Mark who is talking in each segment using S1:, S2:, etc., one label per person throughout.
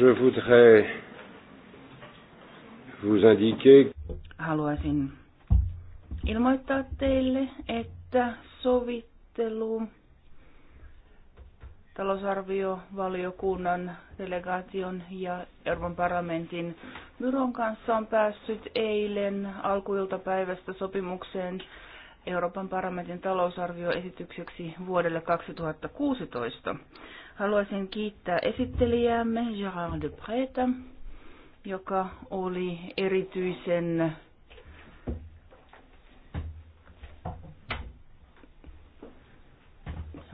S1: Je voudrais vous indiquer...
S2: Haluaisin ilmoittaa teille, että sovittelu talousarviovaliokunnan delegaation ja Euroopan parlamentin byron kanssa on päässyt eilen alkuiltapäivästä sopimukseen Euroopan parlamentin talousarvioesitykseksi vuodelle 2016. Haluaisin kiittää esittelijäämme Gérard Preta, joka oli erityisen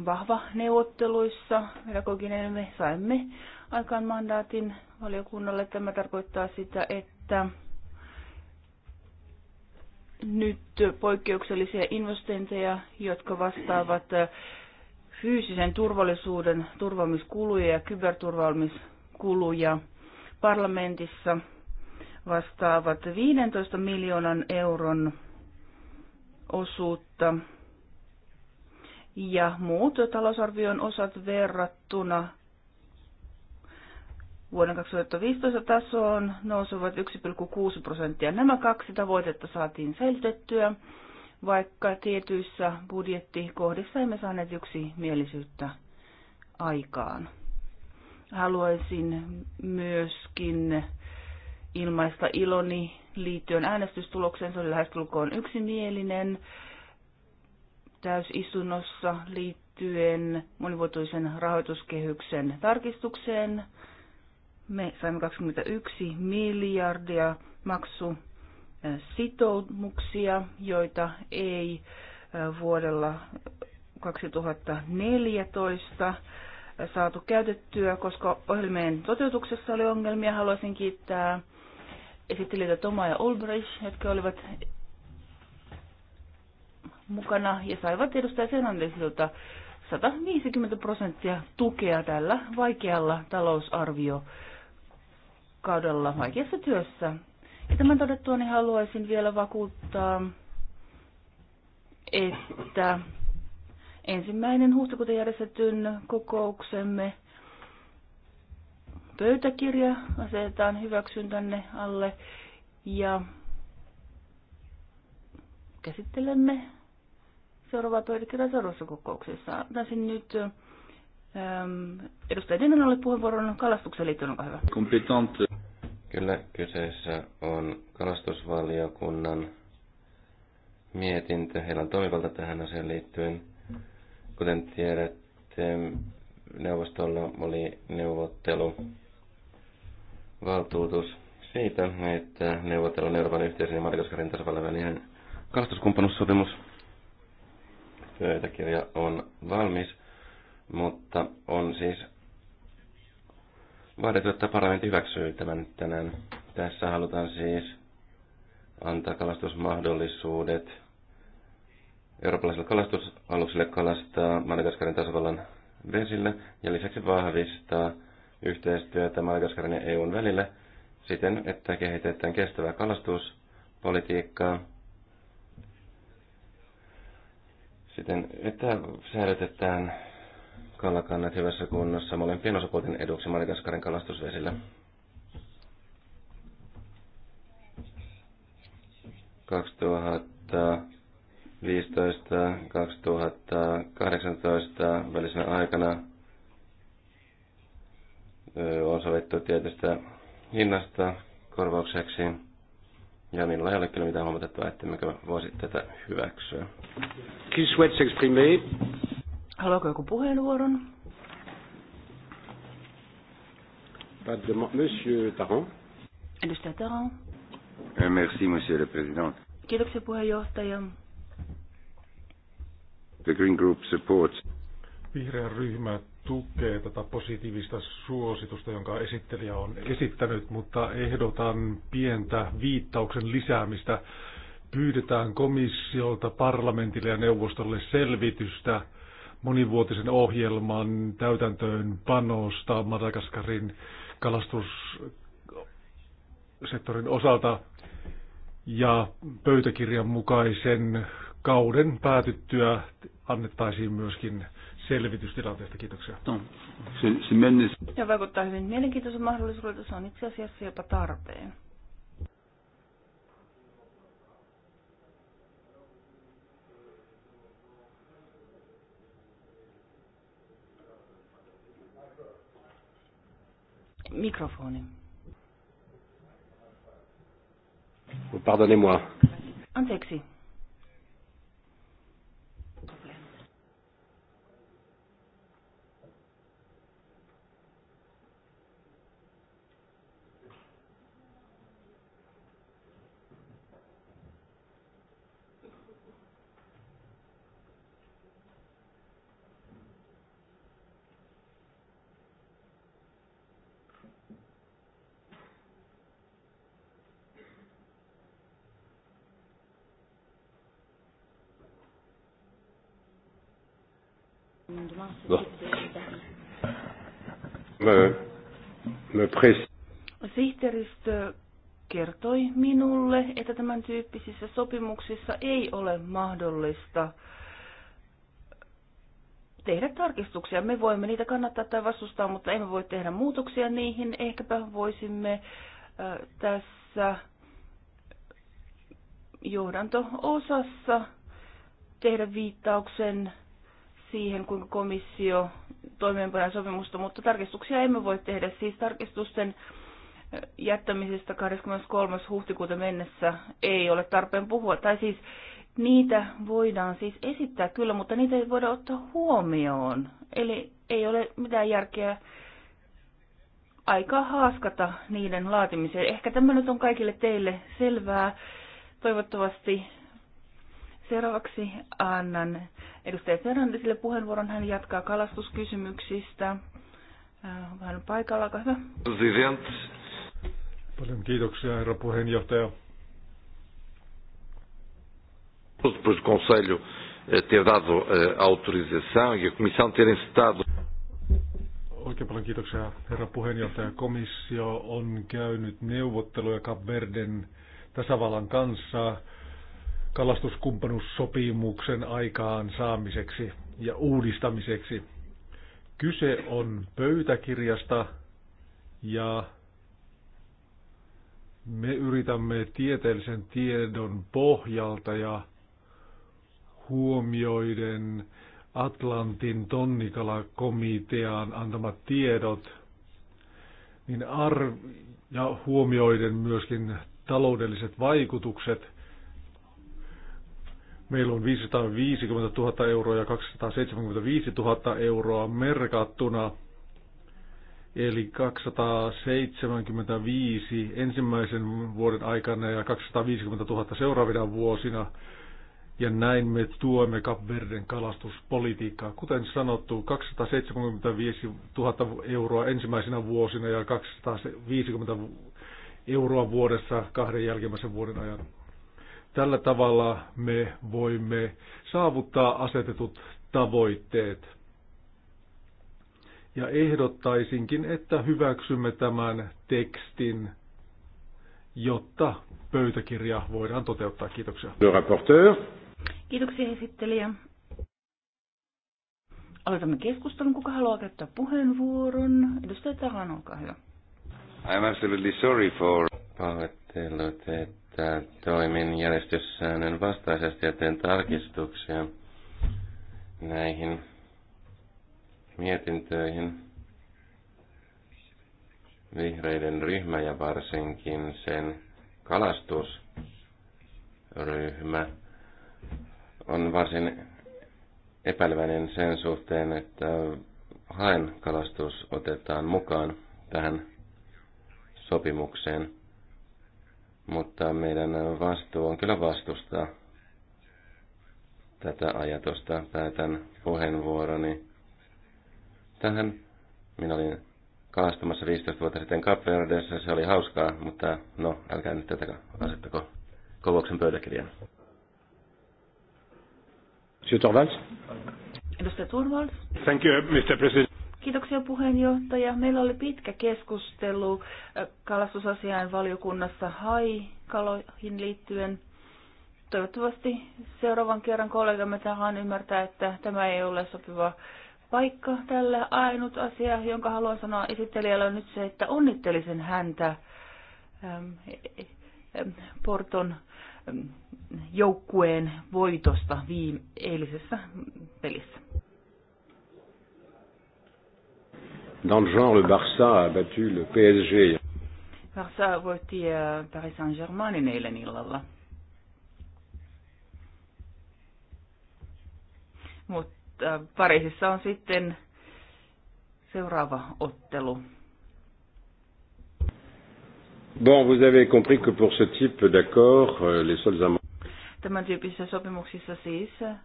S2: vahva neuvotteluissa. Pedagoginen me saimme aikaan mandaatin valiokunnalle. Tämä tarkoittaa sitä, että nyt poikkeuksellisia investointeja, jotka vastaavat fyysisen turvallisuuden turvaamiskuluja ja kyberturvaamiskuluja parlamentissa vastaavat 15 miljoonan euron osuutta ja muut talousarvion osat verrattuna vuoden 2015 tasoon nousuvat 1,6 prosenttia. Nämä kaksi tavoitetta saatiin selitettyä vaikka tietyissä budjettikohdissa emme saaneet yksimielisyyttä aikaan. Haluaisin myöskin ilmaista iloni liittyen äänestystulokseen. Se oli lähestulkoon yksimielinen täysistunnossa liittyen monivuotoisen rahoituskehyksen tarkistukseen. Me saimme 21 miljardia maksu sitoumuksia, joita ei vuodella 2014 saatu käytettyä, koska ohjelmien toteutuksessa oli ongelmia. Haluaisin kiittää esittelijöitä Toma ja Ulbrich, jotka olivat mukana ja saivat edustaja Fernandesilta 150 prosenttia tukea tällä vaikealla talousarvio kaudella vaikeassa työssä. Ja tämän todettua niin haluaisin vielä vakuuttaa, että ensimmäinen huhtikuuta järjestetyn kokouksemme pöytäkirja asetetaan tänne alle ja käsittelemme seuraavaa pöytäkirjaa seuraavassa kokouksessa. Antaisin nyt ähm,
S3: edustaja Dinnanalle
S2: puheenvuoron kalastuksen liittyen, onko hyvä.
S4: Kompetentti. Kyllä kyseessä on kalastusvaliokunnan mietintö. Heillä on toimivalta tähän asiaan liittyen. Kuten tiedätte, neuvostolla oli neuvottelu valtuutus siitä, että on Euroopan yhteisen ja Marikoskarin tasavallan välinen kalastuskumppanuussopimus. Pöytäkirja on valmis, mutta on siis vaadittu, että parlamentti hyväksyy tämän tänään. Tässä halutaan siis antaa kalastusmahdollisuudet eurooppalaisille kalastusaluksille kalastaa Madagaskarin tasavallan vesillä ja lisäksi vahvistaa yhteistyötä Madagaskarin ja EUn välillä siten, että kehitetään kestävää kalastuspolitiikkaa siten, että säilytetään kalakannat hyvässä kunnossa molempien osapuolten eduksi Madagaskarin kalastusvesillä. Kaksituhatta 2015-2018 välisenä aikana on sovittu tietystä hinnasta korvaukseksi. Ja minulla ei ole kyllä mitään huomatettavaa, että voisi tätä hyväksyä. Qui souhaite s'exprimer?
S2: Haluaako joku puheenvuoron?
S1: Monsieur Taron.
S2: Edustaja Taron.
S1: Eh, merci, monsieur le président.
S2: Kiitoksia puheenjohtaja.
S1: The Green Group supports.
S5: Vihreä ryhmä tukee tätä positiivista suositusta, jonka esittelijä on esittänyt, mutta ehdotan pientä viittauksen lisäämistä. Pyydetään komissiolta, parlamentille ja neuvostolle selvitystä – monivuotisen ohjelman täytäntöön panosta Madagaskarin
S6: kalastussektorin
S5: osalta ja pöytäkirjan mukaisen kauden päätyttyä annettaisiin myöskin selvitystilanteesta. Kiitoksia. No, se, se
S2: Ja vaikuttaa hyvin mielenkiintoisen mahdollisuudelta. Se on itse asiassa jopa tarpeen. Mikrofoni. Pardonnez-moi. Anteeksi. Sihteeristö kertoi minulle, että tämän tyyppisissä sopimuksissa ei ole mahdollista tehdä tarkistuksia. Me voimme niitä kannattaa tai vastustaa, mutta emme voi tehdä muutoksia niihin. Ehkäpä voisimme äh, tässä johdanto-osassa tehdä viittauksen siihen, kuinka komissio toimeenpanee sopimusta, mutta tarkistuksia emme voi tehdä. Siis tarkistusten jättämisestä 23. huhtikuuta mennessä ei ole tarpeen puhua. Tai siis niitä voidaan siis esittää kyllä, mutta niitä ei voida ottaa huomioon. Eli ei ole mitään järkeä aikaa haaskata niiden laatimiseen. Ehkä tämä nyt on kaikille teille selvää. Toivottavasti Seuraavaksi annan edustaja Fernandesille puheenvuoron. Hän jatkaa kalastuskysymyksistä. Vähän äh, paikalla, olkaa hyvä.
S5: Paljon kiitoksia, herra puheenjohtaja.
S1: Eh, eh, e
S5: Oikein paljon kiitoksia, herra puheenjohtaja. Komissio on käynyt neuvotteluja Kapverden tasavallan kanssa kalastuskumppanuussopimuksen aikaan saamiseksi ja uudistamiseksi. Kyse on pöytäkirjasta ja me yritämme tieteellisen tiedon pohjalta ja huomioiden Atlantin tonnikalakomitean antamat tiedot, niin arv- ja huomioiden myöskin taloudelliset vaikutukset – Meillä on 550 000 euroa ja 275 000 euroa merkattuna, eli 275 ensimmäisen vuoden aikana ja 250 000 seuraavina vuosina. Ja näin me tuemme Kapverden kalastuspolitiikkaa. Kuten sanottu, 275 000 euroa ensimmäisenä vuosina ja 250 euroa vuodessa kahden jälkimmäisen vuoden ajan. Tällä tavalla me voimme saavuttaa asetetut tavoitteet. Ja ehdottaisinkin, että hyväksymme tämän tekstin, jotta pöytäkirja voidaan toteuttaa. Kiitoksia.
S2: Kiitoksia esittelijä. Aloitamme keskustelun. Kuka haluaa käyttää puheenvuoron? Edustaja
S3: Tahan, olkaa hyvä.
S4: I'm absolutely sorry for... Pahoittelut, että että toimin järjestyssäännön vastaisesti ja teen tarkistuksia näihin mietintöihin. Vihreiden ryhmä ja varsinkin sen kalastusryhmä on varsin epäileväinen sen suhteen, että haen kalastus otetaan mukaan tähän sopimukseen mutta meidän vastuu on kyllä vastustaa tätä ajatusta. Päätän puheenvuoroni tähän. Minä olin kaastumassa 15 vuotta sitten Kapverdessä. Se oli hauskaa, mutta no, älkää nyt tätä asettako kokouksen pöytäkirjan.
S2: Edustaja
S5: Thank you, Mr. President.
S2: Kiitoksia puheenjohtaja. Meillä oli pitkä keskustelu äh, kalastusasiain valiokunnassa haikaloihin liittyen. Toivottavasti seuraavan kerran kollegamme tähän ymmärtää, että tämä ei ole sopiva paikka tällä. Ainut asia, jonka haluan sanoa esittelijälle on nyt se, että onnittelisin häntä Porton joukkueen voitosta viime eilisessä pelissä.
S1: Dans le genre, le Barça a battu le PSG.
S2: Barça a voitti euh, Paris Saint-Germainin eilen illalla. Mutta äh, Pariisissa on sitten seuraava ottelu.
S1: Bon, vous avez compris que pour ce type d'accord, euh, les seuls amendements...
S2: Tämän tyyppisissä sopimuksissa siis äh,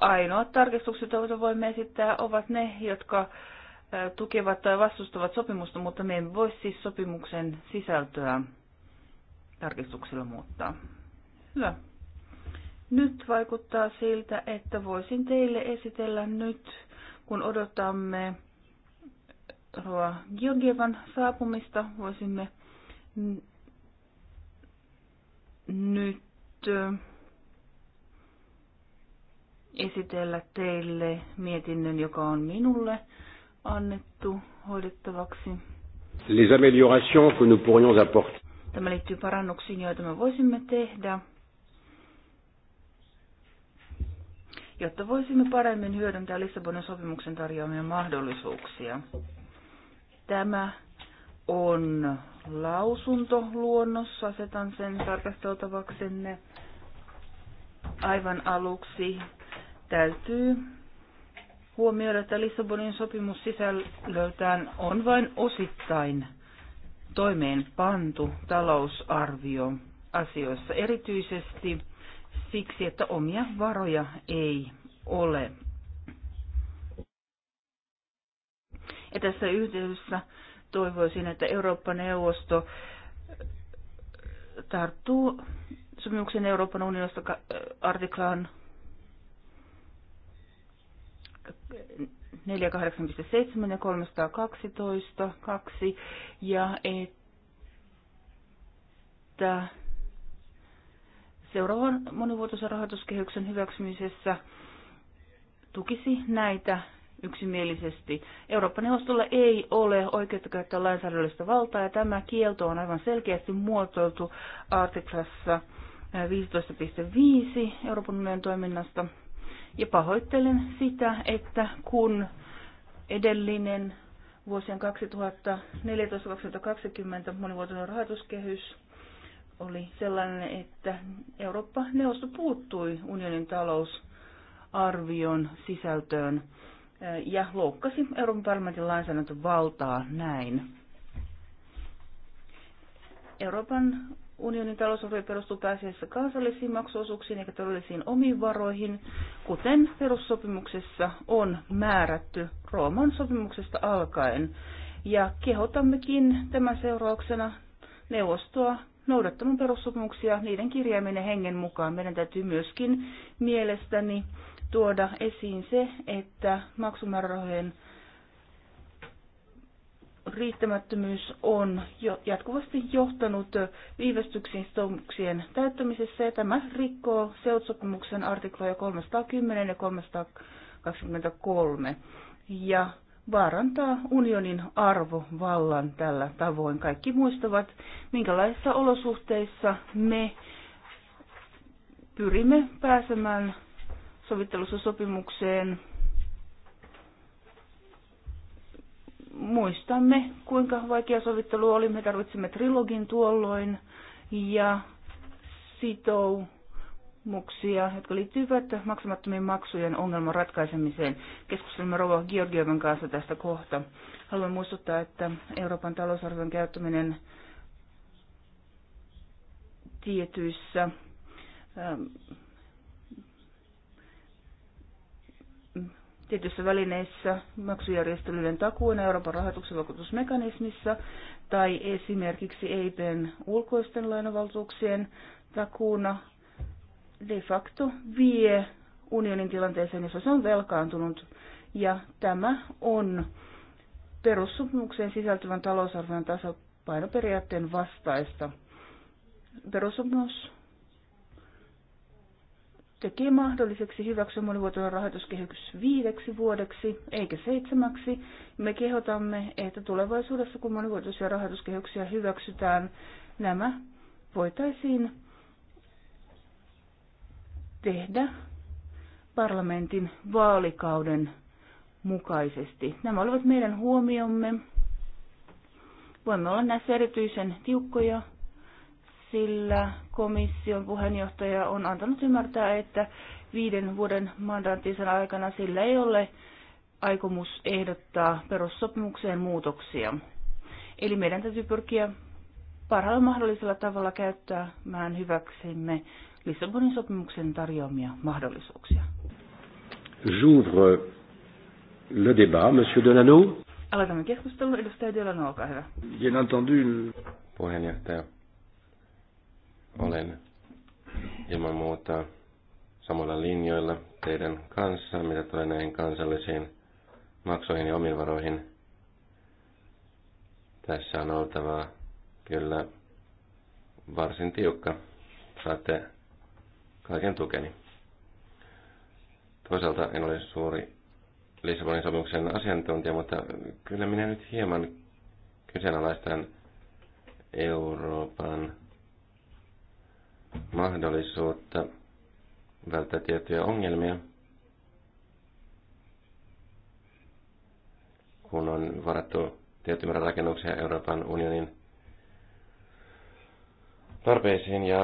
S2: ainoat tarkistukset, joita voimme esittää, ovat ne, jotka tukevat tai vastustavat sopimusta, mutta me emme voi siis sopimuksen sisältöä tarkistuksilla muuttaa. Hyvä. Nyt vaikuttaa siltä, että voisin teille esitellä nyt, kun odotamme Roa Georgievan saapumista, voisimme nyt esitellä teille mietinnön, joka on minulle annettu hoidettavaksi.
S1: Les améliorations que nous pourrions apporter.
S2: Tämä liittyy parannuksiin, joita me voisimme tehdä, jotta voisimme paremmin hyödyntää Lissabonin sopimuksen tarjoamia mahdollisuuksia. Tämä on luonnossa. asetan sen tarkasteltavaksenne. Aivan aluksi täytyy huomioida, että Lissabonin sopimus sisällöltään on vain osittain toimeenpantu talousarvio asioissa, erityisesti siksi, että omia varoja ei ole. Ja tässä yhteydessä toivoisin, että Eurooppa-neuvosto tarttuu sopimuksen Euroopan unionista artiklaan 48.7 ja 312, 2, ja että seuraavan monivuotisen rahoituskehyksen hyväksymisessä tukisi näitä yksimielisesti. Eurooppa-neuvostolla ei ole oikeutta käyttää lainsäädännöllistä valtaa, ja tämä kielto on aivan selkeästi muotoiltu artiklassa 15.5 Euroopan unionin toiminnasta ja pahoittelen sitä, että kun edellinen vuosien 2014-2020 monivuotinen rahoituskehys oli sellainen, että Eurooppa-neuvosto puuttui unionin talousarvion sisältöön ja loukkasi Euroopan parlamentin lainsäädäntövaltaa näin. Euroopan Unionin talousarvio perustuu pääasiassa kansallisiin maksuosuuksiin eikä todellisiin omiin varoihin, kuten perussopimuksessa on määrätty Rooman sopimuksesta alkaen. Ja kehotammekin tämän seurauksena neuvostoa noudattamaan perussopimuksia niiden kirjaiminen hengen mukaan. Meidän täytyy myöskin mielestäni tuoda esiin se, että maksumäärärahojen riittämättömyys on jo jatkuvasti johtanut viivästyksiin sitoumuksien täyttämisessä ja tämä rikkoo seutsopimuksen artikloja 310 ja 323 ja vaarantaa unionin arvovallan tällä tavoin. Kaikki muistavat, minkälaisissa olosuhteissa me pyrimme pääsemään sovittelussa sopimukseen muistamme, kuinka vaikea sovittelu oli. Me tarvitsimme trilogin tuolloin ja sitoumuksia, jotka liittyvät maksamattomien maksujen ongelman ratkaisemiseen. Keskustelemme Rova Georgievan kanssa tästä kohta. Haluan muistuttaa, että Euroopan talousarvion käyttäminen tietyissä ähm, tietyissä välineissä maksujärjestelyiden takuina Euroopan rahoituksen vakuutusmekanismissa tai esimerkiksi EIPn ulkoisten lainavaltuuksien takuuna de facto vie unionin tilanteeseen, jossa se on velkaantunut. Ja tämä on perussopimukseen sisältyvän talousarvion tasapainoperiaatteen vastaista. Perussopimus teki mahdolliseksi hyväksyä monivuotinen rahoituskehitys viideksi vuodeksi eikä seitsemäksi. Me kehotamme, että tulevaisuudessa kun monivuotoisia rahoituskehyksiä hyväksytään, nämä voitaisiin tehdä parlamentin vaalikauden mukaisesti. Nämä olivat meidän huomiomme. Voimme olla näissä erityisen tiukkoja sillä komission puheenjohtaja on antanut ymmärtää, että viiden vuoden mandaattinsa aikana sillä ei ole aikomus ehdottaa perussopimukseen muutoksia. Eli meidän täytyy pyrkiä parhaalla mahdollisella tavalla käyttämään hyväksemme Lissabonin sopimuksen tarjoamia mahdollisuuksia.
S1: J'ouvre le débat, monsieur Delano.
S2: Aloitamme keskustelun. Edustaja Delano, olkaa hyvä.
S4: Bien entendu. Puheenjohtaja olen ilman muuta samalla linjoilla teidän kanssa, mitä tulee näihin kansallisiin maksoihin ja omiin varoihin. Tässä on oltava kyllä varsin tiukka. Saatte kaiken tukeni. Toisaalta en ole suuri Lissabonin sopimuksen asiantuntija, mutta kyllä minä nyt hieman kyseenalaistan Euroopan mahdollisuutta välttää tiettyjä ongelmia, kun on varattu tietty määrä rakennuksia Euroopan unionin tarpeisiin ja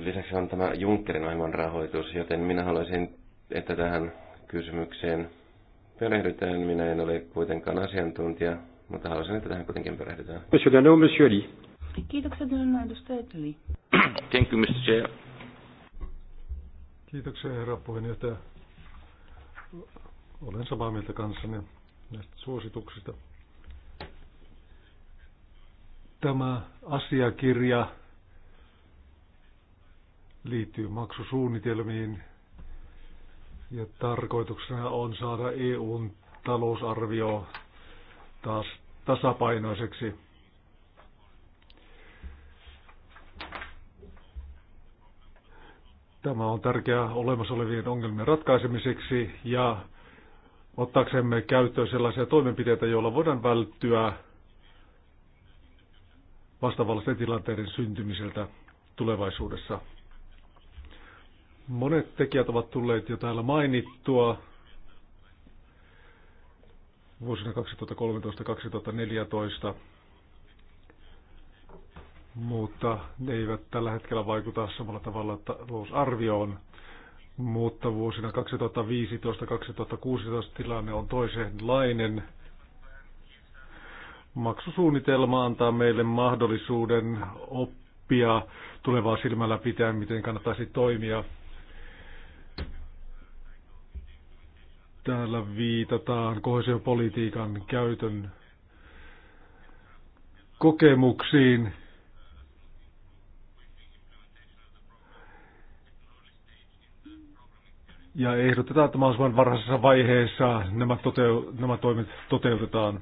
S4: lisäksi on tämä Junckerin ohjelman rahoitus, joten minä haluaisin, että tähän kysymykseen perehdytään. Minä en ole kuitenkaan asiantuntija, mutta haluaisin, että tähän kuitenkin perehdytään.
S5: Monsieur Dano, Monsieur
S4: Lee.
S2: Kiitokset hyvänä niin edustaja Eteli.
S4: Thank you, Mr. Chair.
S5: Kiitoksia, herra puheenjohtaja. Olen samaa mieltä kanssanne näistä suosituksista. Tämä asiakirja liittyy maksusuunnitelmiin ja tarkoituksena on saada EUn talousarvio taas tasapainoiseksi. Tämä on tärkeää olemassa olevien ongelmien ratkaisemiseksi ja ottaaksemme käyttöön sellaisia toimenpiteitä, joilla voidaan välttyä vastaavallisten tilanteiden syntymiseltä tulevaisuudessa. Monet tekijät ovat tulleet jo täällä mainittua vuosina 2013-2014 mutta ne eivät tällä hetkellä vaikuta samalla tavalla talousarvioon. Mutta vuosina 2015-2016 tilanne on toisenlainen. Maksusuunnitelma antaa meille mahdollisuuden oppia tulevaa silmällä pitää, miten kannattaisi toimia. Täällä viitataan kohesiopolitiikan käytön kokemuksiin Ja ehdotetaan, että mahdollisimman varhaisessa vaiheessa nämä, toteu- nämä toimet toteutetaan.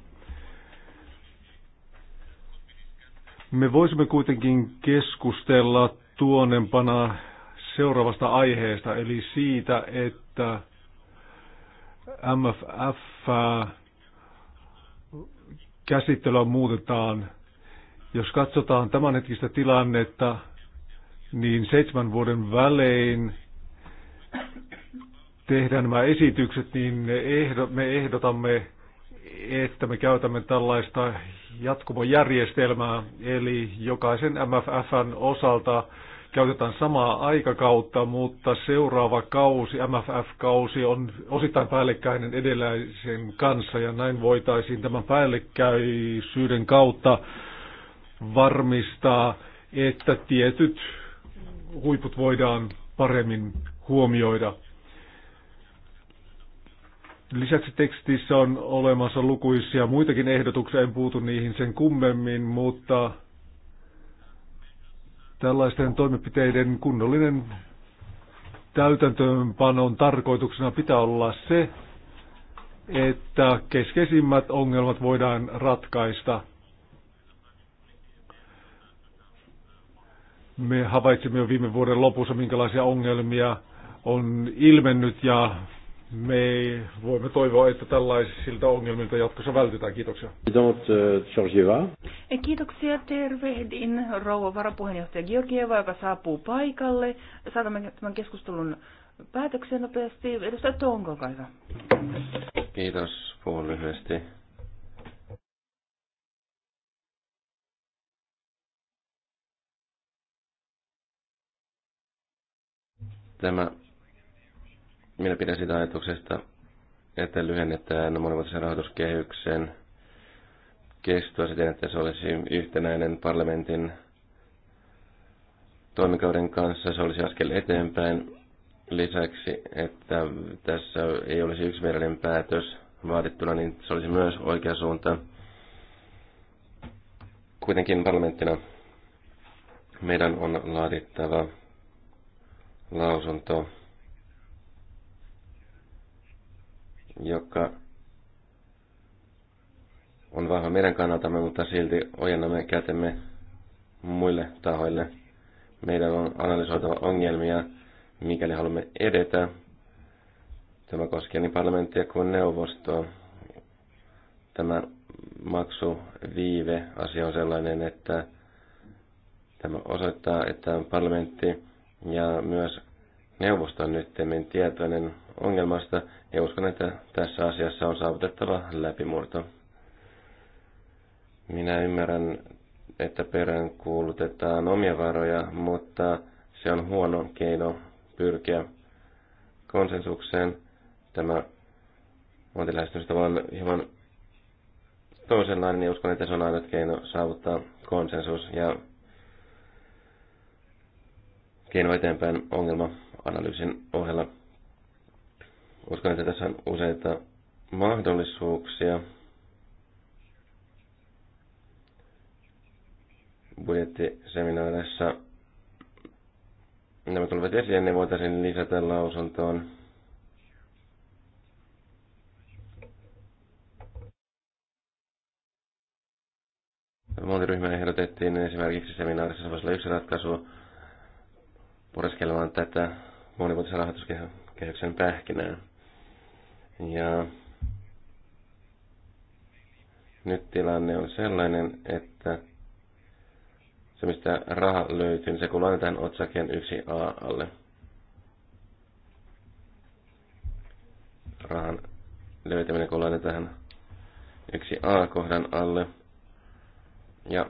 S5: Me voisimme kuitenkin keskustella tuonempana seuraavasta aiheesta, eli siitä, että MFF käsittelyä muutetaan. Jos katsotaan tämänhetkistä tilannetta, niin seitsemän vuoden välein tehdä nämä esitykset, niin me ehdotamme, että me käytämme tällaista jatkumojärjestelmää, eli jokaisen MFFn osalta käytetään samaa aikakautta, mutta seuraava kausi, MFF-kausi, on osittain päällekkäinen edelläisen kanssa, ja näin voitaisiin tämän päällekkäisyyden kautta varmistaa, että tietyt huiput voidaan paremmin huomioida. Lisäksi tekstissä on olemassa lukuisia muitakin ehdotuksia, en puutu niihin sen kummemmin, mutta tällaisten toimenpiteiden kunnollinen täytäntöönpanon tarkoituksena pitää olla se, että keskeisimmät ongelmat voidaan ratkaista. Me havaitsimme jo viime vuoden lopussa, minkälaisia ongelmia on ilmennyt ja me voimme toivoa, että tällaisilta ongelmilta jatkossa vältytään. Kiitoksia.
S1: Äh,
S2: eh, kiitoksia. Tervehdin rouva varapuheenjohtaja Georgieva, joka saapuu paikalle. Saatamme tämän keskustelun päätökseen nopeasti. Edustaja
S3: Tonko, kaiva.
S4: Kiitos. Puhun lyhyesti. Tämä minä pidän sitä ajatuksesta, että lyhennetään monivuotisen rahoituskehyksen kestoa siten, että se olisi yhtenäinen parlamentin toimikauden kanssa. Se olisi askel eteenpäin. Lisäksi, että tässä ei olisi yksimielinen päätös vaadittuna, niin se olisi myös oikea suunta. Kuitenkin parlamenttina meidän on laadittava lausunto joka on vahva meidän kannaltamme, mutta silti ojennamme kätemme muille tahoille. Meidän on analysoitava ongelmia, mikäli haluamme edetä. Tämä koskee niin parlamenttia kuin neuvostoa. Tämä maksuviive asia on sellainen, että tämä osoittaa, että parlamentti ja myös neuvosto on nyt tietoinen ongelmasta ja uskon, että tässä asiassa on saavutettava läpimurto. Minä ymmärrän, että perään kuulutetaan omia varoja, mutta se on huono keino pyrkiä konsensukseen. Tämä muotilähestymistapa on hieman toisenlainen ja uskon, että se on ainut keino saavuttaa konsensus. Ja keino eteenpäin ongelma-analyysin ohella. Uskon, että tässä on useita mahdollisuuksia. Budjettiseminaareissa nämä tulevat esiin, ne voitaisiin lisätä lausuntoon. Montiryhmään ehdotettiin esimerkiksi seminaarissa se voisi olla yksi ratkaisu pureskelemaan tätä monivuotisen rahoituskehyksen pähkinää. Ja nyt tilanne on sellainen, että se mistä raha löytyy, niin se kuuluu aina tähän otsakeen 1a alle. Rahan löytäminen kuuluu aina tähän 1a kohdan alle. Ja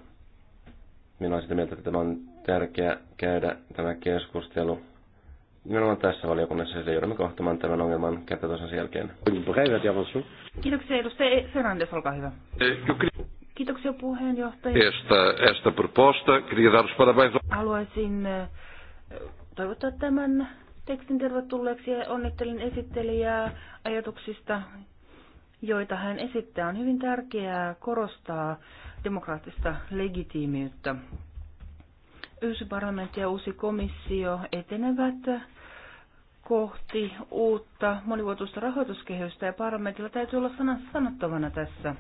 S4: minä olen sitä mieltä, että tämä on tärkeää käydä tämä keskustelu nimenomaan tässä valiokunnassa, sillä joudumme kohtamaan tämän ongelman kerta toisen jälkeen.
S2: Kiitoksia edustaja Fernandes, olkaa hyvä. Kiitoksia puheenjohtaja.
S1: Esta, proposta.
S2: Haluaisin toivottaa tämän tekstin tervetulleeksi ja onnittelen esittelijää ajatuksista, joita hän esittää. On hyvin tärkeää korostaa demokraattista legitiimiyttä Uusi parlamentti ja uusi komissio etenevät kohti uutta monivuotuista rahoituskehystä ja parlamentilla täytyy olla sana sanottavana tässä.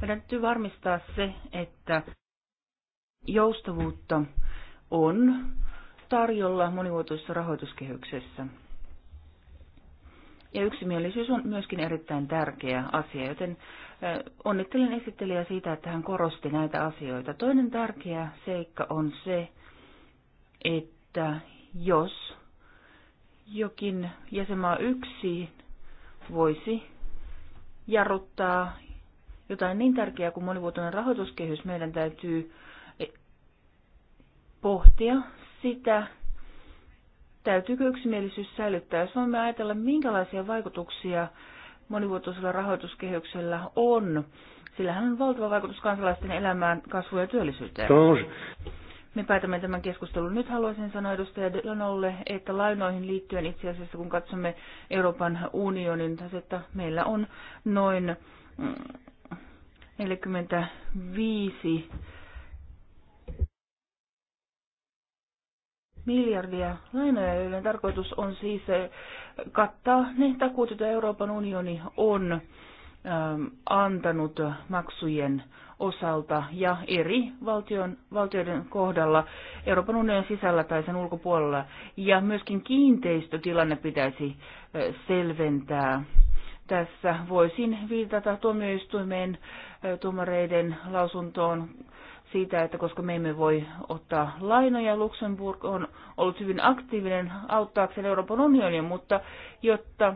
S2: Meidän täytyy varmistaa se, että joustavuutta on tarjolla monivuotuisessa rahoituskehyksessä. Ja yksimielisyys on myöskin erittäin tärkeä asia, joten onnittelen esittelijä siitä, että hän korosti näitä asioita. Toinen tärkeä seikka on se, että jos jokin jäsenmaa yksi voisi jarruttaa jotain niin tärkeää kuin monivuotoinen rahoituskehys, meidän täytyy eh, pohtia sitä, täytyykö yksimielisyys säilyttää. Jos voimme ajatella, minkälaisia vaikutuksia monivuotoisella rahoituskehyksellä on, sillä hän on valtava vaikutus kansalaisten elämään, kasvuun ja työllisyyteen me päätämme tämän keskustelun. Nyt haluaisin sanoa edustaja Delanolle, että lainoihin liittyen itse asiassa, kun katsomme Euroopan unionin tasetta, meillä on noin 45 mm, miljardia lainoja, joiden tarkoitus on siis eh, kattaa ne takuut, joita Euroopan unioni on eh, antanut maksujen osalta ja eri valtion, valtioiden kohdalla Euroopan unionin sisällä tai sen ulkopuolella. Ja myöskin kiinteistötilanne pitäisi selventää. Tässä voisin viitata tuomioistuimeen tuomareiden lausuntoon siitä, että koska me emme voi ottaa lainoja, Luxemburg on ollut hyvin aktiivinen auttaakseen Euroopan unionia, mutta jotta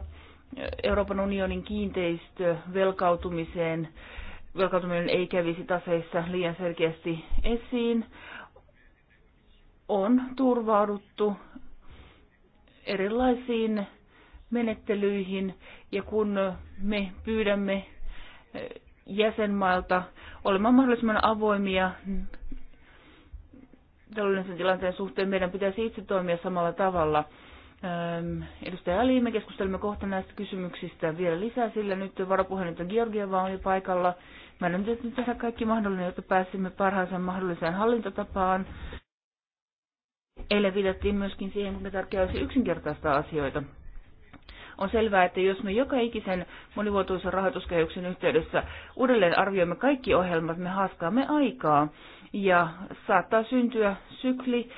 S2: Euroopan unionin kiinteistövelkautumiseen velkautumiseen velkautuminen ei kävisi taseissa liian selkeästi esiin, on turvauduttu erilaisiin menettelyihin ja kun me pyydämme eh, jäsenmailta olemaan mahdollisimman avoimia taloudellisen tilanteen suhteen, meidän pitäisi itse toimia samalla tavalla. Edustaja Ali, me keskustelemme kohta näistä kysymyksistä vielä lisää, sillä nyt varapuheenjohtaja Georgieva oli paikalla. Mä en nyt tehdä kaikki mahdollinen, jotta pääsimme parhaaseen mahdolliseen hallintotapaan. Eilen viitattiin myöskin siihen, kuinka tärkeää olisi yksinkertaistaa asioita. On selvää, että jos me joka ikisen monivuotuisen rahoituskehyksen yhteydessä uudelleen arvioimme kaikki ohjelmat, me haaskaamme aikaa ja saattaa syntyä sykli,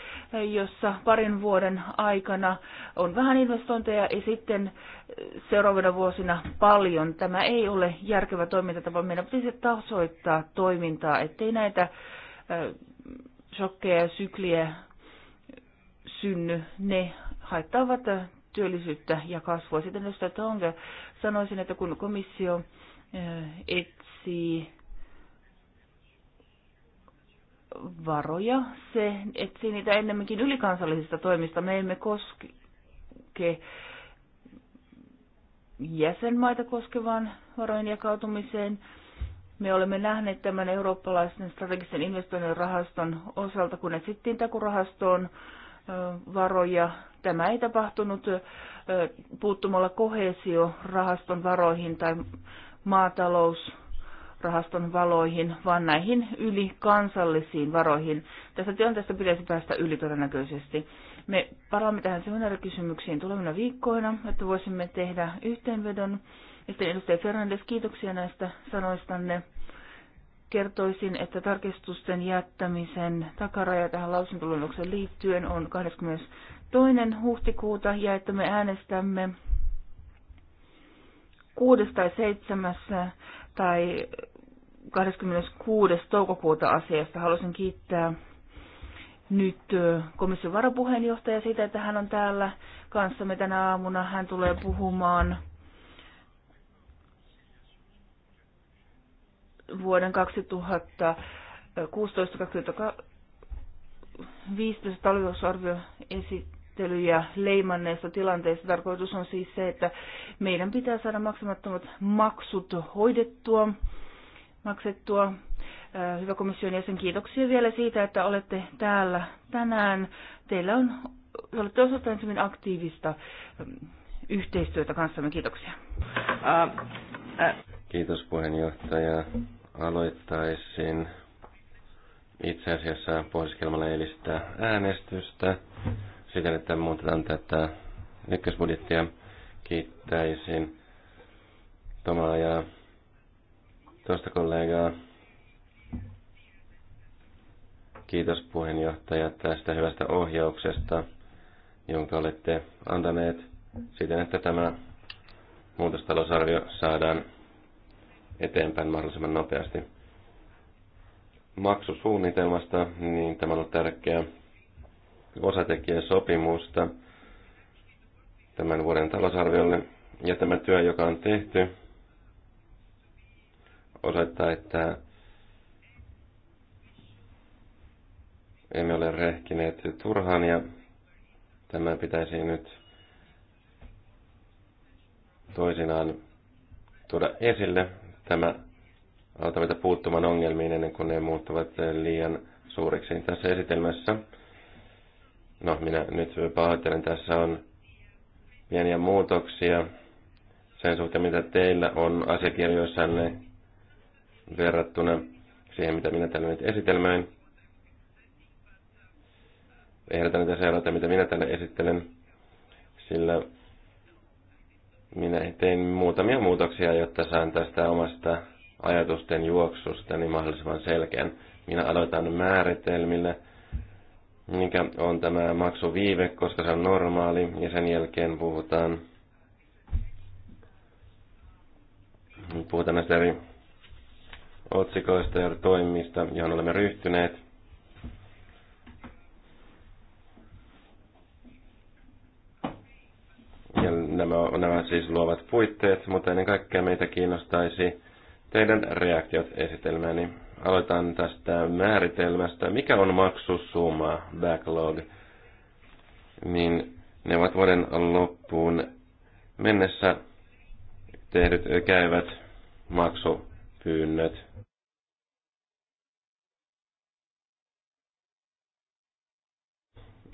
S2: jossa parin vuoden aikana on vähän investointeja ja sitten seuraavina vuosina paljon. Tämä ei ole järkevä toimintatapa. Meidän pitäisi tasoittaa toimintaa, ettei näitä shokkeja ja sykliä synny. Ne haittaavat työllisyyttä ja kasvua. Sitten jos sanoisin, että kun komissio etsii varoja. Se etsii niitä ennemminkin ylikansallisista toimista. Me emme koske jäsenmaita koskevaan varojen jakautumiseen. Me olemme nähneet tämän eurooppalaisen strategisen investoinnin rahaston osalta, kun etsittiin takurahastoon varoja. Tämä ei tapahtunut puuttumalla kohesiorahaston varoihin tai maatalous- rahaston valoihin, vaan näihin ylikansallisiin varoihin. Tästä tilanteesta pitäisi päästä yli todennäköisesti. Me palaamme tähän seminaarikysymyksiin tulevina viikkoina, että voisimme tehdä yhteenvedon. Sitten edustaja Fernandes, kiitoksia näistä sanoistanne. Kertoisin, että tarkistusten jättämisen takaraja tähän lausuntoluonnokseen liittyen on 22. huhtikuuta ja että me äänestämme 6. tai 7 tai 26. toukokuuta asiasta. Haluaisin kiittää nyt komission varapuheenjohtaja siitä, että hän on täällä kanssamme tänä aamuna. Hän tulee puhumaan vuoden 2016-2015 talviousarvioesityksestä järjestelyjä leimanneessa tilanteessa. Tarkoitus on siis se, että meidän pitää saada maksamattomat maksut hoidettua, maksettua. Äh, hyvä komission jäsen, kiitoksia vielä siitä, että olette täällä tänään. Teillä on, olette osoittaneet hyvin aktiivista ähm, yhteistyötä kanssamme. Kiitoksia.
S4: Äh, äh. Kiitos puheenjohtaja. Aloittaisin itse asiassa pohdiskelmalla eilistä äänestystä siten, että muutetaan tätä ykkösbudjettia. Kiittäisin Tomaa ja toista kollegaa. Kiitos puheenjohtaja tästä hyvästä ohjauksesta, jonka olette antaneet siten, että tämä muutostalousarvio saadaan eteenpäin mahdollisimman nopeasti. Maksusuunnitelmasta, niin tämä on ollut tärkeä osatekijäsopimusta tämän vuoden talousarviolle. Ja tämä työ, joka on tehty, osoittaa, että emme ole rehkineet turhaan ja tämä pitäisi nyt toisinaan tuoda esille. Tämä auttaa meitä puuttumaan ongelmiin ennen kuin ne muuttuvat liian suuriksi. Tässä esitelmässä No, minä nyt pahoittelen, tässä on pieniä muutoksia sen suhteen, mitä teillä on asiakirjoissanne verrattuna siihen, mitä minä täällä nyt esitelmöin. Ehdotan niitä seurata, mitä minä täällä esittelen, sillä minä tein muutamia muutoksia, jotta saan tästä omasta ajatusten niin mahdollisimman selkeän. Minä aloitan määritelmillä – mikä on tämä maksuviive, koska se on normaali, ja sen jälkeen puhutaan, puhutaan näistä eri otsikoista ja toimista, johon olemme ryhtyneet. Ja nämä, nämä siis luovat puitteet, mutta ennen kaikkea meitä kiinnostaisi teidän reaktiot esitelmääni. Niin Aloitan tästä määritelmästä. Mikä on maksusumma, backlog? Niin ne ovat vuoden loppuun mennessä tehdyt käyvät maksupyynnöt.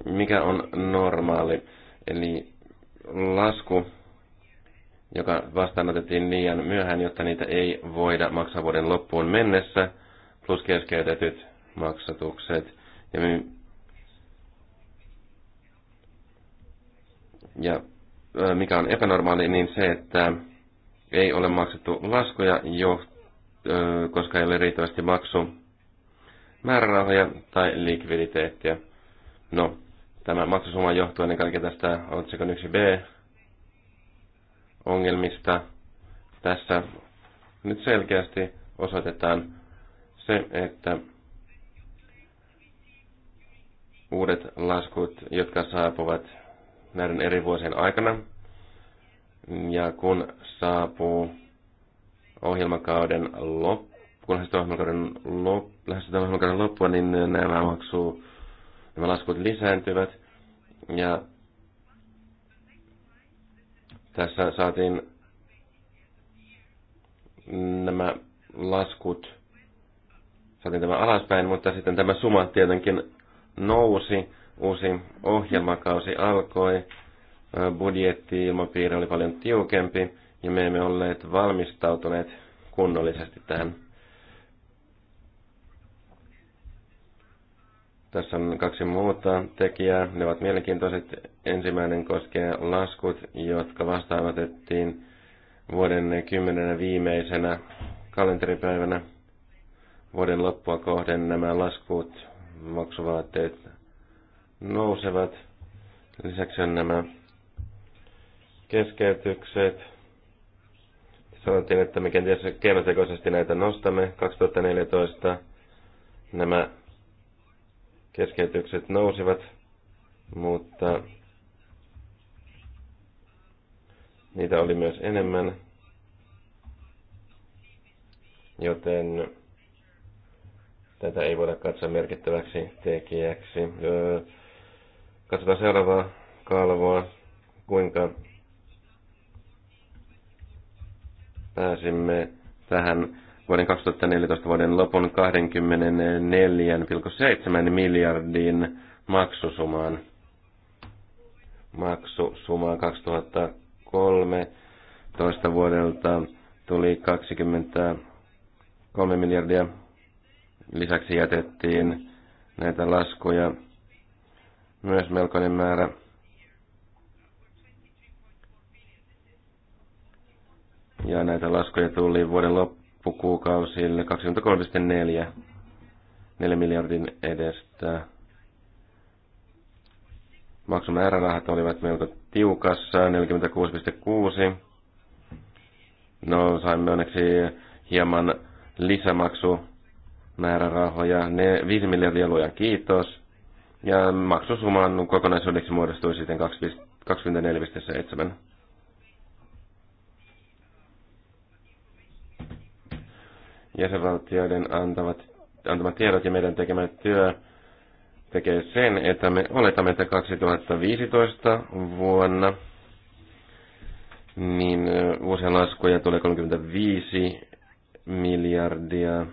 S4: Mikä on normaali? Eli lasku, joka vastaanotettiin liian myöhään, jotta niitä ei voida maksaa vuoden loppuun mennessä – plus keskeytetyt maksatukset. Ja, me, ja mikä on epänormaali, niin se, että ei ole maksettu laskuja, jo, koska ei ole riittävästi maksu määrärahoja tai likviditeettiä. No, tämä maksusumma johtuu ennen kaikkea tästä otsikon 1b ongelmista. Tässä nyt selkeästi osoitetaan se, että uudet laskut, jotka saapuvat näiden eri vuosien aikana, ja kun saapuu ohjelmakauden loppu, kun lähestytään ohjelmakauden, lop, lähestytään ohjelmakauden loppua, niin nämä maksuu, nämä laskut lisääntyvät, ja tässä saatiin nämä laskut saatiin tämä alaspäin, mutta sitten tämä suma tietenkin nousi, uusi ohjelmakausi alkoi, budjetti ilmapiiri oli paljon tiukempi ja me emme olleet valmistautuneet kunnollisesti tähän. Tässä on kaksi muuta tekijää. Ne ovat mielenkiintoiset. Ensimmäinen koskee laskut, jotka vastaanotettiin vuoden kymmenen viimeisenä kalenteripäivänä – vuoden loppua kohden nämä laskut, maksuvaatteet nousevat. Lisäksi on nämä keskeytykset. Sanottiin, että me kenties keinotekoisesti näitä nostamme. 2014 nämä keskeytykset nousivat, mutta niitä oli myös enemmän. Joten Tätä ei voida katsoa merkittäväksi tekijäksi. Katsotaan seuraavaa kalvoa, kuinka pääsimme tähän vuoden 2014 vuoden lopun 24,7 miljardin maksusumaan. Maksusuma 2013 vuodelta tuli 23 miljardia Lisäksi jätettiin näitä laskuja myös melkoinen määrä. Ja näitä laskuja tuli vuoden loppukuukausille 23,4 4 miljardin edestä. Maksumäärärahat olivat melko tiukassa, 46,6. No, saimme onneksi hieman lisämaksu määrärahoja. Ne 5 miljardia luoja kiitos. Ja maksusumman kokonaisuudeksi muodostui sitten 24,7. Jäsenvaltioiden antavat, antamat tiedot ja meidän tekemä työ tekee sen, että me oletamme, että 2015 vuonna niin uusia laskuja tulee 35 miljardia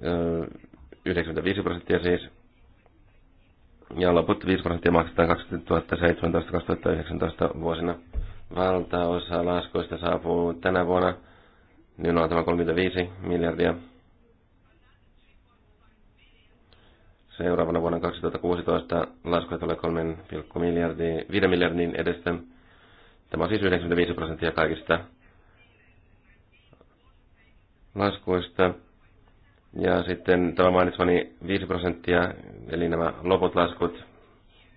S4: 95 prosenttia siis, ja loput 5 prosenttia maksetaan 2017-2019 vuosina. Valtaosa laskuista saapuu tänä vuonna niin on tämä 35 miljardia. Seuraavana vuonna 2016 laskuja tulee 3,5 miljardia, 5 miljardin edestä. Tämä on siis 95 prosenttia kaikista laskuista. Ja sitten tämä mainitsemani 5 prosenttia, eli nämä loput laskut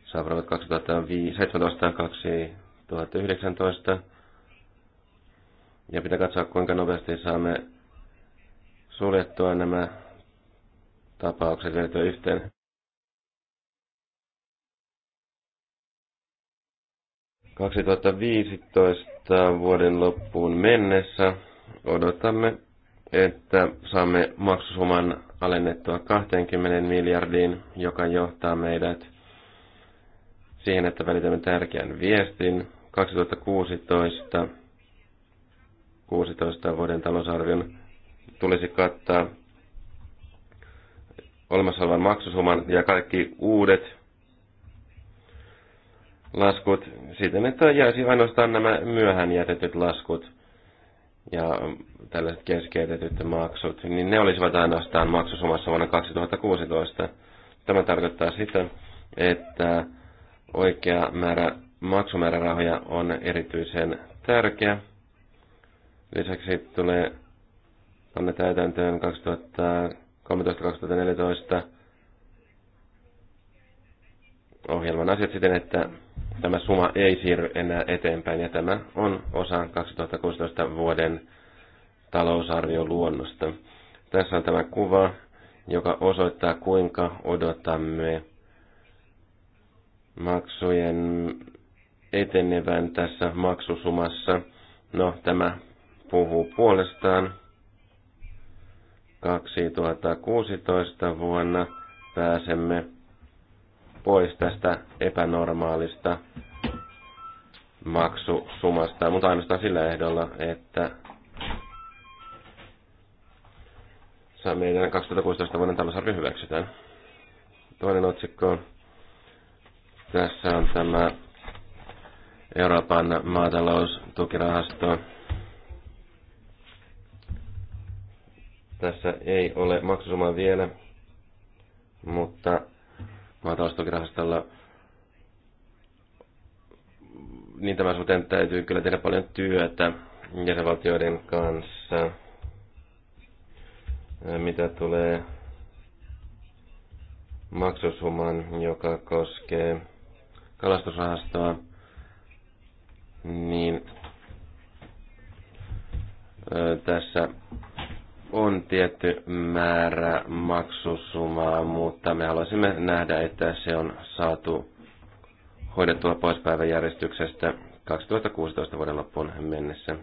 S4: saapuvat 2017-2019. Ja pitää katsoa, kuinka nopeasti saamme suljettua nämä tapaukset vietyä yhteen. ...2015 vuoden loppuun mennessä odotamme että saamme maksusuman alennettua 20 miljardiin, joka johtaa meidät siihen, että välitämme tärkeän viestin. 2016 16 vuoden talousarvion tulisi kattaa olemassa olevan maksusuman ja kaikki uudet laskut siten, että jäisi ainoastaan nämä myöhään jätetyt laskut ja tällaiset keskeytetyt maksut, niin ne olisivat ainoastaan maksusumassa vuonna 2016. Tämä tarkoittaa sitä, että oikea määrä maksumäärärahoja on erityisen tärkeä. Lisäksi tulee panna täytäntöön 2013-2014 ohjelman asiat siten, että tämä suma ei siirry enää eteenpäin ja tämä on osa 2016 vuoden talousarvioluonnosta. Tässä on tämä kuva, joka osoittaa kuinka odotamme maksujen etenevän tässä maksusumassa. No, tämä puhuu puolestaan. 2016 vuonna pääsemme pois tästä epänormaalista maksusumasta, mutta ainoastaan sillä ehdolla, että meidän 2016 vuoden talousarvio hyväksytään. Toinen otsikko. Tässä on tämä Euroopan maataloustukirahasto. Tässä ei ole maksusumaa vielä, mutta maataloustukirahastolla, niin tämä suhteen täytyy kyllä tehdä paljon työtä jäsenvaltioiden kanssa. Mitä tulee maksusumman joka koskee kalastusrahastoa, niin tässä on tietty määrä maksusumaa, mutta me haluaisimme nähdä, että se on saatu hoidettua pois päiväjärjestyksestä 2016 vuoden loppuun mennessä.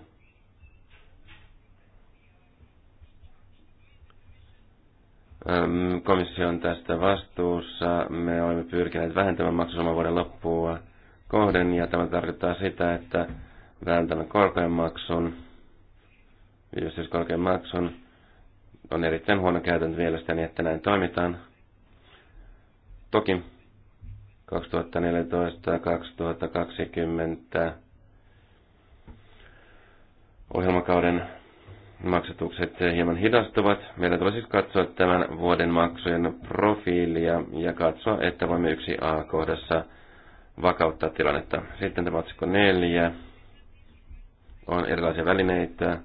S4: Komissio on tästä vastuussa. Me olemme pyrkineet vähentämään maksusumaa vuoden loppua kohden, ja tämä tarkoittaa sitä, että vähentämme korkean maksun, jos siis korkean maksun, on erittäin huono käytäntö mielestäni, että näin toimitaan. Toki 2014-2020 ohjelmakauden maksatukset hieman hidastuvat. Meidän tulee siis katsoa tämän vuoden maksujen profiilia ja katsoa, että voimme yksi A-kohdassa vakauttaa tilannetta. Sitten tämä otsikko 4 on erilaisia välineitä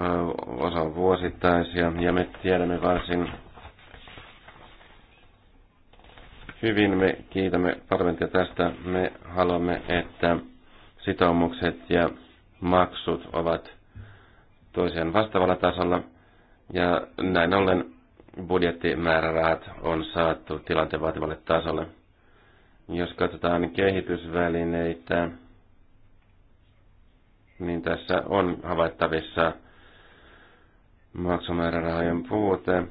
S4: Äh, osa on vuosittaisia ja me tiedämme varsin hyvin, me kiitämme parlamentia tästä. Me haluamme, että sitoumukset ja maksut ovat toisen vastaavalla tasolla ja näin ollen budjettimäärärahat on saatu tilanteen vaativalle tasolle. Jos katsotaan kehitysvälineitä, niin tässä on havaittavissa maksumäärärahojen puute,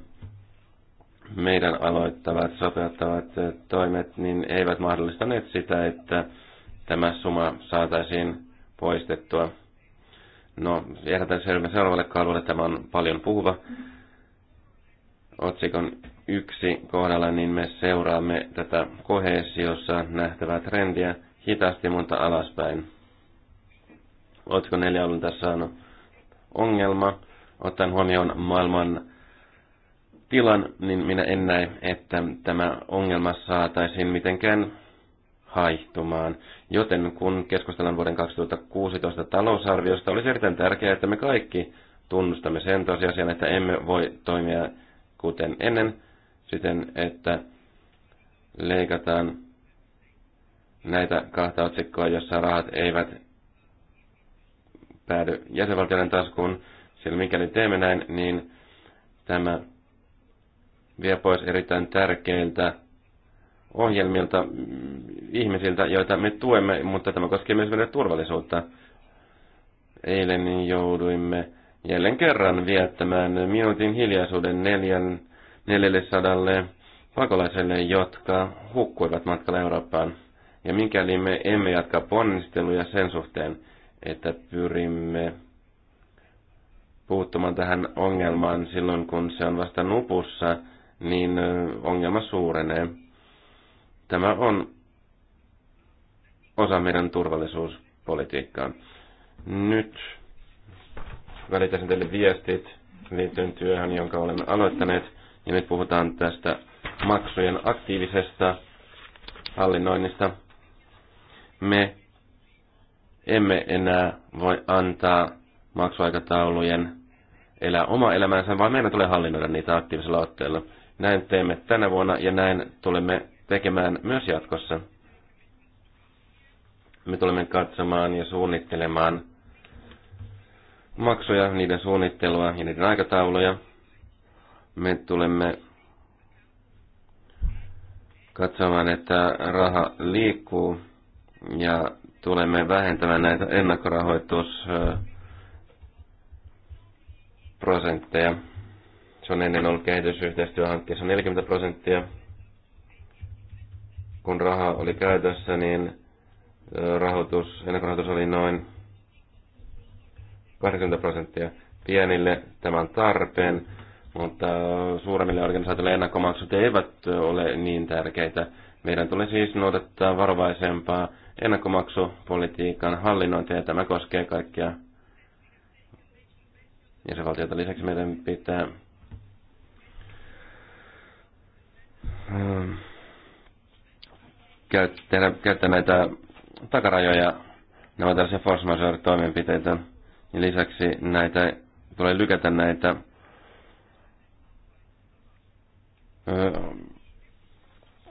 S4: meidän aloittavat sopeuttavat toimet, niin eivät mahdollistaneet sitä, että tämä suma saataisiin poistettua. No, jätetään seuraavalle kalvolle. Tämä on paljon puhuva. Otsikon yksi kohdalla, niin me seuraamme tätä kohesiossa nähtävää trendiä hitaasti monta alaspäin. Otsikon neljä on tässä on ongelma Ottaen huomioon maailman tilan, niin minä en näe, että tämä ongelma saataisiin mitenkään haihtumaan. Joten kun keskustellaan vuoden 2016 talousarviosta, olisi erittäin tärkeää, että me kaikki tunnustamme sen tosiasian, että emme voi toimia kuten ennen, siten että leikataan näitä kahta otsikkoa, jossa rahat eivät päädy jäsenvaltioiden taskuun, sillä mikäli teemme näin, niin tämä vie pois erittäin tärkeiltä ohjelmilta mm, ihmisiltä, joita me tuemme, mutta tämä koskee myös meidän turvallisuutta. Eilen jouduimme jälleen kerran viettämään minuutin hiljaisuuden neljän, 400 pakolaiselle, jotka hukkuivat matkalla Eurooppaan. Ja mikäli me emme jatka ponnisteluja sen suhteen, että pyrimme puuttumaan tähän ongelmaan silloin, kun se on vasta nupussa, niin ongelma suurenee. Tämä on osa meidän turvallisuuspolitiikkaa. Nyt välitäisin teille viestit liittyen työhön, jonka olemme aloittaneet. Ja nyt puhutaan tästä maksujen aktiivisesta hallinnoinnista. Me emme enää voi antaa maksuaikataulujen elää oma elämänsä, vaan meidän tulee hallinnoida niitä aktiivisella otteella. Näin teemme tänä vuonna ja näin tulemme tekemään myös jatkossa. Me tulemme katsomaan ja suunnittelemaan maksuja, niiden suunnittelua ja niiden aikatauluja. Me tulemme katsomaan, että raha liikkuu ja tulemme vähentämään näitä ennakkorahoitus- prosentteja. Se on ennen ollut kehitysyhteistyöhankkeessa 40 prosenttia. Kun raha oli käytössä, niin rahoitus, ennakkorahoitus oli noin 80 prosenttia. Pienille tämän tarpeen, mutta suuremmille organisaatioille ennakkomaksut eivät ole niin tärkeitä. Meidän tulee siis noudattaa varovaisempaa ennakkomaksupolitiikan hallinnointia, ja tämä koskee kaikkia jäsenvaltiota. Lisäksi meidän pitää ähm, käyttää, käyttää näitä takarajoja. Nämä ovat tällaisia force majeure-toimenpiteitä. Ja lisäksi näitä tulee lykätä näitä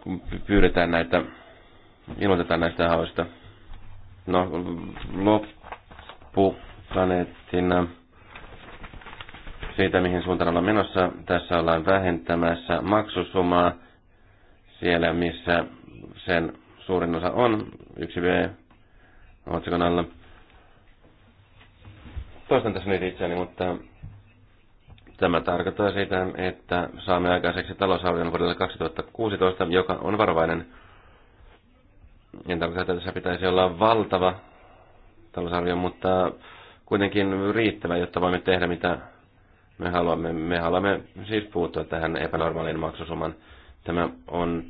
S4: kun äh, pyydetään näitä, ilmoitetaan näistä hauista. No, planeettina siitä, mihin suuntaan ollaan menossa. Tässä ollaan vähentämässä maksusumaa siellä, missä sen suurin osa on, 1B otsikon alla. Toistan tässä nyt itseäni, mutta tämä tarkoittaa sitä, että saamme aikaiseksi talousarvion vuodelle 2016, joka on varovainen. En tarkoita, että tässä pitäisi olla valtava talousarvio, mutta kuitenkin riittävä, jotta voimme tehdä mitä me haluamme, me haluamme siis puuttua tähän epänormaaliin maksusumman. Tämä on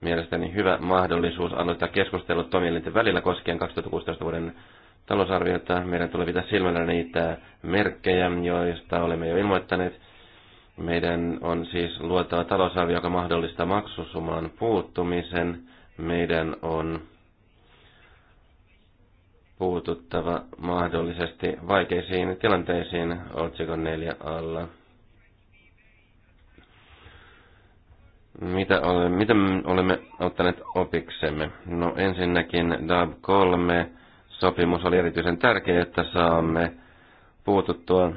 S4: mielestäni hyvä mahdollisuus aloittaa keskustelut toimielinten välillä koskien 2016 vuoden talousarviota. Meidän tulee pitää silmällä niitä merkkejä, joista olemme jo ilmoittaneet. Meidän on siis luotava talousarvio, joka mahdollistaa maksusumaan puuttumisen. Meidän on puututtava mahdollisesti vaikeisiin tilanteisiin otsikon neljä alla. Mitä, olemme, mitä olemme ottaneet opiksemme? No ensinnäkin DAB 3 sopimus oli erityisen tärkeä, että saamme puututtua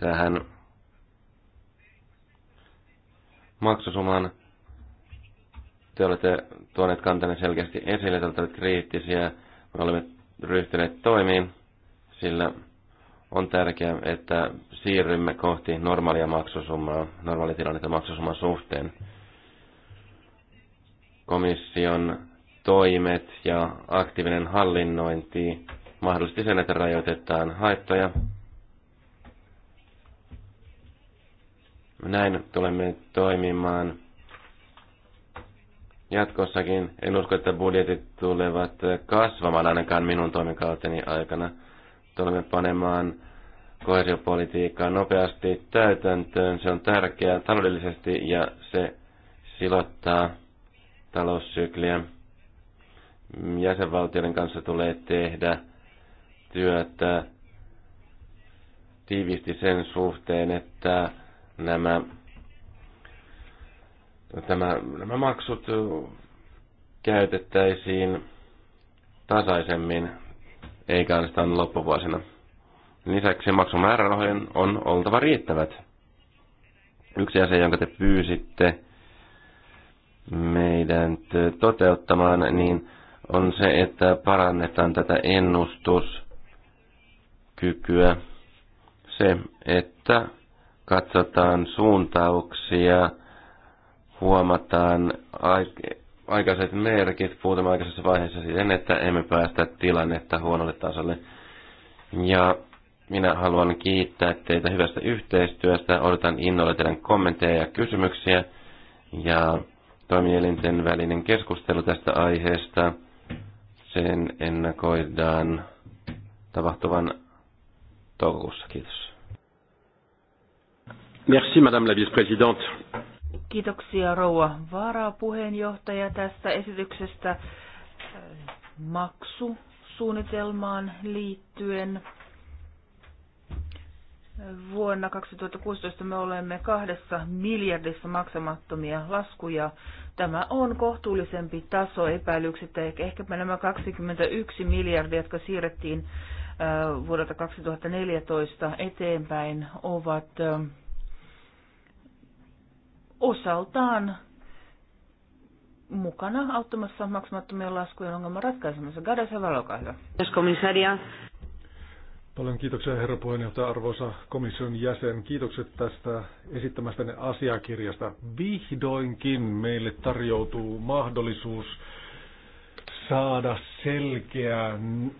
S4: tähän maksusumaan. Te olette tuoneet kantanne selkeästi esille, että olette kriittisiä. Me olemme ryhtyneet toimiin, sillä on tärkeää, että siirrymme kohti normaalia maksusummaa, normaalitilannetta maksusumman suhteen. Komission toimet ja aktiivinen hallinnointi mahdollisti sen, että rajoitetaan haittoja. Näin tulemme toimimaan jatkossakin. En usko, että budjetit tulevat kasvamaan ainakaan minun toimikauteni aikana. Tulemme panemaan koesiopolitiikkaa nopeasti täytäntöön. Se on tärkeää taloudellisesti ja se silottaa taloussykliä. Jäsenvaltioiden kanssa tulee tehdä työtä tiivisti sen suhteen, että nämä tämä, nämä maksut käytettäisiin tasaisemmin, eikä ainoastaan loppuvuosina. Lisäksi maksumäärärahojen on oltava riittävät. Yksi asia, jonka te pyysitte meidän toteuttamaan, niin on se, että parannetaan tätä ennustuskykyä. Se, että katsotaan suuntauksia, huomataan aikaiset merkit puutamme aikaisessa vaiheessa siten, että emme päästä tilannetta huonolle tasolle. Ja minä haluan kiittää teitä hyvästä yhteistyöstä. Odotan innolla teidän kommentteja ja kysymyksiä. Ja toimielinten välinen keskustelu tästä aiheesta, sen ennakoidaan tapahtuvan toukokuussa. Kiitos.
S1: Merci, Madame la Vice-Présidente.
S2: Kiitoksia rouva varapuheenjohtaja tästä esityksestä äh, maksusuunnitelmaan liittyen. Vuonna 2016 me olemme kahdessa miljardissa maksamattomia laskuja. Tämä on kohtuullisempi taso epäilyksettä. Ehkäpä nämä 21 miljardia, jotka siirrettiin äh, vuodelta 2014 eteenpäin, ovat äh, osaltaan mukana auttamassa maksamattomien laskujen ongelman ratkaisemassa. Gades ja
S5: olkaa hyvä. Paljon kiitoksia herra puheenjohtaja, arvoisa komission jäsen. Kiitokset tästä esittämästänne asiakirjasta. Vihdoinkin meille tarjoutuu mahdollisuus saada selkeä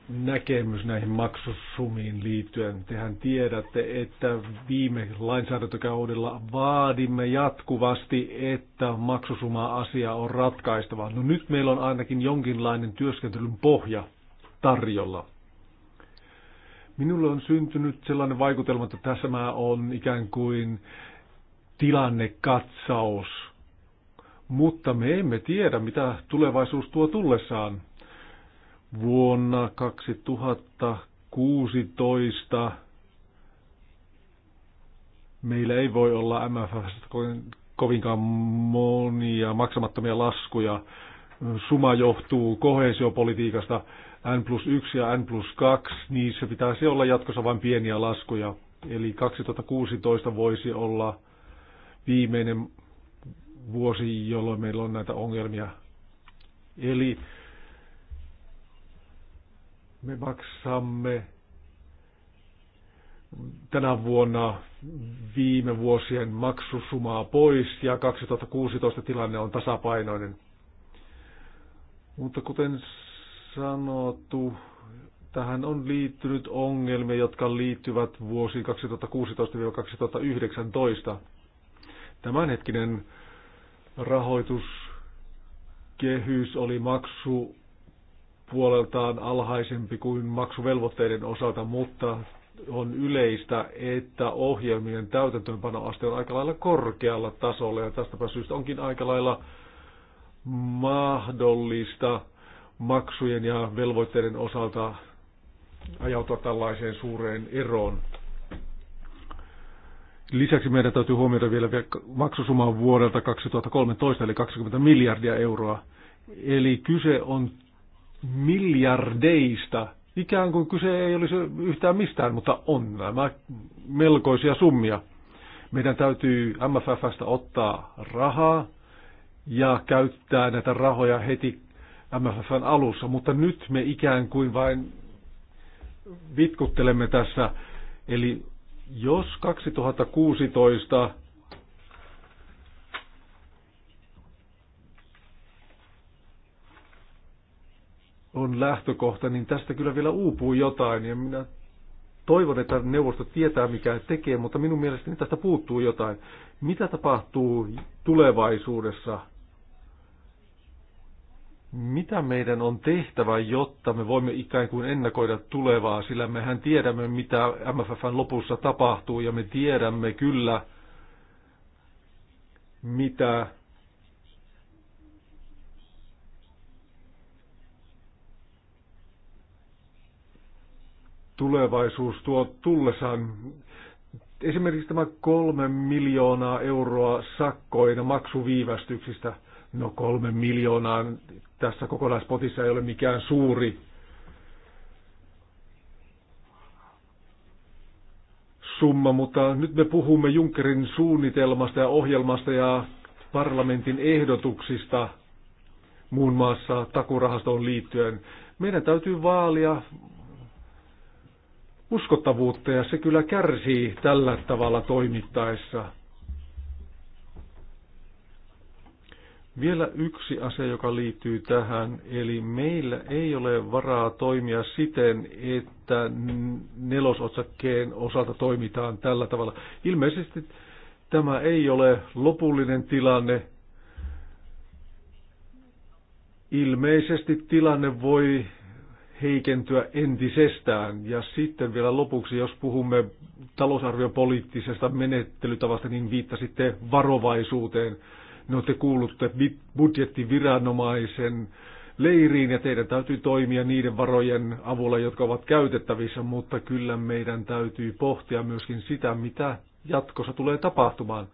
S5: näkemys näihin maksusumiin liittyen. Tehän tiedätte, että viime lainsäädäntökaudella vaadimme jatkuvasti, että maksusuma-asia on ratkaistava. No nyt meillä on ainakin jonkinlainen työskentelyn pohja tarjolla. Minulle on syntynyt sellainen vaikutelma, että tässä on ikään kuin tilannekatsaus – mutta me emme tiedä, mitä tulevaisuus tuo tullessaan. Vuonna 2016 meillä ei voi olla MFFstä kovinkaan monia maksamattomia laskuja. Suma johtuu kohesiopolitiikasta N plus 1 ja N plus 2, niissä pitäisi olla jatkossa vain pieniä laskuja. Eli 2016 voisi olla viimeinen vuosi, jolloin meillä on näitä ongelmia. Eli me maksamme tänä vuonna viime vuosien maksusumaa pois ja 2016 tilanne on tasapainoinen. Mutta kuten sanottu, tähän on liittynyt ongelmia, jotka liittyvät vuosiin 2016-2019. Tämänhetkinen rahoituskehys oli maksu puoleltaan alhaisempi kuin maksuvelvoitteiden osalta, mutta on yleistä, että ohjelmien täytäntöönpanoaste on aika lailla korkealla tasolla ja tästäpä syystä onkin aika lailla mahdollista maksujen ja velvoitteiden osalta ajautua tällaiseen suureen eroon. Lisäksi meidän täytyy huomioida vielä maksusumma vuodelta 2013, eli 20 miljardia euroa. Eli kyse on miljardeista. Ikään kuin kyse ei olisi yhtään mistään, mutta on nämä melkoisia summia. Meidän täytyy MFFstä ottaa rahaa ja käyttää näitä rahoja heti MFFn alussa, mutta nyt me ikään kuin vain vitkuttelemme tässä, eli jos 2016 on lähtökohta, niin tästä kyllä vielä uupuu jotain. Ja minä toivon, että neuvosto tietää, mikä tekee, mutta minun mielestäni tästä puuttuu jotain. Mitä tapahtuu tulevaisuudessa? mitä meidän on tehtävä, jotta me voimme ikään kuin ennakoida tulevaa, sillä mehän tiedämme, mitä MFFn lopussa tapahtuu, ja me tiedämme kyllä, mitä tulevaisuus tuo tullessaan. Esimerkiksi tämä kolme miljoonaa euroa sakkoina maksuviivästyksistä – No kolme miljoonaa tässä kokonaispotissa ei ole mikään suuri summa, mutta nyt me puhumme Junckerin suunnitelmasta ja ohjelmasta ja parlamentin ehdotuksista muun muassa takurahastoon liittyen. Meidän täytyy vaalia uskottavuutta ja se kyllä kärsii tällä tavalla toimittaessa. Vielä yksi asia, joka liittyy tähän, eli meillä ei ole varaa toimia siten, että nelosotsakkeen osalta toimitaan tällä tavalla. Ilmeisesti tämä ei ole lopullinen tilanne. Ilmeisesti tilanne voi heikentyä entisestään. Ja sitten vielä lopuksi, jos puhumme talousarviopoliittisesta menettelytavasta, niin viittasitte varovaisuuteen. No te kuulutte budjettiviranomaisen leiriin ja teidän täytyy toimia niiden varojen avulla, jotka ovat käytettävissä, mutta kyllä meidän täytyy pohtia myöskin sitä, mitä jatkossa tulee tapahtumaan.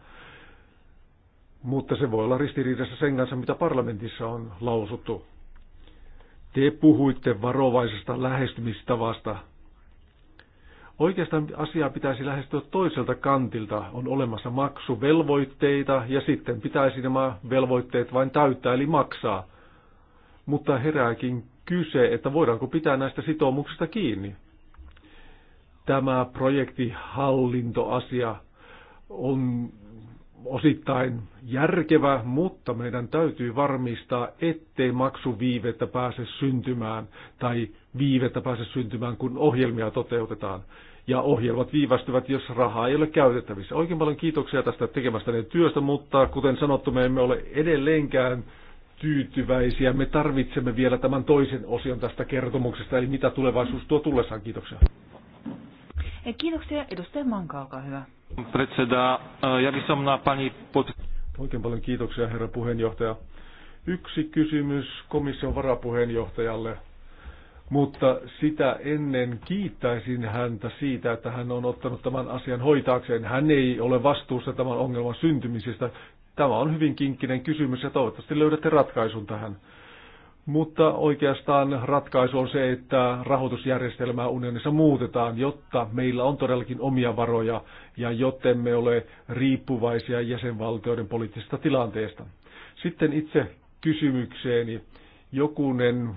S5: Mutta se voi olla ristiriidassa sen kanssa, mitä parlamentissa on lausuttu. Te puhuitte varovaisesta lähestymistavasta. Oikeastaan asiaa pitäisi lähestyä toiselta kantilta. On olemassa maksuvelvoitteita ja sitten pitäisi nämä velvoitteet vain täyttää eli maksaa. Mutta herääkin kyse, että voidaanko pitää näistä sitoumuksista kiinni. Tämä projektihallintoasia on osittain järkevä, mutta meidän täytyy varmistaa, ettei maksuviivettä pääse syntymään tai viivettä pääse syntymään, kun ohjelmia toteutetaan. Ja ohjelmat viivästyvät, jos rahaa ei ole käytettävissä. Oikein paljon kiitoksia tästä tekemästäne työstä, mutta kuten sanottu, me emme ole edelleenkään tyytyväisiä. Me tarvitsemme vielä tämän toisen osion tästä kertomuksesta, eli mitä tulevaisuus tuo tullessaan. Kiitoksia.
S2: Kiitoksia. Edustaja Manka, olkaa hyvä.
S5: Predseda, e, ja na pani... Oikein paljon kiitoksia, herra puheenjohtaja. Yksi kysymys komission varapuheenjohtajalle, mutta sitä ennen kiittäisin häntä siitä, että hän on ottanut tämän asian hoitaakseen. Hän ei ole vastuussa tämän ongelman syntymisestä. Tämä on hyvin kinkkinen kysymys ja toivottavasti löydätte ratkaisun tähän. Mutta oikeastaan ratkaisu on se, että rahoitusjärjestelmää unionissa muutetaan, jotta meillä on todellakin omia varoja ja jotta me ole riippuvaisia jäsenvaltioiden poliittisesta tilanteesta. Sitten itse kysymykseeni. Jokunen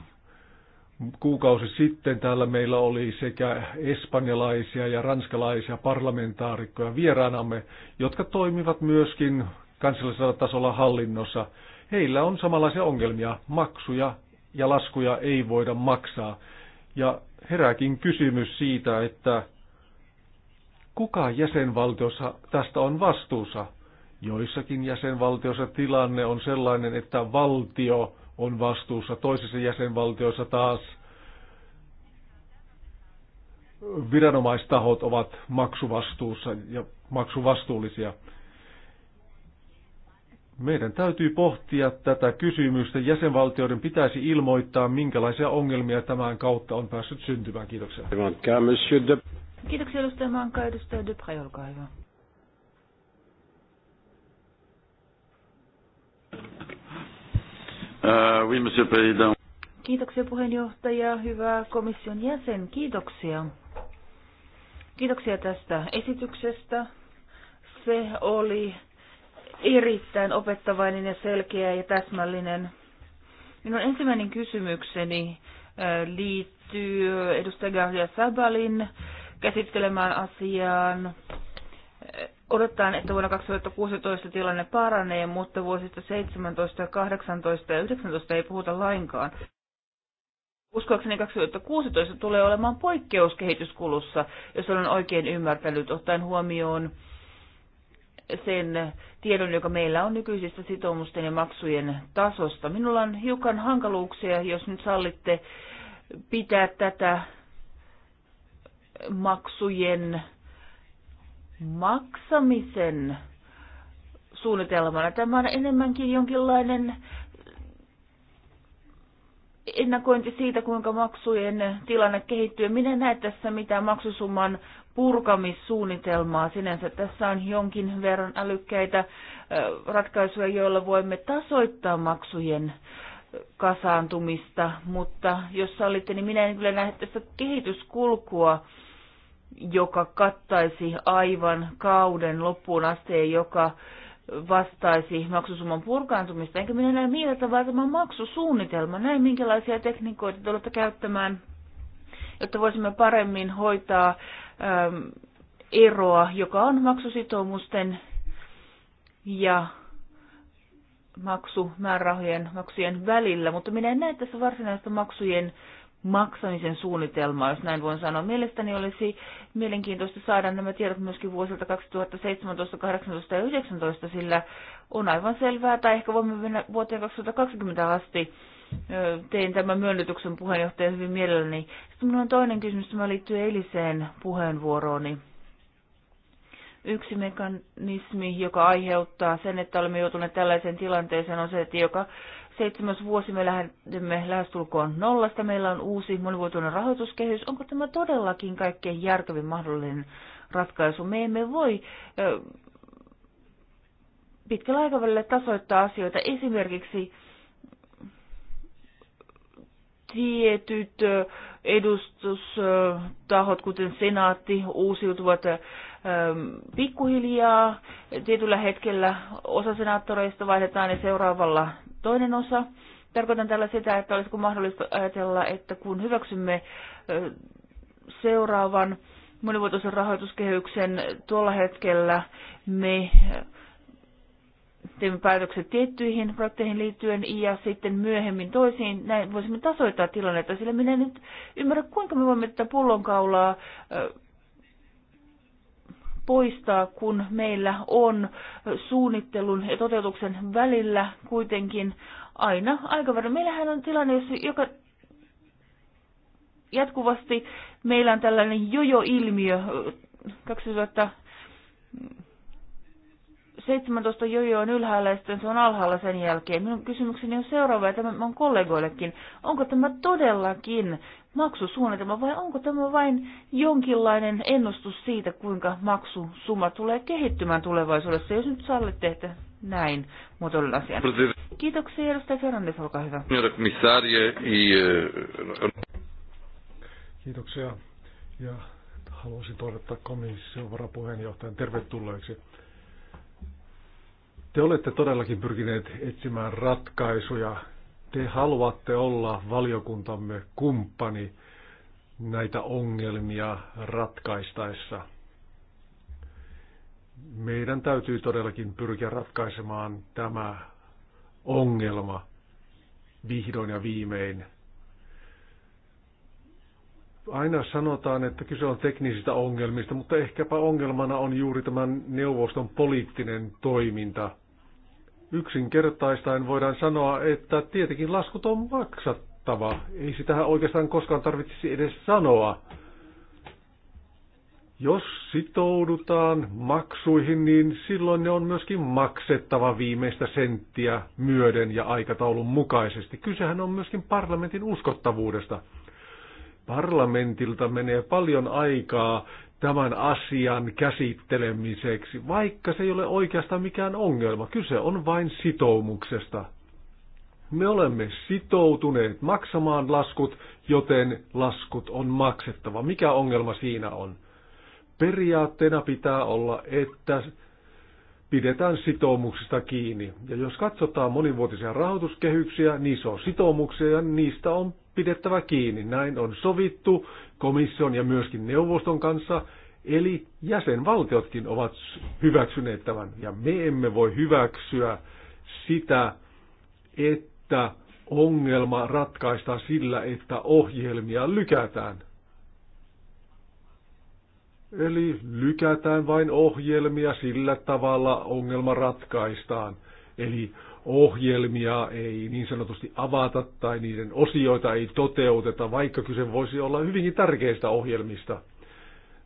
S5: kuukausi sitten täällä meillä oli sekä espanjalaisia ja ranskalaisia parlamentaarikkoja vieraanamme, jotka toimivat myöskin kansallisella tasolla hallinnossa – heillä on samanlaisia ongelmia. Maksuja ja laskuja ei voida maksaa. Ja herääkin kysymys siitä, että kuka jäsenvaltiossa tästä on vastuussa? Joissakin jäsenvaltioissa tilanne on sellainen, että valtio on vastuussa, toisessa jäsenvaltiossa taas viranomaistahot ovat maksuvastuussa ja maksuvastuullisia. Meidän täytyy pohtia tätä kysymystä. Jäsenvaltioiden pitäisi ilmoittaa, minkälaisia ongelmia tämän kautta on päässyt syntymään. Kiitoksia.
S2: Kiitoksia edustaja Manka. Edustaja Dupre, olkaa hyvä.
S1: Uh, oui, monsieur
S2: Kiitoksia puheenjohtaja, hyvä komission jäsen, kiitoksia. Kiitoksia tästä esityksestä. Se oli erittäin opettavainen ja selkeä ja täsmällinen. Minun ensimmäinen kysymykseni liittyy edustaja Garja Sabalin käsittelemään asiaan. Odotetaan, että vuonna 2016 tilanne paranee, mutta vuosista 17, 18 ja 19 ei puhuta lainkaan. Uskoakseni 2016 tulee olemaan poikkeus kehityskulussa, jos olen oikein ymmärtänyt, ottaen huomioon sen tiedon, joka meillä on nykyisistä sitoumusten ja maksujen tasosta. Minulla on hiukan hankaluuksia, jos nyt sallitte pitää tätä maksujen maksamisen suunnitelmana. Tämä on enemmänkin jonkinlainen ennakointi siitä, kuinka maksujen tilanne kehittyy. Minä en näe tässä mitään maksusumman purkamissuunnitelmaa sinänsä. Tässä on jonkin verran älykkäitä ratkaisuja, joilla voimme tasoittaa maksujen kasaantumista, mutta jos sallitte, niin minä en kyllä näe tässä kehityskulkua, joka kattaisi aivan kauden loppuun asti joka vastaisi maksusumman purkaantumista. Enkä minä näe millä tavalla tämä maksusuunnitelma, näin minkälaisia tekniikoita tulette käyttämään, jotta voisimme paremmin hoitaa Ähm, eroa, joka on maksusitoumusten ja maksumäärärahojen maksujen välillä, mutta minä en näe tässä varsinaista maksujen maksamisen suunnitelmaa, jos näin voin sanoa. Mielestäni olisi mielenkiintoista saada nämä tiedot myöskin vuosilta 2017, 2018 ja 2019, sillä on aivan selvää, tai ehkä voimme mennä vuoteen 2020 asti tein tämän myönnytyksen puheenjohtajan hyvin mielelläni. Sitten minulla on toinen kysymys, tämä liittyy eiliseen puheenvuorooni. Yksi mekanismi, joka aiheuttaa sen, että olemme joutuneet tällaiseen tilanteeseen, on se, että joka seitsemäs vuosi me lähdemme lähestulkoon nollasta. Meillä on uusi monivuotuinen rahoituskehys. Onko tämä todellakin kaikkein järkevin mahdollinen ratkaisu? Me emme voi pitkällä aikavälillä tasoittaa asioita esimerkiksi tietyt edustustahot, kuten senaatti, uusiutuvat pikkuhiljaa. Tietyllä hetkellä osa senaattoreista vaihdetaan ja seuraavalla toinen osa. Tarkoitan tällä sitä, että olisiko mahdollista ajatella, että kun hyväksymme seuraavan monivuotoisen rahoituskehyksen tuolla hetkellä, me teemme päätökset tiettyihin projekteihin liittyen ja sitten myöhemmin toisiin. Näin voisimme tasoittaa tilannetta, sillä minä nyt ymmärrä, kuinka me voimme tätä pullonkaulaa poistaa, kun meillä on suunnittelun ja toteutuksen välillä kuitenkin aina aika verran. Meillähän on tilanne, jossa joka jatkuvasti meillä on tällainen jojo-ilmiö 2000 17 jojo on ylhäällä ja sitten se on alhaalla sen jälkeen. Minun kysymykseni on seuraava ja tämä on kollegoillekin. Onko tämä todellakin maksusuunnitelma vai onko tämä vain jonkinlainen ennustus siitä, kuinka maksusumma tulee kehittymään tulevaisuudessa, jos nyt sallitte, että näin muotoilun asian. Kiitoksia edustaja Fernandes, olkaa hyvä.
S1: Eh,
S5: Kiitoksia ja haluaisin toivottaa komission varapuheenjohtajan tervetulleeksi. Te olette todellakin pyrkineet etsimään ratkaisuja. Te haluatte olla valiokuntamme kumppani näitä ongelmia ratkaistaessa. Meidän täytyy todellakin pyrkiä ratkaisemaan tämä ongelma vihdoin ja viimein. Aina sanotaan, että kyse on teknisistä ongelmista, mutta ehkäpä ongelmana on juuri tämän neuvoston poliittinen toiminta – Yksinkertaistaen voidaan sanoa, että tietenkin laskut on maksattava. Ei sitä oikeastaan koskaan tarvitsisi edes sanoa. Jos sitoudutaan maksuihin, niin silloin ne on myöskin maksettava viimeistä senttiä myöden ja aikataulun mukaisesti. Kysehän on myöskin parlamentin uskottavuudesta. Parlamentilta menee paljon aikaa tämän asian käsittelemiseksi, vaikka se ei ole oikeastaan mikään ongelma. Kyse on vain sitoumuksesta. Me olemme sitoutuneet maksamaan laskut, joten laskut on maksettava. Mikä ongelma siinä on? Periaatteena pitää olla, että pidetään sitoumuksista kiinni. Ja jos katsotaan monivuotisia rahoituskehyksiä, niin se on sitoumuksia ja niistä on pidettävä kiinni. Näin on sovittu komission ja myöskin neuvoston kanssa, eli jäsenvaltiotkin ovat hyväksyneet tämän. Ja me emme voi hyväksyä sitä, että ongelma ratkaistaan sillä, että ohjelmia lykätään. Eli lykätään vain ohjelmia sillä tavalla ongelma ratkaistaan. Eli ohjelmia ei niin sanotusti avata tai niiden osioita ei toteuteta, vaikka kyse voisi olla hyvinkin tärkeistä ohjelmista.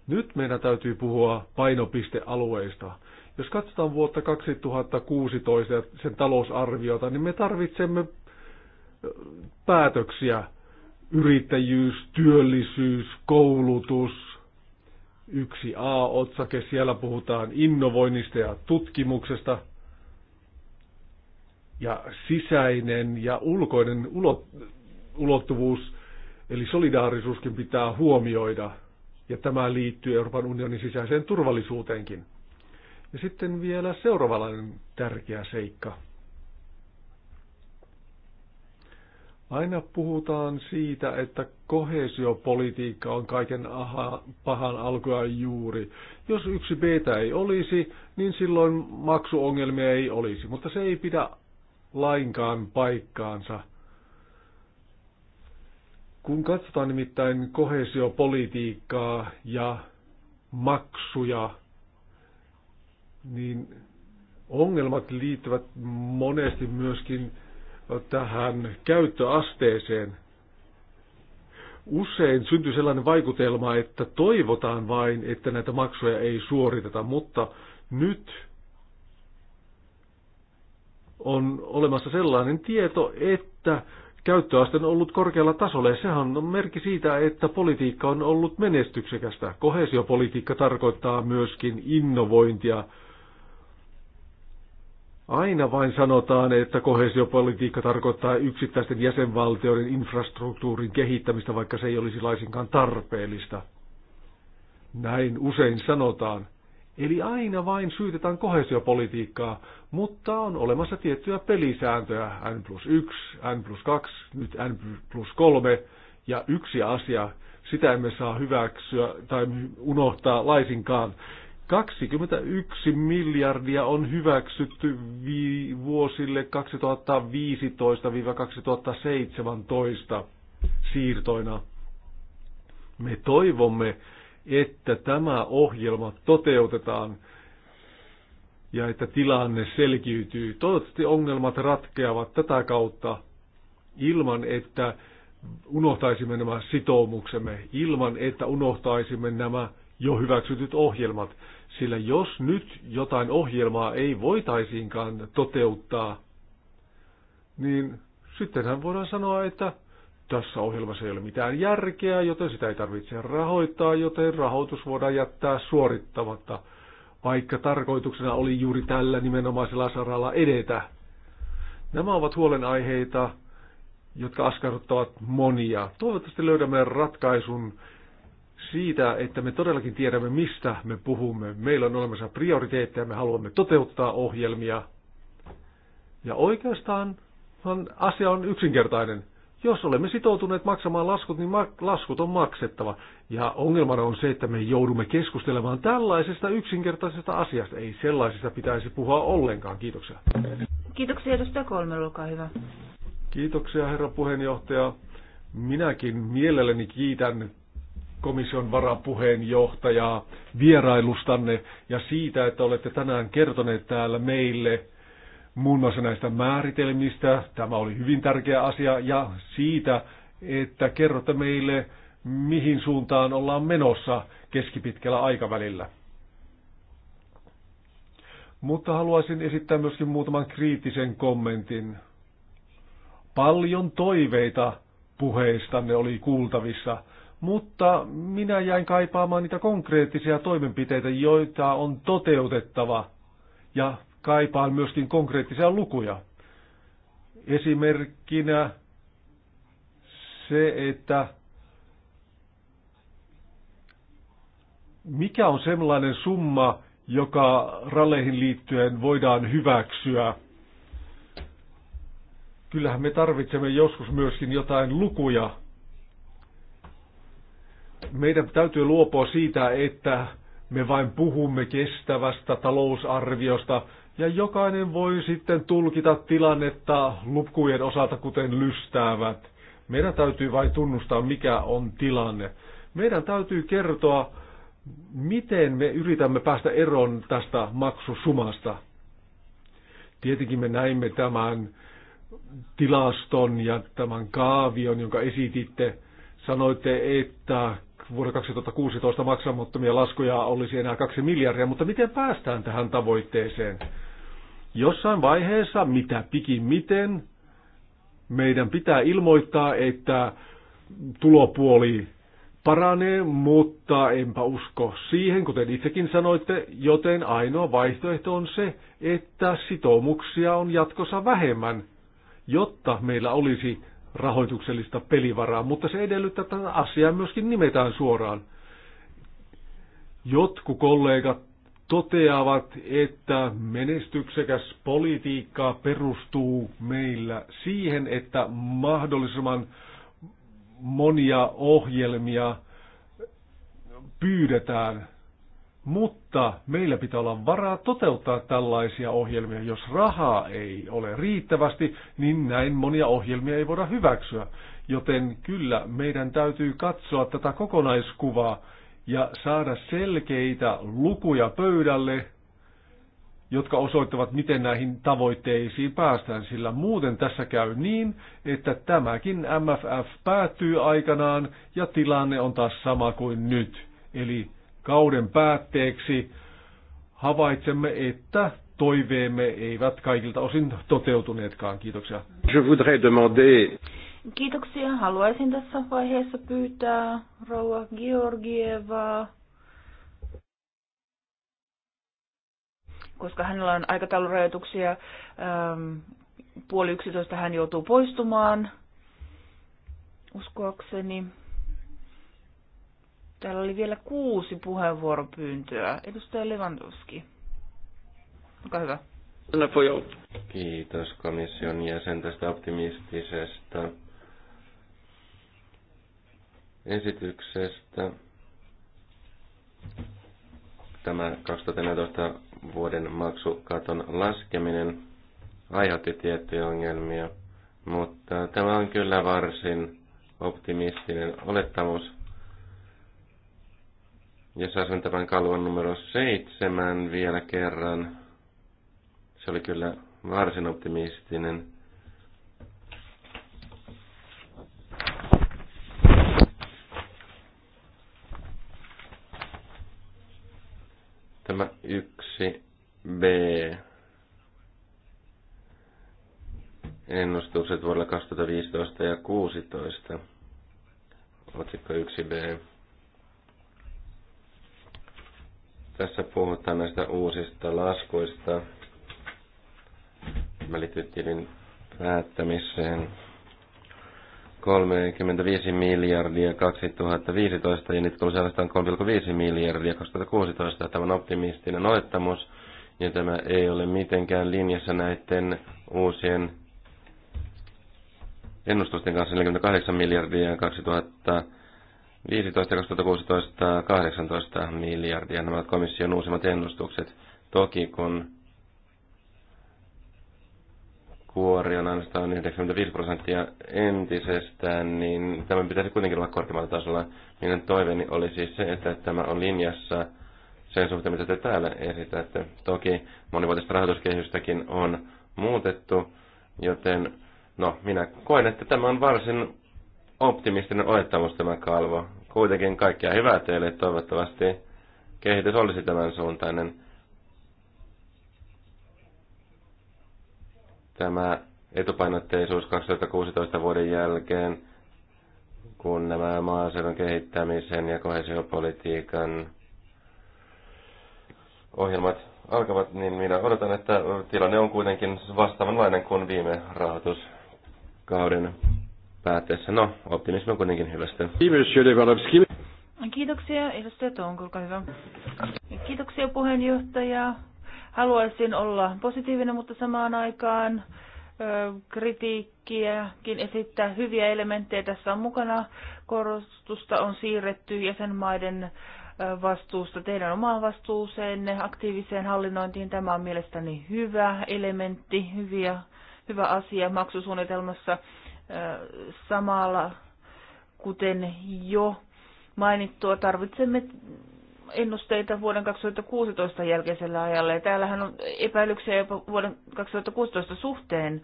S5: Nyt meidän täytyy puhua painopistealueista. Jos katsotaan vuotta 2016 ja sen talousarviota, niin me tarvitsemme päätöksiä. Yrittäjyys, työllisyys, koulutus, yksi A-otsake, siellä puhutaan innovoinnista ja tutkimuksesta – ja sisäinen ja ulkoinen ulot, ulottuvuus, eli solidaarisuuskin pitää huomioida. Ja tämä liittyy Euroopan unionin sisäiseen turvallisuuteenkin. Ja sitten vielä seuraavalainen tärkeä seikka. Aina puhutaan siitä, että kohesiopolitiikka on kaiken aha, pahan alkua juuri. Jos yksi b ei olisi, niin silloin maksuongelmia ei olisi, mutta se ei pidä lainkaan paikkaansa. Kun katsotaan nimittäin kohesiopolitiikkaa ja maksuja, niin ongelmat liittyvät monesti myöskin tähän käyttöasteeseen. Usein syntyy sellainen vaikutelma, että toivotaan vain, että näitä maksuja ei suoriteta, mutta nyt on olemassa sellainen tieto, että käyttöaste on ollut korkealla tasolla ja sehän on merkki siitä, että politiikka on ollut menestyksekästä. Kohesiopolitiikka tarkoittaa myöskin innovointia. Aina vain sanotaan, että kohesiopolitiikka tarkoittaa yksittäisten jäsenvaltioiden infrastruktuurin kehittämistä, vaikka se ei olisi laisinkaan tarpeellista. Näin usein sanotaan. Eli aina vain syytetään kohesiopolitiikkaa, mutta on olemassa tiettyjä pelisääntöjä, n plus 1, n plus 2, nyt n plus 3, ja yksi asia, sitä emme saa hyväksyä tai unohtaa laisinkaan. 21 miljardia on hyväksytty vi- vuosille 2015-2017 siirtoina. Me toivomme, että tämä ohjelma toteutetaan ja että tilanne selkiytyy. Toivottavasti ongelmat ratkeavat tätä kautta ilman, että unohtaisimme nämä sitoumuksemme, ilman, että unohtaisimme nämä jo hyväksytyt ohjelmat. Sillä jos nyt jotain ohjelmaa ei voitaisiinkaan toteuttaa, niin sittenhän voidaan sanoa, että tässä ohjelmassa ei ole mitään järkeä, joten sitä ei tarvitse rahoittaa, joten rahoitus voidaan jättää suorittamatta, vaikka tarkoituksena oli juuri tällä nimenomaisella saralla edetä. Nämä ovat huolenaiheita, jotka askarruttavat monia. Toivottavasti löydämme ratkaisun siitä, että me todellakin tiedämme, mistä me puhumme. Meillä on olemassa prioriteetteja, me haluamme toteuttaa ohjelmia. Ja oikeastaan no, asia on yksinkertainen – jos olemme sitoutuneet maksamaan laskut, niin laskut on maksettava. Ja ongelmana on se, että me joudumme keskustelemaan tällaisesta yksinkertaisesta asiasta. Ei sellaisesta pitäisi puhua ollenkaan. Kiitoksia.
S2: Kiitoksia edustaja Kolme, olkaa hyvä.
S5: Kiitoksia herra puheenjohtaja. Minäkin mielelläni kiitän komission varapuheenjohtajaa vierailustanne ja siitä, että olette tänään kertoneet täällä meille – muun muassa näistä määritelmistä. Tämä oli hyvin tärkeä asia ja siitä, että kerrotte meille, mihin suuntaan ollaan menossa keskipitkällä aikavälillä. Mutta haluaisin esittää myöskin muutaman kriittisen kommentin. Paljon toiveita puheistanne oli kuultavissa, mutta minä jäin kaipaamaan niitä konkreettisia toimenpiteitä, joita on toteutettava ja kaipaan myöskin konkreettisia lukuja. Esimerkkinä se, että mikä on sellainen summa, joka ralleihin liittyen voidaan hyväksyä. Kyllähän me tarvitsemme joskus myöskin jotain lukuja. Meidän täytyy luopua siitä, että me vain puhumme kestävästä talousarviosta ja jokainen voi sitten tulkita tilannetta lukujen osalta, kuten lystäävät. Meidän täytyy vain tunnustaa, mikä on tilanne. Meidän täytyy kertoa, miten me yritämme päästä eroon tästä maksusumasta. Tietenkin me näimme tämän tilaston ja tämän kaavion, jonka esititte. Sanoitte, että vuonna 2016 maksamattomia laskuja olisi enää kaksi miljardia, mutta miten päästään tähän tavoitteeseen? Jossain vaiheessa, mitä pikimiten, meidän pitää ilmoittaa, että tulopuoli paranee, mutta enpä usko siihen, kuten itsekin sanoitte, joten ainoa vaihtoehto on se, että sitoumuksia on jatkossa vähemmän, jotta meillä olisi rahoituksellista pelivaraa, mutta se edellyttää, että tätä asiaa myöskin nimetään suoraan. Jotkut kollegat toteavat, että menestyksekäs politiikka perustuu meillä siihen, että mahdollisimman monia ohjelmia pyydetään, mutta meillä pitää olla varaa toteuttaa tällaisia ohjelmia. Jos rahaa ei ole riittävästi, niin näin monia ohjelmia ei voida hyväksyä. Joten kyllä meidän täytyy katsoa tätä kokonaiskuvaa ja saada selkeitä lukuja pöydälle, jotka osoittavat, miten näihin tavoitteisiin päästään, sillä muuten tässä käy niin, että tämäkin MFF päättyy aikanaan ja tilanne on taas sama kuin nyt. Eli kauden päätteeksi havaitsemme, että toiveemme eivät kaikilta osin toteutuneetkaan. Kiitoksia. Je voudrais demander...
S2: Kiitoksia. Haluaisin tässä vaiheessa pyytää rouva Georgievaa, koska hänellä on aikataulurajoituksia. Ähm, puoli yksitoista hän joutuu poistumaan, uskoakseni. Täällä oli vielä kuusi puheenvuoropyyntöä. Edustaja Lewandowski. Olkaa hyvä.
S4: Kiitos komission jäsen tästä optimistisesta esityksestä. Tämä 2014 vuoden maksukaton laskeminen aiheutti tiettyjä ongelmia, mutta tämä on kyllä varsin optimistinen olettamus. Jos saasin tämän kalvon numero seitsemän vielä kerran, se oli kyllä varsin optimistinen Tämä 1b ennustukset vuodelle 2015 ja 2016. Otsikko 1b. Tässä puhutaan näistä uusista laskuista. Mä liittyy tilin päättämiseen. 35 miljardia 2015 ja nyt tuli sellaistaan 3,5 miljardia 2016. Tämä on optimistinen olettamus ja tämä ei ole mitenkään linjassa näiden uusien ennustusten kanssa 48 miljardia 2015, 2016, 18 miljardia. Nämä ovat komission uusimmat ennustukset. Toki kun kuori on ainoastaan 95 prosenttia entisestään, niin tämä pitäisi kuitenkin olla korkeammalla tasolla. Minun toiveeni oli siis se, että tämä on linjassa sen suhteen, mitä te täällä esitätte. Toki monivuotista rahoituskehystäkin on muutettu, joten no, minä koen, että tämä on varsin optimistinen olettamus tämä kalvo. Kuitenkin kaikkea hyvää teille, toivottavasti kehitys olisi tämän suuntainen. Tämä etupainotteisuus 2016 vuoden jälkeen, kun nämä maaseudun kehittämisen ja kohesiopolitiikan ohjelmat alkavat, niin minä odotan, että tilanne on kuitenkin vastaavanlainen kuin viime rahoituskauden päätteessä. No, optimismi on kuitenkin hyvästä.
S2: Kiitoksia, edustaja Tonk, olkaa hyvä. Kiitoksia puheenjohtaja. Haluaisin olla positiivinen, mutta samaan aikaan kritiikkiäkin esittää hyviä elementtejä. Tässä on mukana korostusta on siirretty jäsenmaiden vastuusta teidän omaan vastuuseenne, aktiiviseen hallinnointiin. Tämä on mielestäni hyvä elementti, hyviä, hyvä asia maksusuunnitelmassa samalla, kuten jo mainittua, tarvitsemme ennusteita vuoden 2016 jälkeisellä ajalla. Ja täällähän on epäilyksiä jopa vuoden 2016 suhteen.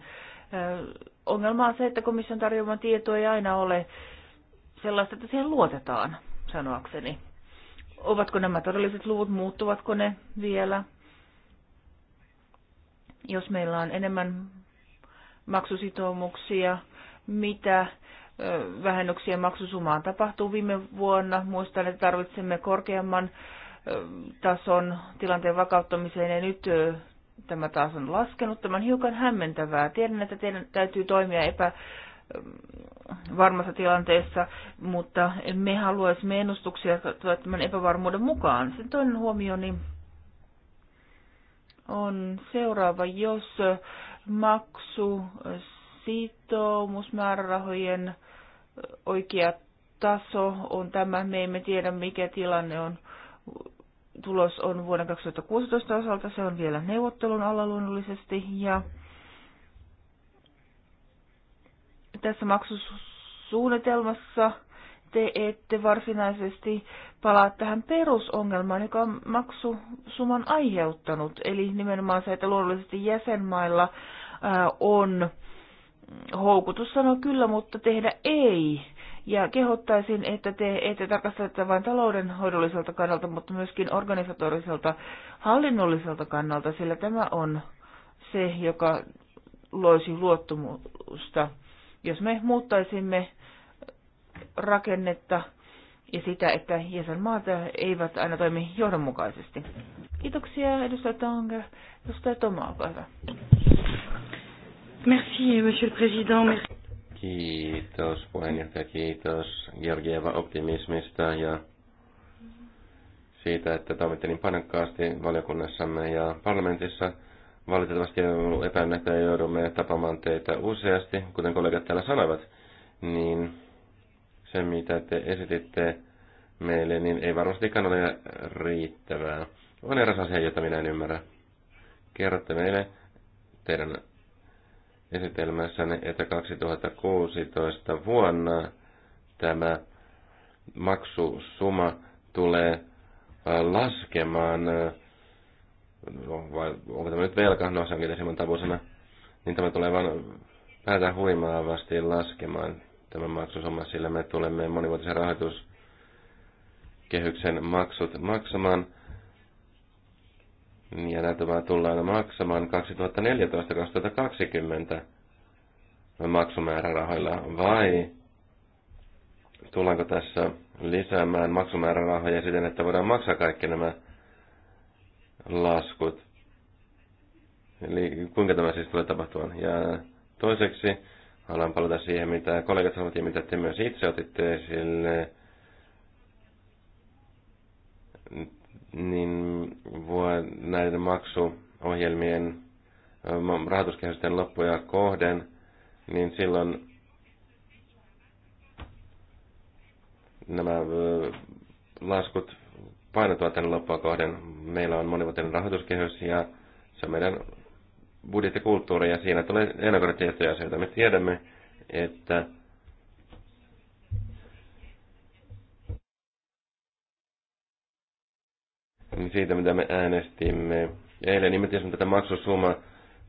S2: Ongelma on se, että komission tarjoama tieto ei aina ole sellaista, että siihen luotetaan, sanoakseni. Ovatko nämä todelliset luvut, muuttuvatko ne vielä? Jos meillä on enemmän maksusitoumuksia, mitä vähennyksiä maksusumaan tapahtuu viime vuonna. Muistan, että tarvitsemme korkeamman tason tilanteen vakauttamiseen ja nyt tämä taas on laskenut. Tämä on hiukan hämmentävää. Tiedän, että teidän täytyy toimia epä varmassa tilanteessa, mutta me haluaisimme ennustuksia tämän epävarmuuden mukaan. Sen toinen huomioni on seuraava. Jos maksu sitoumusmäärärahojen oikea taso on tämä. Me emme tiedä, mikä tilanne on. Tulos on vuoden 2016 osalta. Se on vielä neuvottelun alla luonnollisesti. Ja tässä maksusuunnitelmassa te ette varsinaisesti palaa tähän perusongelmaan, joka on maksusuman aiheuttanut. Eli nimenomaan se, että luonnollisesti jäsenmailla on houkutus sanoa kyllä, mutta tehdä ei. Ja kehottaisin, että te ette tarkastele vain taloudenhoidolliselta kannalta, mutta myöskin organisatoriselta, hallinnolliselta kannalta, sillä tämä on se, joka loisi luottamusta. Jos me muuttaisimme rakennetta ja sitä, että jäsenmaat eivät aina toimi johdonmukaisesti. Kiitoksia, edustaja Tanger. Edustaja Toma, olkaa hyvä. Merci, Monsieur le Président. Merci.
S4: Kiitos puheenjohtaja, kiitos Georgieva optimismista ja siitä, että toimitte niin panokkaasti valiokunnassamme ja parlamentissa. Valitettavasti on ollut epäilyttä ja joudumme tapaamaan teitä useasti, kuten kollegat täällä sanoivat, niin se mitä te esititte meille, niin ei varmastikaan ole riittävää. On eräs asia, jota minä en ymmärrä. Kerrotte meille teidän esitelmässäni, että 2016 vuonna tämä maksusuma tulee laskemaan, vai onko tämä nyt velka, no se onkin tässä tabusana, niin tämä tulee vain päätä huimaavasti laskemaan tämä maksusumma, sillä me tulemme monivuotisen rahoituskehyksen maksut maksamaan ja nämä tullaan maksamaan 2014-2020 maksumäärärahoilla, vai tullaanko tässä lisäämään maksumäärärahoja siten, että voidaan maksaa kaikki nämä laskut? Eli kuinka tämä siis tulee tapahtua? Ja toiseksi haluan palata siihen, mitä kollegat sanovat ja mitä te myös itse otitte esille niin voi näiden maksuohjelmien rahoituskehysten loppuja kohden, niin silloin nämä laskut painotuvat tänne loppua kohden. Meillä on monivuotinen rahoituskehys ja se on meidän budjettikulttuuri ja siinä tulee ennakoida tiettyjä asioita. Me tiedämme, että siitä, mitä me äänestimme eilen, niin että tätä maksusumma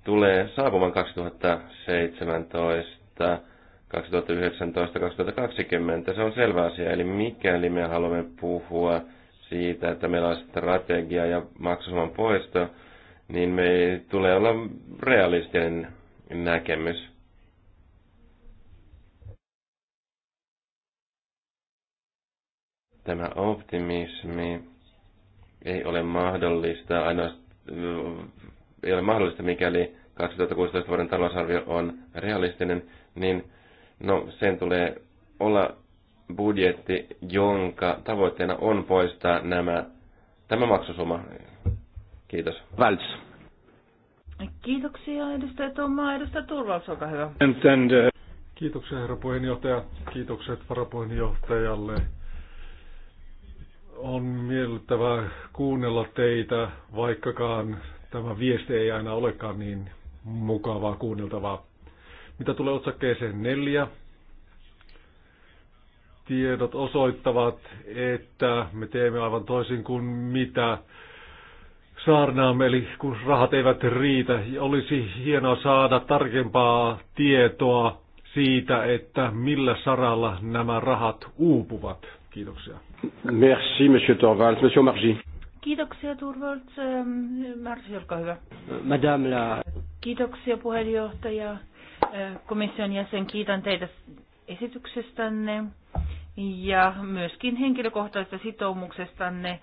S4: tulee saapumaan 2017, 2019, 2020. Se on selvä asia. Eli mikäli me haluamme puhua siitä, että meillä on strategia ja maksusumman poisto, niin me tulee olla realistinen näkemys. Tämä optimismi ei ole mahdollista aina, ei ole mahdollista, mikäli 2016 vuoden talousarvio on realistinen, niin no, sen tulee olla budjetti, jonka tavoitteena on poistaa nämä, tämä maksusuma. Kiitos. Välts.
S2: Kiitoksia edustaja Tomma. Edustaja Turvaus, olkaa hyvä.
S5: Uh, Kiitoksia herra puheenjohtaja. Kiitokset varapuheenjohtajalle on miellyttävää kuunnella teitä, vaikkakaan tämä viesti ei aina olekaan niin mukavaa kuunneltavaa. Mitä tulee otsakkeeseen neljä, tiedot osoittavat, että me teemme aivan toisin kuin mitä saarnaamme, eli kun rahat eivät riitä. Olisi hienoa saada tarkempaa tietoa siitä, että millä saralla nämä rahat uupuvat. Kiitoksia.
S1: Merci, Monsieur Torvalds. Monsieur Margi.
S2: Kiitoksia, Torvalds. Ähm, Margi, olkaa hyvä.
S5: Madame la...
S2: Kiitoksia, puheenjohtaja. Äh, komission jäsen, kiitän teitä esityksestänne ja myöskin henkilökohtaisesta sitoumuksestanne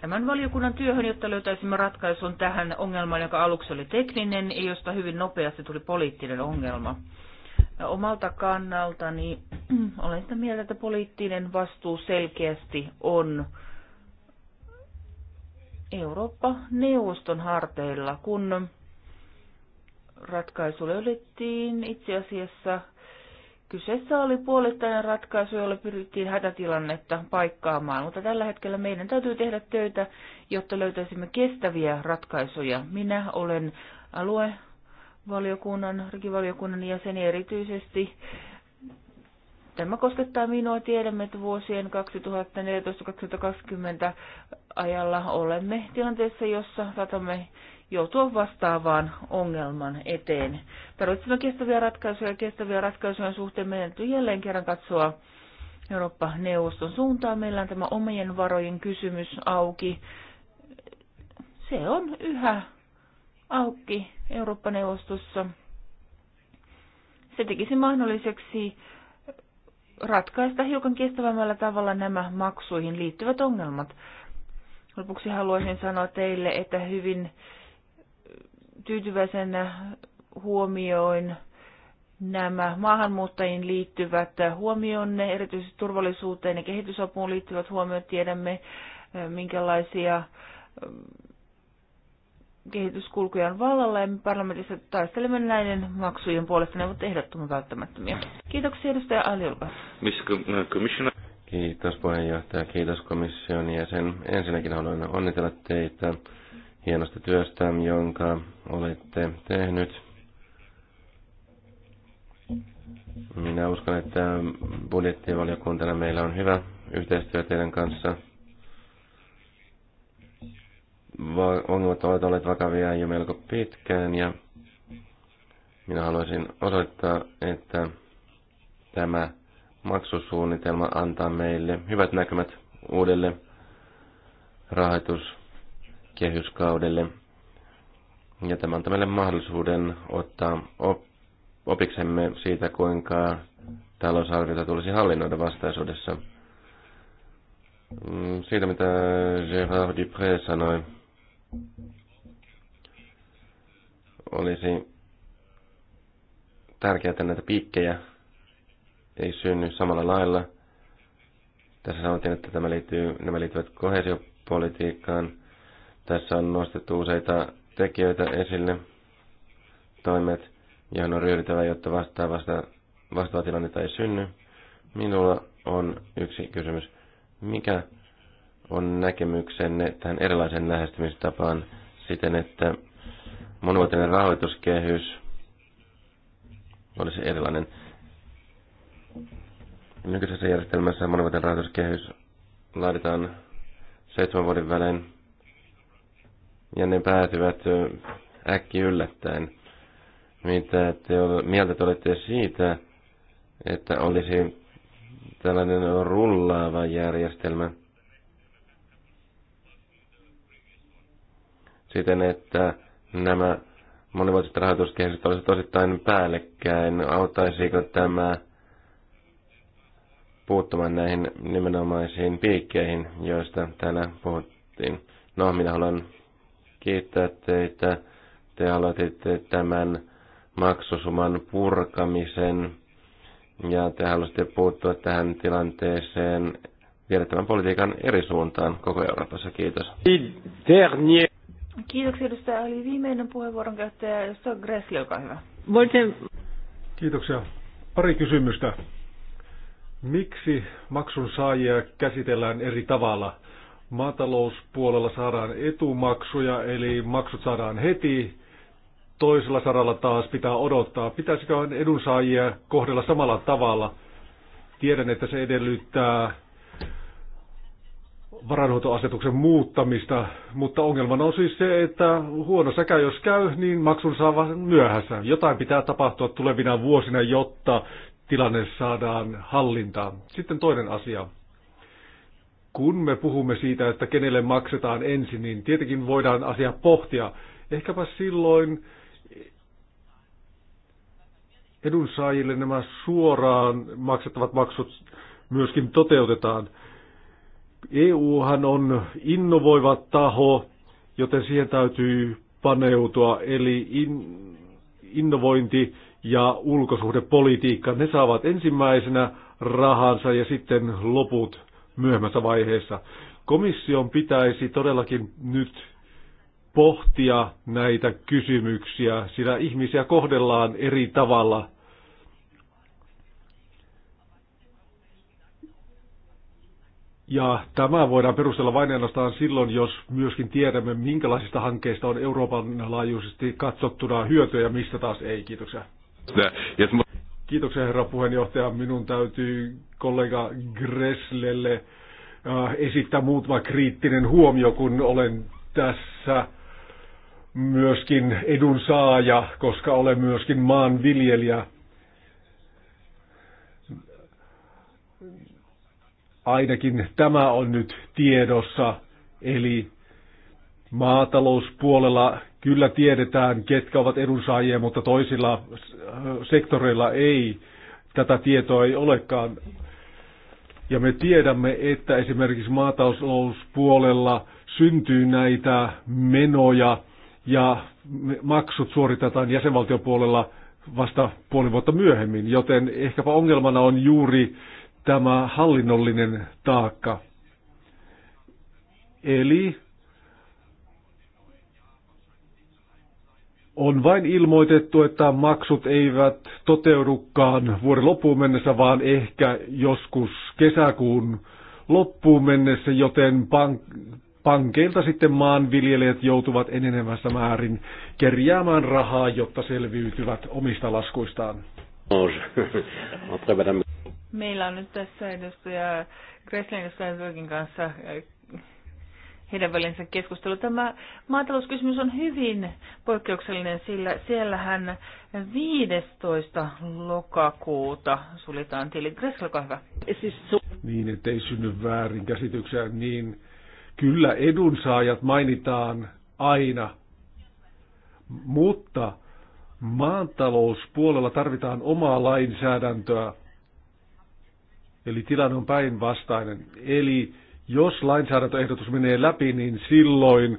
S2: tämän valiokunnan työhön, jotta löytäisimme ratkaisun tähän ongelmaan, joka aluksi oli tekninen ja josta hyvin nopeasti tuli poliittinen ongelma. Omalta kannaltani olen sitä mieltä, että poliittinen vastuu selkeästi on Eurooppa-neuvoston harteilla, kun ratkaisu löydettiin itse asiassa Kyseessä oli puolittainen ratkaisu, jolle pyrittiin hätätilannetta paikkaamaan, mutta tällä hetkellä meidän täytyy tehdä töitä, jotta löytäisimme kestäviä ratkaisuja. Minä olen alue valiokunnan, rikivaliokunnan jäseni erityisesti. Tämä koskettaa minua. Tiedämme, että vuosien 2014-2020 ajalla olemme tilanteessa, jossa saatamme joutua vastaavaan ongelman eteen. Tarvitsemme kestäviä ratkaisuja ja kestäviä ratkaisuja suhteen meidän jälleen kerran katsoa Eurooppa-neuvoston suuntaan. Meillä on tämä omien varojen kysymys auki. Se on yhä auki Eurooppa-neuvostossa. Se tekisi mahdolliseksi ratkaista hiukan kestävämmällä tavalla nämä maksuihin liittyvät ongelmat. Lopuksi haluaisin sanoa teille, että hyvin tyytyväisenä huomioin nämä maahanmuuttajiin liittyvät huomionne, erityisesti turvallisuuteen ja kehitysapuun liittyvät huomiot. Tiedämme, minkälaisia kehityskulkuja on vallalla ja me parlamentissa taistelemme näiden maksujen puolesta. Ne ovat ehdottoman välttämättömiä. Kiitoksia edustaja
S4: Aliolka. Äh, kiitos puheenjohtaja, kiitos komission jäsen. Ensinnäkin haluan onnitella teitä hienosta työstä, jonka olette tehnyt. Minä uskon, että budjettivaliokuntana meillä on hyvä yhteistyö teidän kanssa – ongelmat ovat olleet vakavia jo melko pitkään ja minä haluaisin osoittaa, että tämä maksusuunnitelma antaa meille hyvät näkymät uudelle rahoituskehyskaudelle. Ja tämä antaa meille mahdollisuuden ottaa opiksemme siitä, kuinka talousarviota tulisi hallinnoida vastaisuudessa. Mm, siitä, mitä Gérard Dupré sanoi, olisi tärkeää, että näitä piikkejä ei synny samalla lailla. Tässä sanottiin, että tämä liittyy, nämä liittyvät kohesiopolitiikkaan. Tässä on nostettu useita tekijöitä esille, toimet, joihin on ryhdyttävä, jotta vasta, vastaavaa tilannetta ei synny. Minulla on yksi kysymys. Mikä on näkemyksenne tähän erilaisen lähestymistapaan siten, että monivuotinen rahoituskehys olisi erilainen. Nykyisessä järjestelmässä monivuotinen rahoituskehys laaditaan seitsemän vuoden välein ja ne päätyvät äkki yllättäen. Mitä te, mieltä te olette siitä, että olisi tällainen rullaava järjestelmä – siten, että nämä monivuotiset rahoituskehitykset olisivat osittain päällekkäin. Auttaisiko tämä puuttumaan näihin nimenomaisiin piikkeihin, joista täällä puhuttiin? No, minä haluan kiittää teitä. Te aloititte tämän maksusuman purkamisen ja te halusitte puuttua tähän tilanteeseen viedä tämän politiikan eri suuntaan koko Euroopassa. Kiitos.
S2: Kiitoksia edustaja Ali. Viimeinen puheenvuoron käyttäjä, on Gressli, olkaa hyvä.
S5: Voitte... Kiitoksia. Pari kysymystä. Miksi maksun saajia käsitellään eri tavalla? Maatalouspuolella saadaan etumaksuja, eli maksut saadaan heti. Toisella saralla taas pitää odottaa. Pitäisikö edunsaajia kohdella samalla tavalla? Tiedän, että se edellyttää varainhoitoasetuksen muuttamista, mutta ongelmana on siis se, että huono säkä jos käy, niin maksun saa myöhässä. Jotain pitää tapahtua tulevina vuosina, jotta tilanne saadaan hallintaan. Sitten toinen asia. Kun me puhumme siitä, että kenelle maksetaan ensin, niin tietenkin voidaan asia pohtia. Ehkäpä silloin edunsaajille nämä suoraan maksettavat maksut myöskin toteutetaan – EUhan on innovoiva taho, joten siihen täytyy paneutua, eli in, innovointi ja ulkosuhdepolitiikka, ne saavat ensimmäisenä rahansa ja sitten loput myöhemmässä vaiheessa. Komission pitäisi todellakin nyt pohtia näitä kysymyksiä, sillä ihmisiä kohdellaan eri tavalla – Ja tämä voidaan perustella vain ainoastaan silloin, jos myöskin tiedämme, minkälaisista hankkeista on Euroopan laajuisesti katsottuna hyötyä ja mistä taas ei. Kiitoksia. Kiitoksia herra puheenjohtaja. Minun täytyy kollega Greslelle äh, esittää muutama kriittinen huomio, kun olen tässä myöskin edunsaaja, koska olen myöskin maanviljelijä. ainakin tämä on nyt tiedossa, eli maatalouspuolella kyllä tiedetään, ketkä ovat edunsaajia, mutta toisilla sektoreilla ei. Tätä tietoa ei olekaan. Ja me tiedämme, että esimerkiksi maatalouspuolella syntyy näitä menoja ja maksut suoritetaan jäsenvaltiopuolella vasta puoli vuotta myöhemmin, joten ehkäpä ongelmana on juuri tämä hallinnollinen taakka. Eli on vain ilmoitettu, että maksut eivät toteudukaan vuoden loppuun mennessä, vaan ehkä joskus kesäkuun loppuun mennessä, joten pank- pankeilta sitten maanviljelijät joutuvat enenevässä määrin kerjäämään rahaa, jotta selviytyvät omista laskuistaan. Après Madame
S2: Meillä on nyt tässä edustaja Gresslin ja kanssa äh, heidän välinsä keskustelu. Tämä maatalouskysymys on hyvin poikkeuksellinen, sillä siellähän 15. lokakuuta suljetaan tili. Gressel,
S5: hyvä. Niin, ettei synny väärin käsityksiä, niin kyllä edunsaajat mainitaan aina, mutta maatalouspuolella tarvitaan omaa lainsäädäntöä, Eli tilanne on päinvastainen. Eli jos lainsäädäntöehdotus menee läpi, niin silloin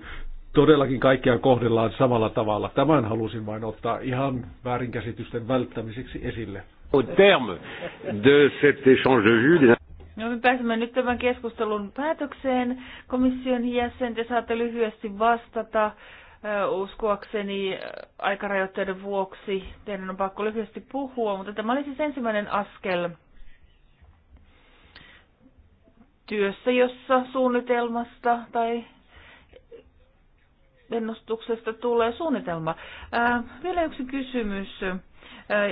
S5: todellakin kaikkia kohdellaan samalla tavalla. Tämän halusin vain ottaa ihan väärinkäsitysten välttämiseksi esille.
S2: No me pääsemme nyt tämän keskustelun päätökseen. Komission jäsen, te saatte lyhyesti vastata uskoakseni aikarajoitteiden vuoksi. Teidän on pakko lyhyesti puhua, mutta tämä oli siis ensimmäinen askel työssä, jossa suunnitelmasta tai ennustuksesta tulee suunnitelma. Ää, äh, vielä yksi kysymys. Ää, äh,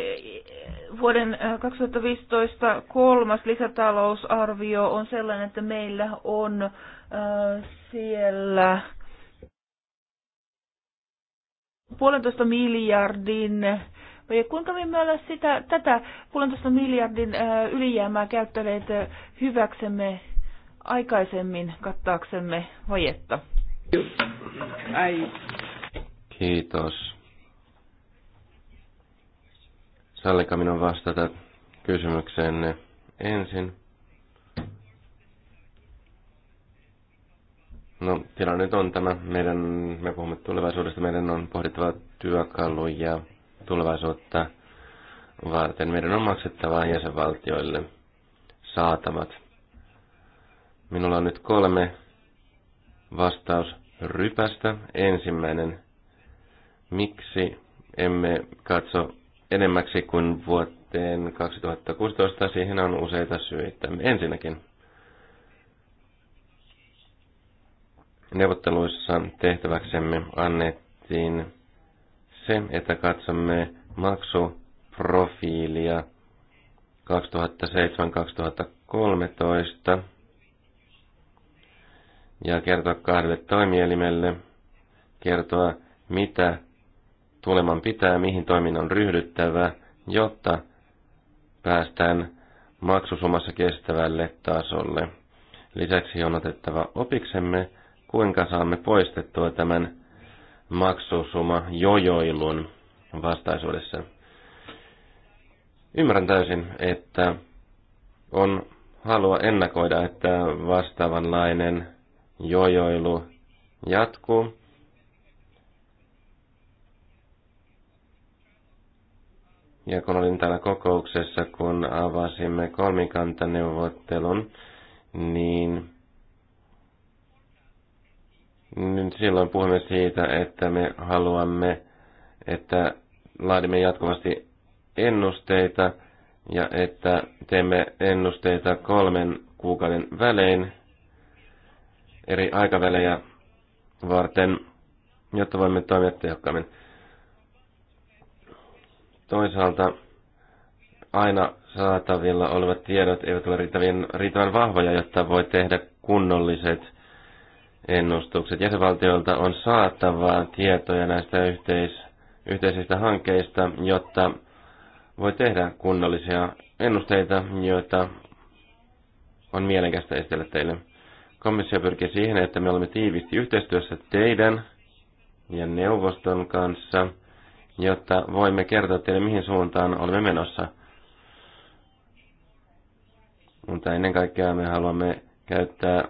S2: vuoden 2015 äh, kolmas lisätalousarvio on sellainen, että meillä on ää, siellä puolentoista miljardin ja kuinka me olemme sitä, tätä puolentoista miljardin ylijäämää käyttäneet hyväksemme aikaisemmin kattaaksemme
S3: vajetta.
S4: Kiitos. Sallika minun vastata kysymykseenne ensin. No, tilanne nyt on tämä. Meidän, me puhumme tulevaisuudesta. Meidän on pohdittava työkaluja tulevaisuutta varten. Meidän on maksettava jäsenvaltioille saatavat Minulla on nyt kolme vastausrypästä. Ensimmäinen, miksi emme katso enemmäksi kuin vuoteen 2016? Siihen on useita syitä. Ensinnäkin, neuvotteluissa tehtäväksemme annettiin se, että katsomme maksuprofiilia 2007-2013 ja kertoa kahdelle toimielimelle, kertoa mitä tuleman pitää, mihin toiminnan ryhdyttävä, jotta päästään maksusumassa kestävälle tasolle. Lisäksi on otettava opiksemme, kuinka saamme poistettua tämän maksusuma jojoilun vastaisuudessa. Ymmärrän täysin, että on halua ennakoida, että vastaavanlainen jojoilu jatkuu. Ja kun olin täällä kokouksessa, kun avasimme kolmikantaneuvottelun, niin nyt silloin puhumme siitä, että me haluamme, että laadimme jatkuvasti ennusteita ja että teemme ennusteita kolmen kuukauden välein eri aikavälejä varten, jotta voimme toimia tehokkaammin. Toisaalta aina saatavilla olevat tiedot eivät ole riittävän, riittävän vahvoja, jotta voi tehdä kunnolliset ennustukset. Jäsenvaltioilta on saatavaa tietoja näistä yhteis, yhteisistä hankkeista, jotta voi tehdä kunnollisia ennusteita, joita on mielenkästä esitellä teille. Komissio pyrkii siihen, että me olemme tiivisti yhteistyössä teidän ja neuvoston kanssa, jotta voimme kertoa teille, mihin suuntaan olemme menossa. Mutta ennen kaikkea me haluamme käyttää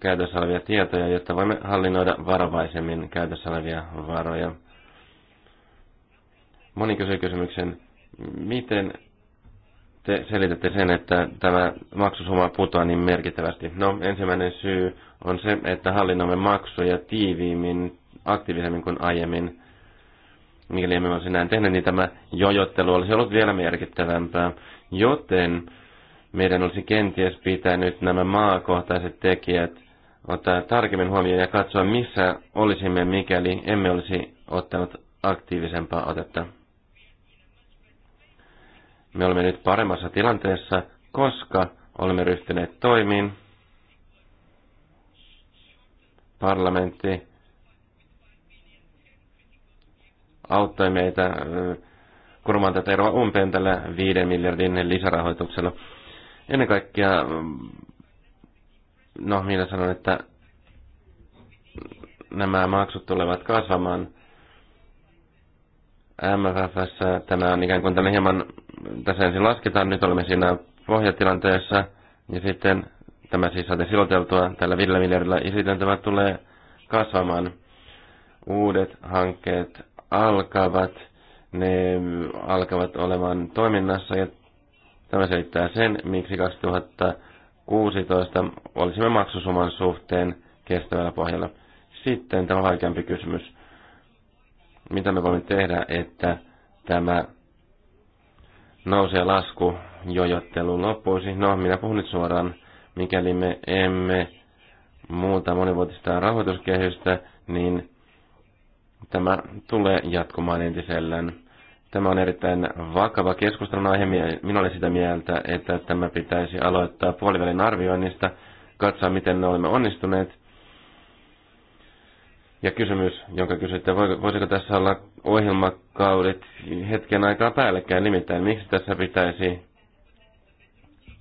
S4: käytössä olevia tietoja, jotta voimme hallinnoida varovaisemmin käytössä olevia varoja. Moni kysyy kysymyksen, miten te selitätte sen, että tämä maksusumma putoaa niin merkittävästi. No, ensimmäinen syy on se, että hallinnoimme maksuja tiiviimmin, aktiivisemmin kuin aiemmin. Mikäli emme olisi näin tehnyt, niin tämä jojottelu olisi ollut vielä merkittävämpää. Joten meidän olisi kenties pitänyt nämä maakohtaiset tekijät ottaa tarkemmin huomioon ja katsoa, missä olisimme, mikäli emme olisi ottanut aktiivisempaa otetta. Me olemme nyt paremmassa tilanteessa, koska olemme ryhtyneet toimiin. Parlamentti auttoi meitä kurmaan tätä eroa umpeen tällä 5 miljardin lisärahoituksella. Ennen kaikkea, no minä sanon, että nämä maksut tulevat kasvamaan MFFssä. Tämä on ikään kuin tämmöinen hieman tässä ensin lasketaan, nyt olemme siinä pohjatilanteessa, ja sitten tämä siis saatiin siloteltua tällä 5 miljardilla, ja sitten tämä tulee kasvamaan. Uudet hankkeet alkavat, ne alkavat olemaan toiminnassa, ja tämä selittää sen, miksi 2016 olisimme maksusuman suhteen kestävällä pohjalla. Sitten tämä vaikeampi kysymys. Mitä me voimme tehdä, että tämä nousu- ja jojottelu loppuisi. No, minä puhun nyt suoraan, mikäli me emme muuta monivuotista rahoituskehystä, niin tämä tulee jatkumaan entisellään. Tämä on erittäin vakava keskustelun aihe. Minä olen sitä mieltä, että tämä pitäisi aloittaa puolivälin arvioinnista, katsoa miten me olemme onnistuneet – ja kysymys, jonka kysytte, voisiko tässä olla ohjelmakaudet hetken aikaa päällekkäin, nimittäin miksi tässä pitäisi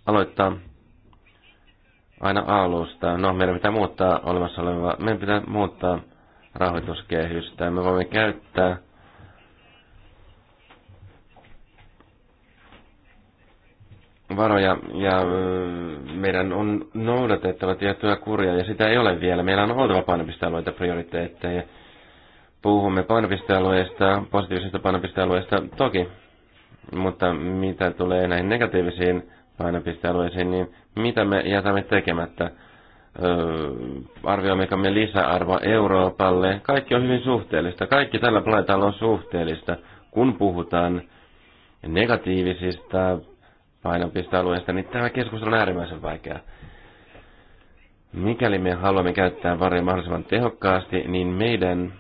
S4: aloittaa aina alusta. No, meidän pitää muuttaa olemassa olevaa, meidän pitää muuttaa rahoituskehystä. Me voimme käyttää varoja ja meidän on noudatettava tiettyä kuria ja sitä ei ole vielä. Meillä on oltava painopistealueita prioriteetteja. Puhumme painopistealueista, positiivisista painopistealueista toki, mutta mitä tulee näihin negatiivisiin painopistealueisiin, niin mitä me jätämme tekemättä? Arvioimmeko me lisäarvo Euroopalle? Kaikki on hyvin suhteellista. Kaikki tällä planeetalla on suhteellista, kun puhutaan negatiivisista alueesta, niin tämä keskustelu on äärimmäisen vaikea. Mikäli me haluamme käyttää varoja mahdollisimman tehokkaasti, niin meidän,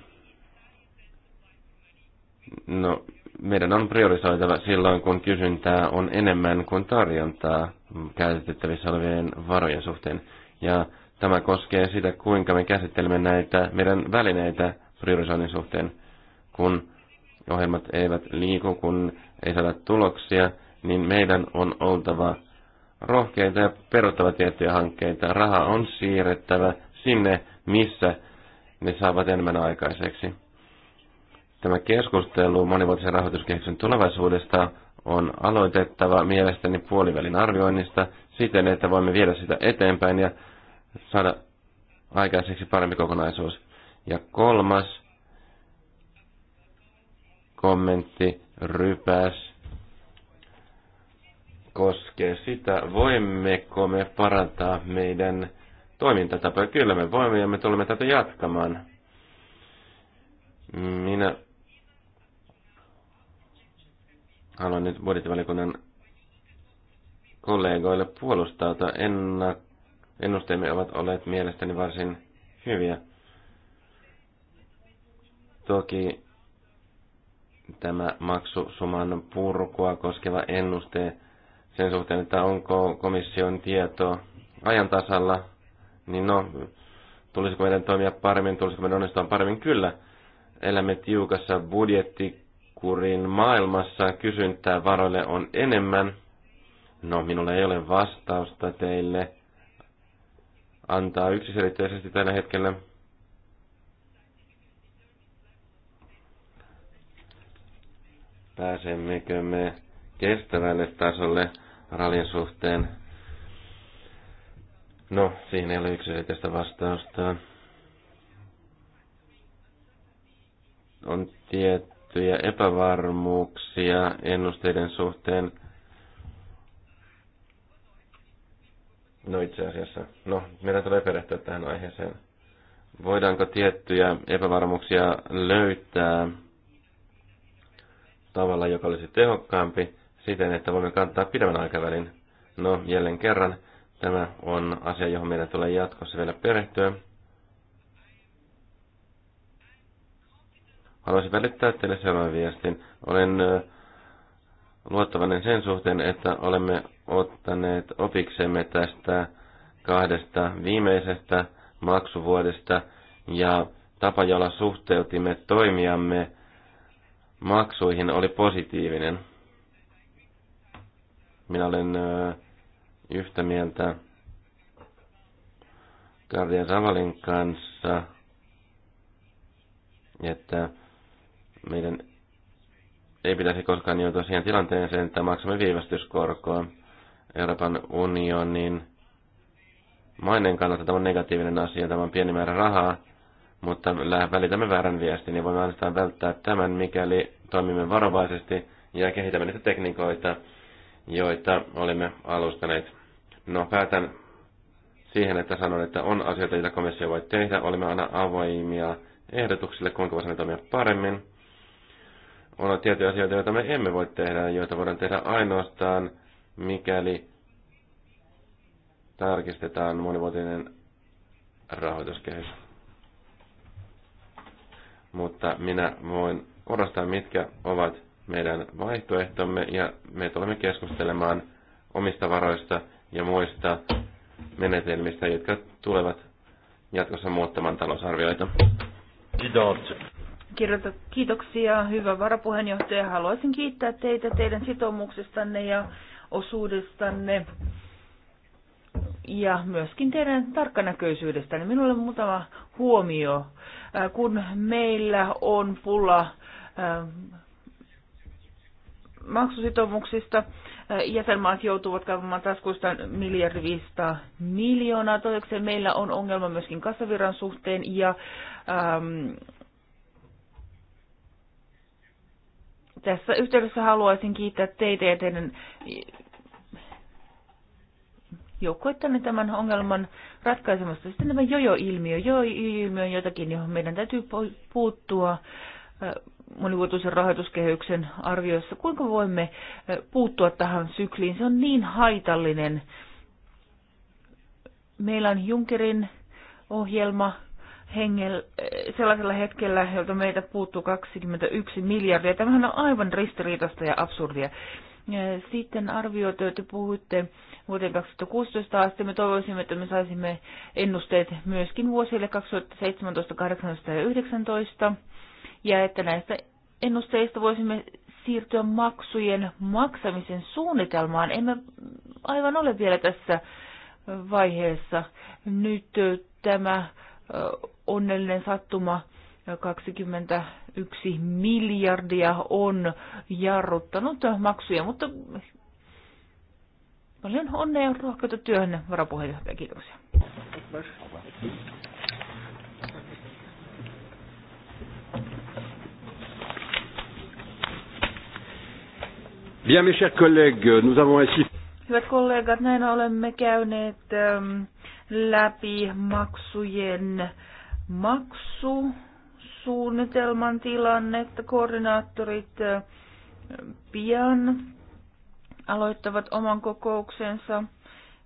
S4: no, meidän on priorisoitava silloin, kun kysyntää on enemmän kuin tarjontaa käytettävissä olevien varojen suhteen. Ja tämä koskee sitä, kuinka me käsittelemme näitä meidän välineitä priorisoinnin suhteen, kun ohjelmat eivät liiku, kun ei saada tuloksia – niin meidän on oltava rohkeita ja peruttava tiettyjä hankkeita. Raha on siirrettävä sinne, missä ne saavat enemmän aikaiseksi. Tämä keskustelu monivuotisen rahoituskehityksen tulevaisuudesta on aloitettava mielestäni puolivälin arvioinnista siten, että voimme viedä sitä eteenpäin ja saada aikaiseksi parempi kokonaisuus. Ja kolmas kommentti rypäs koskee sitä, voimmeko me parantaa meidän toimintatapoja. Kyllä me voimme ja me tulemme tätä jatkamaan. Minä haluan nyt budjettivaliokunnan kollegoille puolustautua. Ennak- ennusteemme ovat olleet mielestäni varsin hyviä. Toki tämä maksusuman purkua koskeva ennuste sen suhteen, että onko komission tieto ajan tasalla, niin no, tulisiko meidän toimia paremmin, tulisiko meidän onnistua paremmin? Kyllä, elämme tiukassa budjettikurin maailmassa, kysyntää varoille on enemmän. No, minulla ei ole vastausta teille antaa yksiselitteisesti tällä hetkellä. Pääsemmekö me kestävälle tasolle? rallin suhteen. No, siihen ei ole yksiselitteistä vastausta. On tiettyjä epävarmuuksia ennusteiden suhteen. No itse asiassa, no meidän tulee perehtyä tähän aiheeseen. Voidaanko tiettyjä epävarmuuksia löytää tavalla, joka olisi tehokkaampi? siten, että voimme kantaa pidemmän aikavälin. No, jälleen kerran, tämä on asia, johon meidän tulee jatkossa vielä perehtyä. Haluaisin välittää teille seuraavan viestin. Olen luottavainen sen suhteen, että olemme ottaneet opiksemme tästä kahdesta viimeisestä maksuvuodesta ja tapa, jolla suhteutimme toimiamme maksuihin, oli positiivinen. Minä olen yhtä mieltä Kardia Savalin kanssa, että meidän ei pitäisi koskaan joutua siihen tilanteeseen, että maksamme viivästyskorkoa. Euroopan unionin mainen kannalta tämä on negatiivinen asia, tämä on pieni määrä rahaa, mutta välitämme väärän viestin ja voimme ainoastaan välttää tämän, mikäli toimimme varovaisesti ja kehitämme niitä tekniikoita, joita olemme alustaneet. No, päätän siihen, että sanon, että on asioita, joita komissio voi tehdä. Olemme aina avoimia ehdotuksille, kuinka voisimme toimia paremmin. On tiettyjä asioita, joita me emme voi tehdä, joita voidaan tehdä ainoastaan, mikäli tarkistetaan monivuotinen rahoituskehys. Mutta minä voin odottaa, mitkä ovat meidän vaihtoehtomme ja me tulemme keskustelemaan omista varoista ja muista menetelmistä, jotka tulevat jatkossa muuttamaan talousarvioita. Kiitos.
S2: Kiitoksia, hyvä varapuheenjohtaja. Haluaisin kiittää teitä teidän sitoumuksestanne ja osuudestanne ja myöskin teidän tarkkanäköisyydestänne. Minulla on muutama huomio. Äh, kun meillä on pulla ähm, maksusitoumuksista. Jäsenmaat joutuvat kaivamaan taskuista miljardi 500 miljoonaa. Toiseksi meillä on ongelma myöskin kassaviran suhteen ja äm, tässä yhteydessä haluaisin kiittää teitä ja teidän joukkoittanne tämän ongelman ratkaisemassa. Sitten tämä jojo-ilmiö. Jojo-ilmiö on jotakin, johon meidän täytyy puuttua äh, monivuotisen rahoituskehyksen arvioissa, kuinka voimme eh, puuttua tähän sykliin. Se on niin haitallinen. Meillä on Junkerin ohjelma hengel, eh, sellaisella hetkellä, jolta meitä puuttuu 21 miljardia. Tämähän on aivan ristiriitasta ja absurdia. Eh, sitten arvioitu, että puhuitte vuoteen 2016 asti. Me toivoisimme, että me saisimme ennusteet myöskin vuosille 2017, 2018 ja 2019 ja että näistä ennusteista voisimme siirtyä maksujen maksamisen suunnitelmaan. Emme aivan ole vielä tässä vaiheessa. Nyt tämä onnellinen sattuma 21 miljardia on jarruttanut maksuja, mutta paljon onnea ja rohkeutta työhön, varapuheenjohtaja. Kiitoksia.
S1: Bien, mes chers collègues, nous avons ainsi...
S2: Hyvät kollegat, näin olemme käyneet ähm, läpi maksujen maksusuunnitelman tilannetta. Koordinaattorit äh, pian aloittavat oman kokouksensa.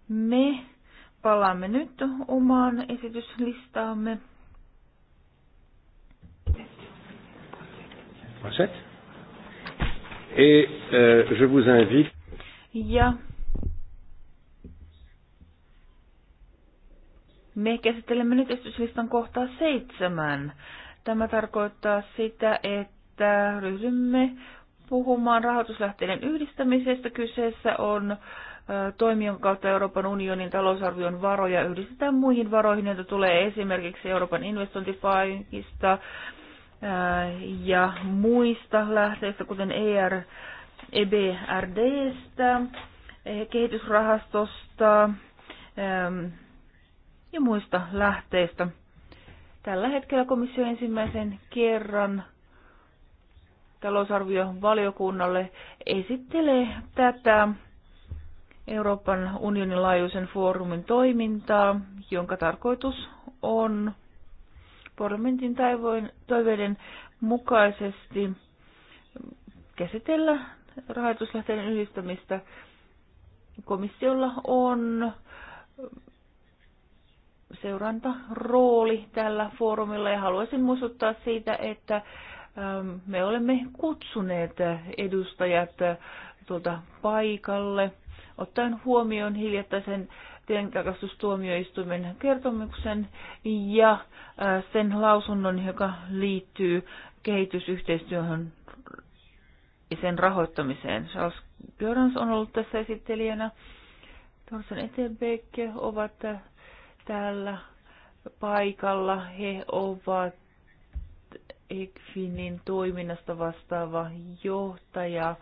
S2: Me palaamme nyt omaan esityslistaamme.
S6: Vasset?
S1: Et euh, je vous invite.
S2: Ja me käsittelemme nyt esityslistan kohtaa seitsemän. Tämä tarkoittaa sitä, että ryhdymme puhumaan rahoituslähteiden yhdistämisestä. Kyseessä on toimion kautta Euroopan unionin talousarvion varoja yhdistetään muihin varoihin, joita tulee esimerkiksi Euroopan investointipankista, ja muista lähteistä, kuten ER, EBRDstä, eh, kehitysrahastosta ja muista lähteistä. Tällä hetkellä komissio ensimmäisen kerran talousarvio valiokunnalle esittelee tätä Euroopan unionin laajuisen foorumin toimintaa, jonka tarkoitus on parlamentin taivoin, toiveiden mukaisesti käsitellä rahoituslähteiden yhdistämistä. Komissiolla on seurantarooli tällä foorumilla ja haluaisin muistuttaa siitä, että ähm, me olemme kutsuneet edustajat äh, tuolta paikalle ottaen huomioon hiljattaisen tilintarkastustuomioistuimen kertomuksen ja sen lausunnon, joka liittyy kehitysyhteistyöhön ja sen rahoittamiseen. Charles Görans on ollut tässä esittelijänä. Thorsten Etenbeke ovat täällä paikalla. He ovat ECFINin toiminnasta vastaava johtaja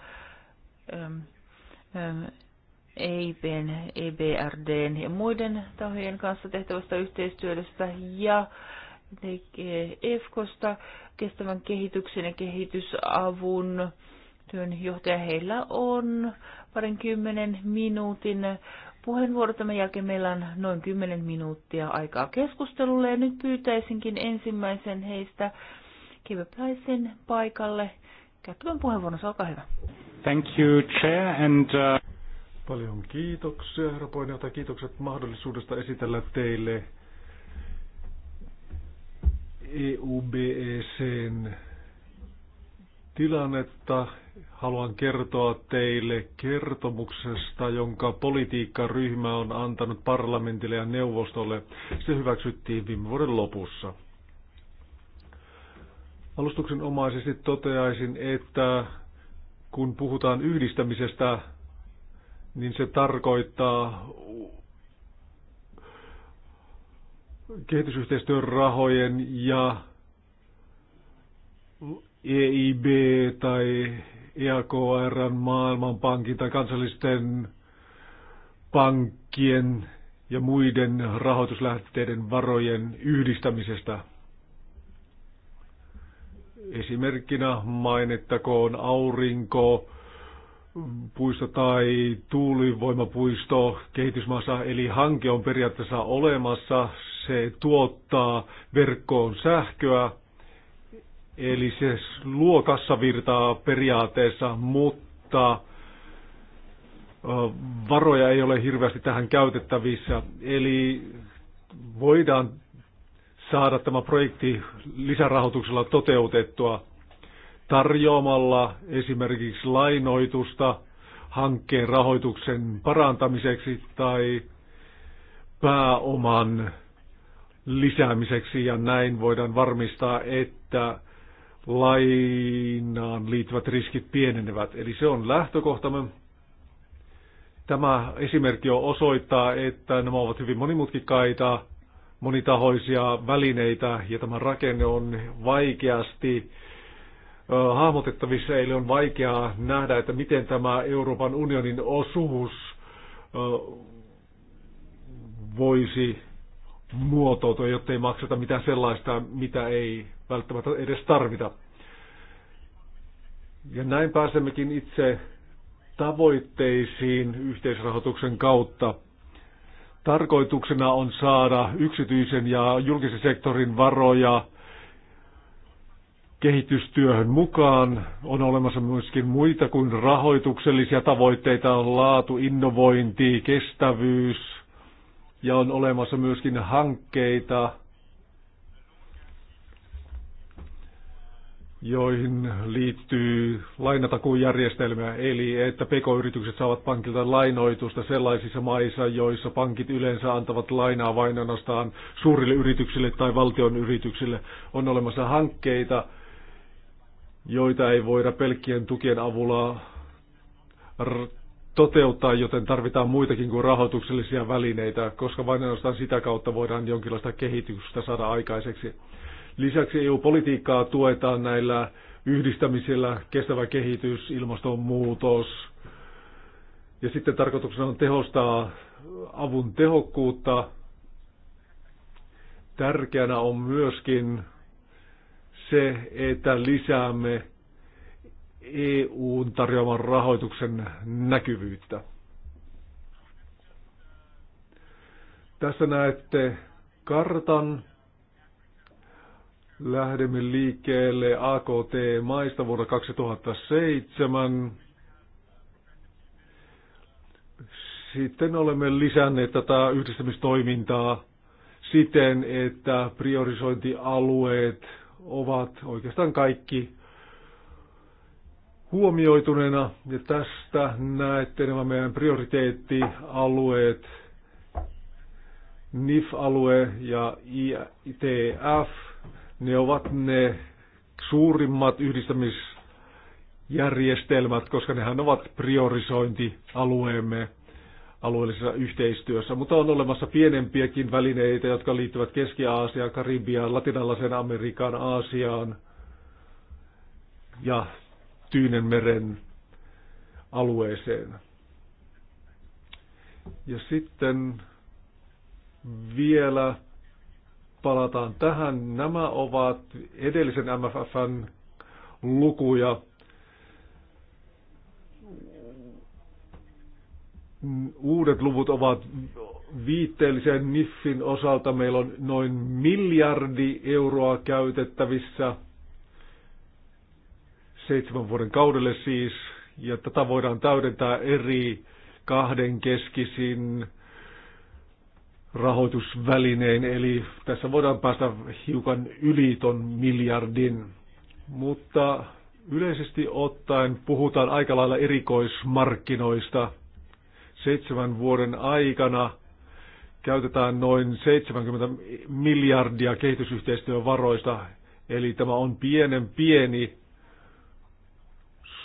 S2: EIPn, EBRDn ja muiden tahojen kanssa tehtävästä yhteistyöstä ja EFKosta kestävän kehityksen ja kehitysavun työnjohtaja. Heillä on kymmenen minuutin puheenvuoro. Tämän jälkeen meillä on noin kymmenen minuuttia aikaa keskustelulle ja nyt pyytäisinkin ensimmäisen heistä Kivepäisen paikalle. Käyttävän puheenvuoron, olkaa
S5: hyvä. Thank you, Chair, and, uh... Paljon kiitoksia, herra puheenjohtaja. Kiitokset mahdollisuudesta esitellä teille EUBECn tilannetta. Haluan kertoa teille kertomuksesta, jonka politiikkaryhmä on antanut parlamentille ja neuvostolle. Se hyväksyttiin viime vuoden lopussa. Alustuksen omaisesti toteaisin, että kun puhutaan yhdistämisestä, niin se tarkoittaa kehitysyhteistyön rahojen ja EIB tai EAKR, Maailmanpankin tai kansallisten pankkien ja muiden rahoituslähteiden varojen yhdistämisestä. Esimerkkinä mainittakoon aurinko, puisto tai tuulivoimapuisto kehitysmaassa, eli hanke on periaatteessa olemassa, se tuottaa verkkoon sähköä, eli se luo kassavirtaa periaatteessa, mutta varoja ei ole hirveästi tähän käytettävissä, eli voidaan saada tämä projekti lisärahoituksella toteutettua tarjoamalla esimerkiksi lainoitusta hankkeen rahoituksen parantamiseksi tai pääoman lisäämiseksi ja näin voidaan varmistaa, että lainaan liittyvät riskit pienenevät. Eli se on lähtökohtamme. Tämä esimerkki jo osoittaa, että nämä ovat hyvin monimutkikaita, monitahoisia välineitä ja tämä rakenne on vaikeasti hahmotettavissa, eli on vaikeaa nähdä, että miten tämä Euroopan unionin osuus voisi muotoutua, jottei makseta mitään sellaista, mitä ei välttämättä edes tarvita. Ja näin pääsemmekin itse tavoitteisiin yhteisrahoituksen kautta. Tarkoituksena on saada yksityisen ja julkisen sektorin varoja kehitystyöhön mukaan. On olemassa myöskin muita kuin rahoituksellisia tavoitteita, on laatu, innovointi, kestävyys ja on olemassa myöskin hankkeita, joihin liittyy lainatakuujärjestelmä, eli että pk-yritykset saavat pankilta lainoitusta sellaisissa maissa, joissa pankit yleensä antavat lainaa vain ainoastaan suurille yrityksille tai valtion yrityksille. On olemassa hankkeita, joita ei voida pelkkien tukien avulla toteuttaa, joten tarvitaan muitakin kuin rahoituksellisia välineitä, koska vain ainoastaan sitä kautta voidaan jonkinlaista kehitystä saada aikaiseksi. Lisäksi EU-politiikkaa tuetaan näillä yhdistämisillä, kestävä kehitys, ilmastonmuutos. Ja sitten tarkoituksena on tehostaa avun tehokkuutta. Tärkeänä on myöskin se, että lisäämme EUn tarjoaman rahoituksen näkyvyyttä. Tässä näette kartan. Lähdemme liikkeelle AKT-maista vuonna 2007. Sitten olemme lisänneet tätä yhdistämistoimintaa siten, että priorisointialueet – ovat oikeastaan kaikki huomioituneena ja tästä näette nämä meidän prioriteettialueet, NIF-alue ja ITF, ne ovat ne suurimmat yhdistämisjärjestelmät, koska nehän ovat priorisointialueemme alueellisessa yhteistyössä, mutta on olemassa pienempiäkin välineitä, jotka liittyvät Keski-Aasiaan, Karibiaan, Latinalaisen Amerikan, Aasiaan ja Tyynenmeren alueeseen. Ja sitten vielä palataan tähän. Nämä ovat edellisen MFFn lukuja uudet luvut ovat viitteellisiä Niffin osalta. Meillä on noin miljardi euroa käytettävissä seitsemän vuoden kaudelle siis, ja tätä voidaan täydentää eri kahdenkeskisin rahoitusvälinein, eli tässä voidaan päästä hiukan yli ton miljardin. Mutta yleisesti ottaen puhutaan aika lailla erikoismarkkinoista – seitsemän vuoden aikana käytetään noin 70 miljardia kehitysyhteistyön varoista, eli tämä on pienen pieni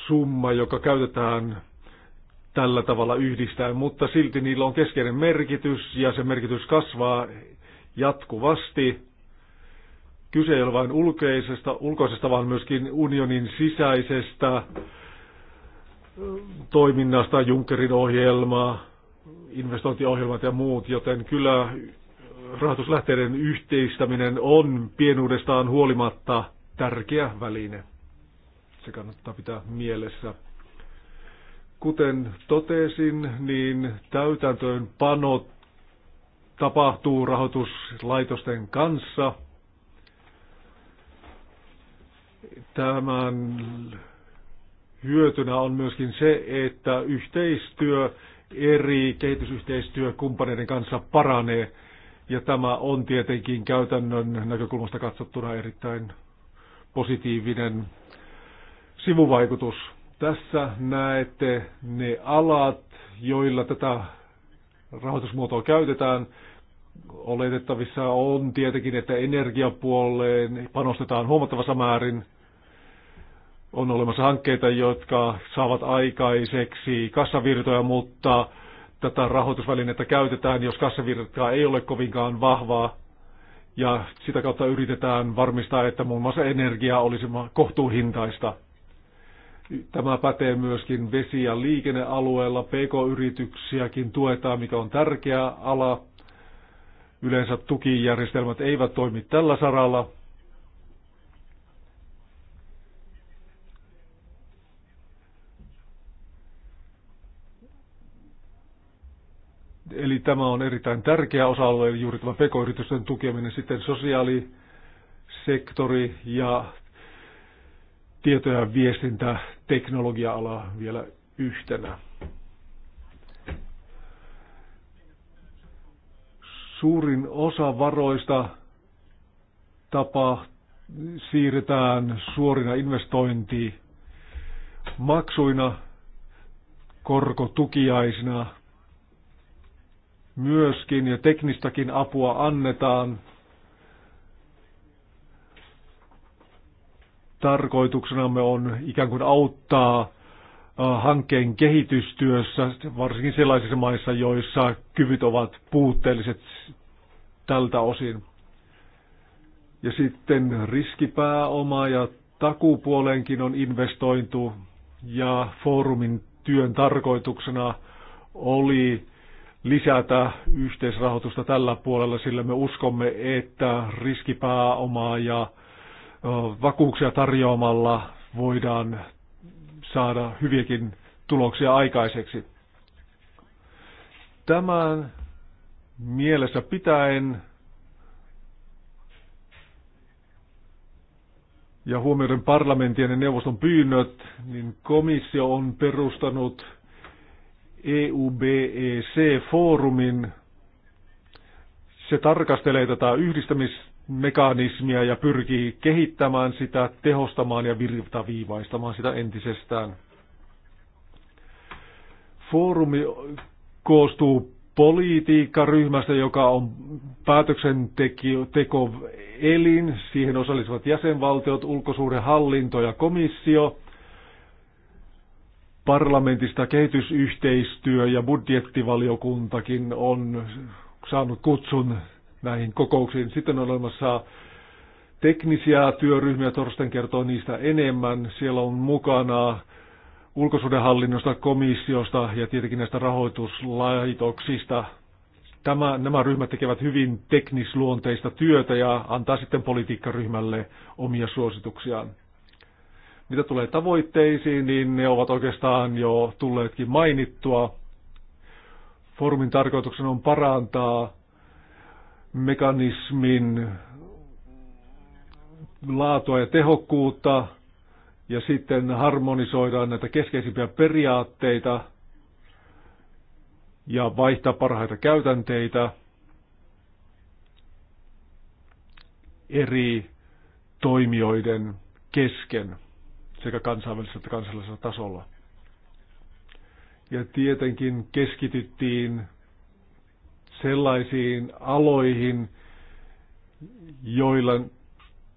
S5: summa, joka käytetään tällä tavalla yhdistäen, mutta silti niillä on keskeinen merkitys ja se merkitys kasvaa jatkuvasti. Kyse ei ole vain ulkoisesta, ulkoisesta vaan myöskin unionin sisäisestä toiminnasta, Junckerin ohjelmaa, investointiohjelmat ja muut, joten kyllä rahoituslähteiden yhteistäminen on pienuudestaan huolimatta tärkeä väline. Se kannattaa pitää mielessä. Kuten totesin, niin täytäntöönpano tapahtuu rahoituslaitosten kanssa. Tämän hyötynä on myöskin se, että yhteistyö eri kehitysyhteistyökumppaneiden kanssa paranee. Ja tämä on tietenkin käytännön näkökulmasta katsottuna erittäin positiivinen sivuvaikutus. Tässä näette ne alat, joilla tätä rahoitusmuotoa käytetään. Oletettavissa on tietenkin, että energiapuoleen panostetaan huomattavassa määrin. On olemassa hankkeita, jotka saavat aikaiseksi kassavirtoja, mutta tätä rahoitusvälinettä käytetään, jos kassavirtaa ei ole kovinkaan vahvaa. Ja sitä kautta yritetään varmistaa, että muun muassa energia olisi kohtuuhintaista. Tämä pätee myöskin vesi- ja liikennealueella. PK-yrityksiäkin tuetaan, mikä on tärkeä ala. Yleensä tukijärjestelmät eivät toimi tällä saralla, Eli tämä on erittäin tärkeä osa-alue, eli juuri tämä pk-yritysten tukeminen, sitten sosiaalisektori ja tieto- ja viestintä, teknologia-ala vielä yhtenä. Suurin osa varoista tapa siirretään suorina investointi maksuina, korkotukiaisina myöskin ja teknistäkin apua annetaan tarkoituksenamme on ikään kuin auttaa hankkeen kehitystyössä, varsinkin sellaisissa maissa, joissa kyvyt ovat puutteelliset tältä osin. Ja sitten riskipääoma ja takupuoleenkin on investointu ja foorumin työn tarkoituksena oli lisätä yhteisrahoitusta tällä puolella, sillä me uskomme, että riskipääomaa ja vakuuksia tarjoamalla voidaan saada hyviäkin tuloksia aikaiseksi. Tämän mielessä pitäen ja huomioiden parlamentin ja neuvoston pyynnöt, niin komissio on perustanut EUBEC-foorumin. Se tarkastelee tätä yhdistämismekanismia ja pyrkii kehittämään sitä, tehostamaan ja virtaviivaistamaan sitä entisestään. Foorumi koostuu politiikkaryhmästä, joka on päätöksentekoelin. Siihen osallistuvat jäsenvaltiot, ulkosuuden hallinto ja komissio parlamentista kehitysyhteistyö ja budjettivaliokuntakin on saanut kutsun näihin kokouksiin. Sitten on olemassa teknisiä työryhmiä, Torsten kertoo niistä enemmän. Siellä on mukana ulkosuudenhallinnosta, komissiosta ja tietenkin näistä rahoituslaitoksista. Tämä, nämä ryhmät tekevät hyvin teknisluonteista työtä ja antaa sitten politiikkaryhmälle omia suosituksiaan. Mitä tulee tavoitteisiin, niin ne ovat oikeastaan jo tulleetkin mainittua. Formin tarkoituksena on parantaa mekanismin laatua ja tehokkuutta ja sitten harmonisoidaan näitä keskeisimpiä periaatteita ja vaihtaa parhaita käytänteitä eri toimijoiden kesken sekä kansainvälisellä että kansallisella tasolla. Ja tietenkin keskityttiin sellaisiin aloihin, joilla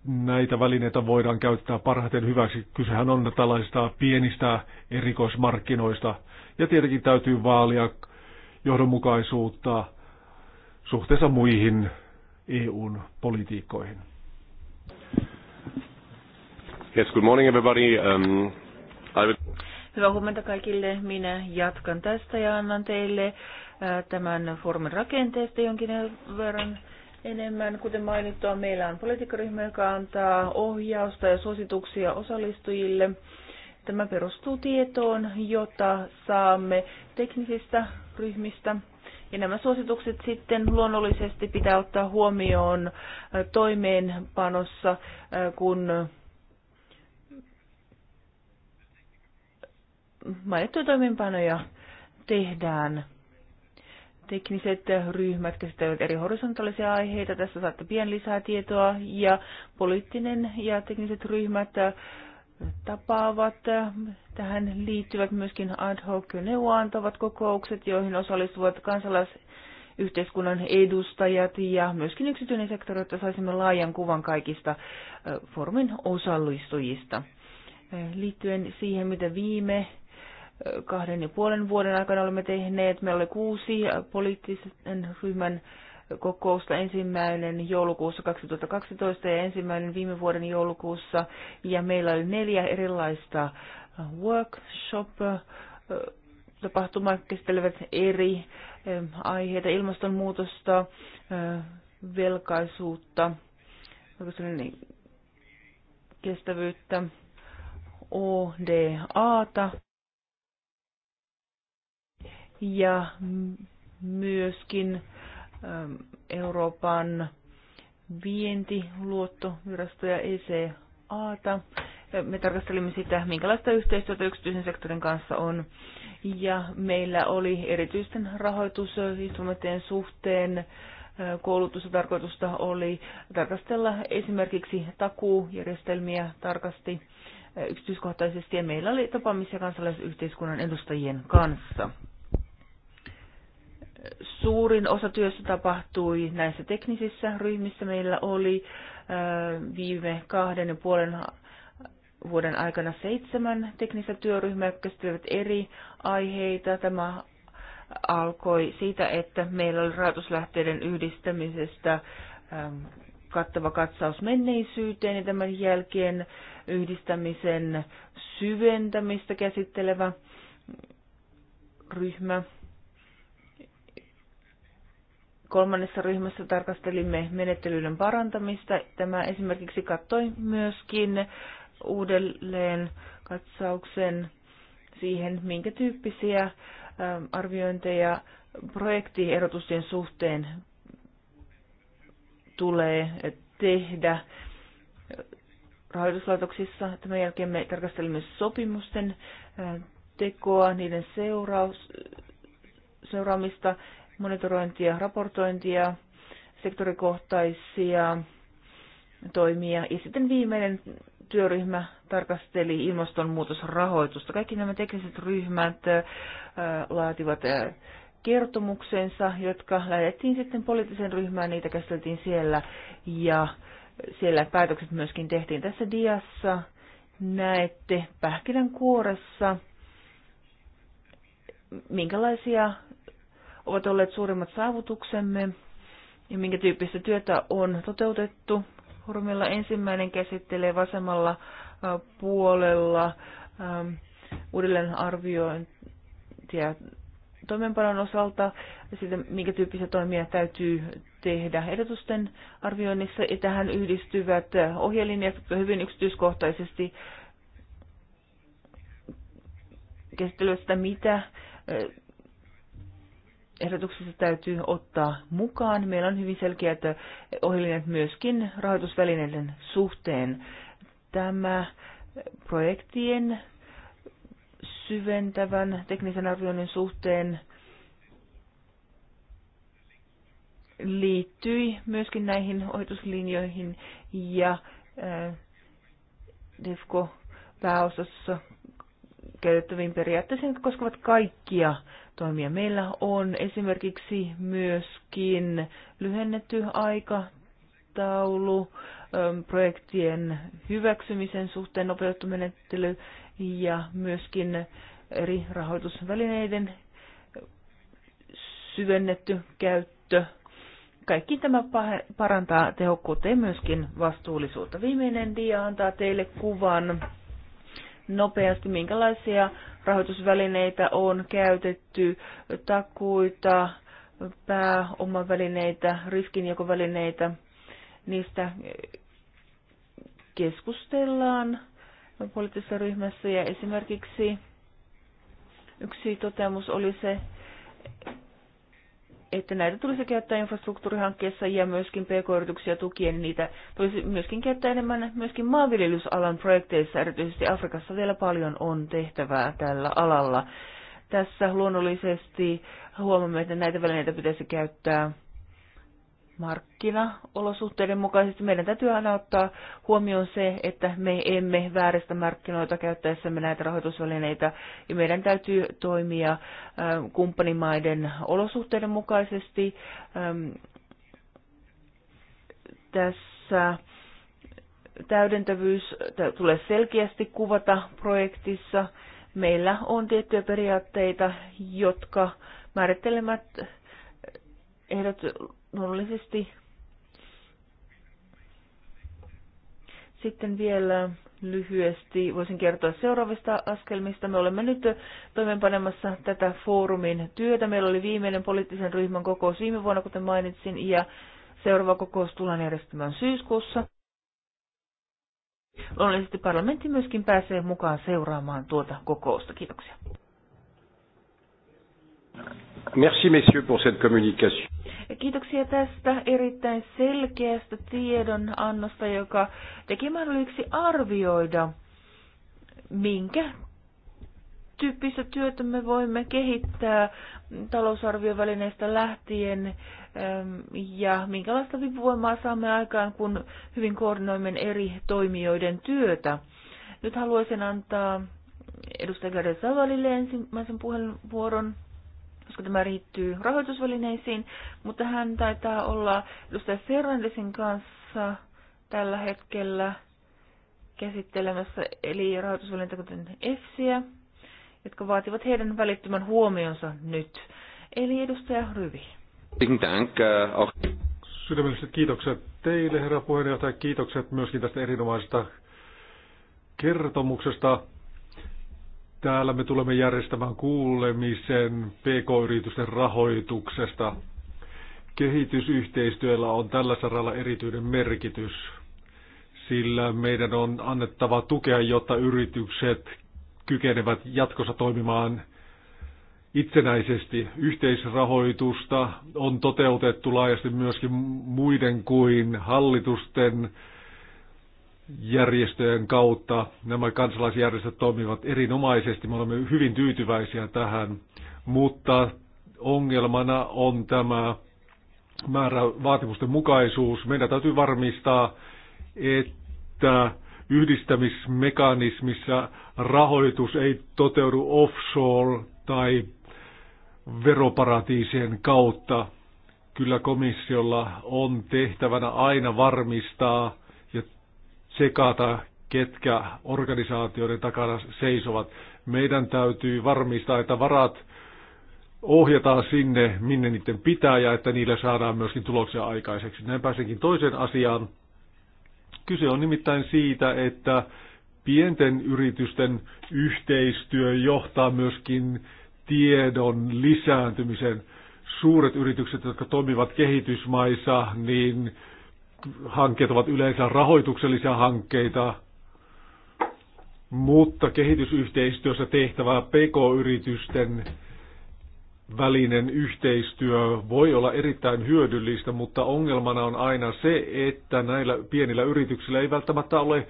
S5: näitä välineitä voidaan käyttää parhaiten hyväksi. Kysehän on tällaisista pienistä erikoismarkkinoista. Ja tietenkin täytyy vaalia johdonmukaisuutta suhteessa muihin EUn politiikkoihin. Yes, good morning everybody. Um, I...
S2: Hyvää huomenta kaikille. Minä jatkan tästä ja annan teille tämän foorumin rakenteesta jonkin verran enemmän. Kuten mainittua, meillä on politiikkaryhmä, joka antaa ohjausta ja suosituksia osallistujille. Tämä perustuu tietoon, jota saamme teknisistä ryhmistä. Ja nämä suositukset sitten luonnollisesti pitää ottaa huomioon toimeenpanossa, kun mainittuja toimeenpanoja tehdään. Tekniset ryhmät käsittelevät eri horisontaalisia aiheita. Tässä saatte pian lisää tietoa. Ja poliittinen ja tekniset ryhmät äh, tapaavat. Äh, tähän liittyvät myöskin ad hoc neuvoantavat kokoukset, joihin osallistuvat kansalaisyhteiskunnan edustajat ja myöskin yksityinen sektori, että saisimme laajan kuvan kaikista äh, formin osallistujista. Liittyen siihen, mitä viime kahden ja puolen vuoden aikana olemme tehneet. Meillä oli kuusi poliittisen ryhmän kokousta ensimmäinen joulukuussa 2012 ja ensimmäinen viime vuoden joulukuussa. Ja meillä oli neljä erilaista workshop tapahtumaa käsittelevät eri aiheita, ilmastonmuutosta, velkaisuutta, kestävyyttä, ODAta, ja myöskin ähm, Euroopan vientiluottovirasto ja ECAta. Me tarkastelimme sitä, minkälaista yhteistyötä yksityisen sektorin kanssa on. Ja meillä oli erityisten rahoitusinstrumenttien suhteen äh, koulutusta tarkoitusta oli tarkastella esimerkiksi takuujärjestelmiä tarkasti äh, yksityiskohtaisesti ja meillä oli tapaamisia kansalaisyhteiskunnan edustajien kanssa. Suurin osa työstä tapahtui näissä teknisissä ryhmissä. Meillä oli äh, viime kahden ja puolen vuoden aikana seitsemän teknistä työryhmää, jotka käsittelevät eri aiheita. Tämä alkoi siitä, että meillä oli rahoituslähteiden yhdistämisestä ähm, kattava katsaus menneisyyteen ja tämän jälkeen yhdistämisen syventämistä käsittelevä ryhmä. Kolmannessa ryhmässä tarkastelimme menettelyiden parantamista. Tämä esimerkiksi kattoi myöskin uudelleen katsauksen siihen, minkä tyyppisiä ähm, arviointeja projektiehdotusten suhteen tulee tehdä rahoituslaitoksissa. Tämän jälkeen me tarkastelimme sopimusten äh, tekoa, niiden seuraus, seuraamista monitorointia, raportointia, sektorikohtaisia toimia. Ja sitten viimeinen työryhmä tarkasteli ilmastonmuutosrahoitusta. Kaikki nämä tekniset ryhmät laativat kertomuksensa, jotka lähetettiin sitten poliittiseen ryhmään, niitä käsiteltiin siellä ja siellä päätökset myöskin tehtiin. Tässä diassa näette pähkinän kuoressa, minkälaisia ovat olleet suurimmat saavutuksemme ja minkä tyyppistä työtä on toteutettu. Hurmilla ensimmäinen käsittelee vasemmalla puolella uudelleenarviointia toimeenpanon osalta ja siitä, minkä tyyppisiä toimia täytyy tehdä ehdotusten arvioinnissa. Ja tähän yhdistyvät ohjelinjat, hyvin yksityiskohtaisesti käsittelevät sitä, mitä ehdotuksessa täytyy ottaa mukaan. Meillä on hyvin selkeät ohjelmat myöskin rahoitusvälineiden suhteen. Tämä projektien syventävän teknisen arvioinnin suhteen liittyi myöskin näihin ohituslinjoihin ja äh, DEFCO pääosassa käytettäviin periaatteisiin, jotka koskevat kaikkia toimia. Meillä on esimerkiksi myöskin lyhennetty aikataulu ähm, projektien hyväksymisen suhteen nopeutettu ja myöskin eri rahoitusvälineiden syvennetty käyttö. Kaikki tämä parantaa tehokkuutta ja myöskin vastuullisuutta. Viimeinen dia antaa teille kuvan nopeasti, minkälaisia rahoitusvälineitä on käytetty, takuita, pääomavälineitä, riskinjakovälineitä. Niistä keskustellaan poliittisessa ryhmässä ja esimerkiksi yksi toteamus oli se, että näitä tulisi käyttää infrastruktuurihankkeessa ja myöskin pk-yrityksiä tukien, niin niitä tulisi myöskin käyttää enemmän myöskin maanviljelysalan projekteissa, erityisesti Afrikassa vielä paljon on tehtävää tällä alalla. Tässä luonnollisesti huomamme, että näitä välineitä pitäisi käyttää markkinaolosuhteiden mukaisesti. Meidän täytyy aina ottaa huomioon se, että me emme vääristä markkinoita käyttäessämme näitä rahoitusvälineitä, ja meidän täytyy toimia kumppanimaiden olosuhteiden mukaisesti. Tässä täydentävyys tulee selkeästi kuvata projektissa. Meillä on tiettyjä periaatteita, jotka määrittelemät ehdot luonnollisesti. Sitten vielä lyhyesti voisin kertoa seuraavista askelmista. Me olemme nyt toimeenpanemassa tätä foorumin työtä. Meillä oli viimeinen poliittisen ryhmän kokous viime vuonna, kuten mainitsin, ja seuraava kokous tullaan järjestämään syyskuussa. Luonnollisesti parlamentti myöskin pääsee mukaan seuraamaan tuota kokousta. Kiitoksia.
S1: Merci messieurs pour cette communication.
S2: Kiitoksia tästä erittäin selkeästä tiedonannosta, joka teki mahdolliseksi arvioida, minkä tyyppistä työtä me voimme kehittää talousarviovälineistä lähtien ähm, ja minkälaista vipuvoimaa saamme aikaan, kun hyvin koordinoimme eri toimijoiden työtä. Nyt haluaisin antaa edustaja Gade Savalille ensimmäisen puheenvuoron koska tämä riittyy rahoitusvälineisiin, mutta hän taitaa olla edustaja Fernandesin kanssa tällä hetkellä käsittelemässä, eli rahoitusvälineitä kuten EFSiä, jotka vaativat heidän välittömän huomionsa nyt. Eli edustaja Ryvi.
S5: Sydämelliset kiitokset teille, herra puheenjohtaja. Kiitokset myöskin tästä erinomaisesta kertomuksesta. Täällä me tulemme järjestämään kuulemisen PK-yritysten rahoituksesta. Kehitysyhteistyöllä on tällä saralla erityinen merkitys, sillä meidän on annettava tukea, jotta yritykset kykenevät jatkossa toimimaan itsenäisesti. Yhteisrahoitusta on toteutettu laajasti myöskin muiden kuin hallitusten järjestöjen kautta. Nämä kansalaisjärjestöt toimivat erinomaisesti, me olemme hyvin tyytyväisiä tähän, mutta ongelmana on tämä määrä vaatimusten mukaisuus. Meidän täytyy varmistaa, että yhdistämismekanismissa rahoitus ei toteudu offshore tai veroparatiisien kautta. Kyllä komissiolla on tehtävänä aina varmistaa, sekata, ketkä organisaatioiden takana seisovat. Meidän täytyy varmistaa, että varat ohjataan sinne, minne niiden pitää ja että niillä saadaan myöskin tuloksia aikaiseksi. Näin pääsenkin toiseen asiaan. Kyse on nimittäin siitä, että pienten yritysten yhteistyö johtaa myöskin tiedon lisääntymisen. Suuret yritykset, jotka toimivat kehitysmaissa, niin hankkeet ovat yleensä rahoituksellisia hankkeita, mutta kehitysyhteistyössä tehtävä PK-yritysten välinen yhteistyö voi olla erittäin hyödyllistä, mutta ongelmana on aina se, että näillä pienillä yrityksillä ei välttämättä ole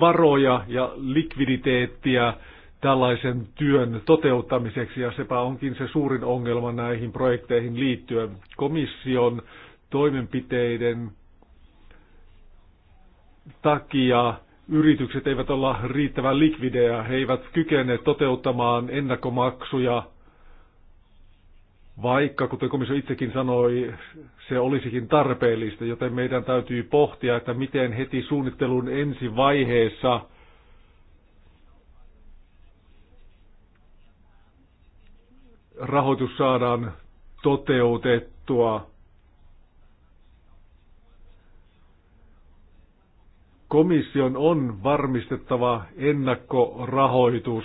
S5: varoja ja likviditeettiä tällaisen työn toteuttamiseksi, ja sepä onkin se suurin ongelma näihin projekteihin liittyen. Komission toimenpiteiden takia yritykset eivät olla riittävän likvidejä, he eivät kykene toteuttamaan ennakkomaksuja, vaikka, kuten komissio itsekin sanoi, se olisikin tarpeellista, joten meidän täytyy pohtia, että miten heti suunnittelun ensi vaiheessa rahoitus saadaan toteutettua komission on varmistettava ennakkorahoitus,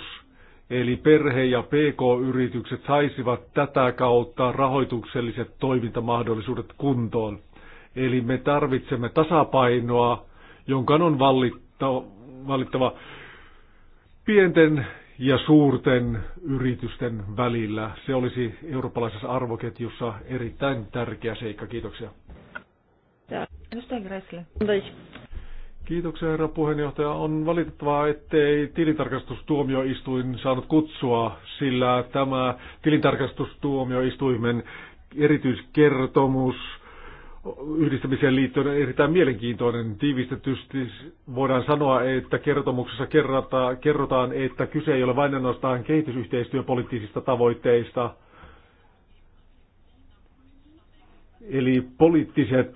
S5: eli perhe- ja pk-yritykset saisivat tätä kautta rahoitukselliset toimintamahdollisuudet kuntoon. Eli me tarvitsemme tasapainoa, jonka on valittava pienten ja suurten yritysten välillä. Se olisi eurooppalaisessa arvoketjussa erittäin tärkeä seikka. Kiitoksia. Edustaja Kiitoksia herra puheenjohtaja. On valitettavaa, ettei tilintarkastustuomioistuin saanut kutsua, sillä tämä tilintarkastustuomioistuimen erityiskertomus yhdistämiseen liittyen on erittäin mielenkiintoinen. Tiivistetysti voidaan sanoa, että kertomuksessa kerrata, kerrotaan, että kyse ei ole vain ainoastaan kehitysyhteistyöpoliittisista tavoitteista, eli poliittiset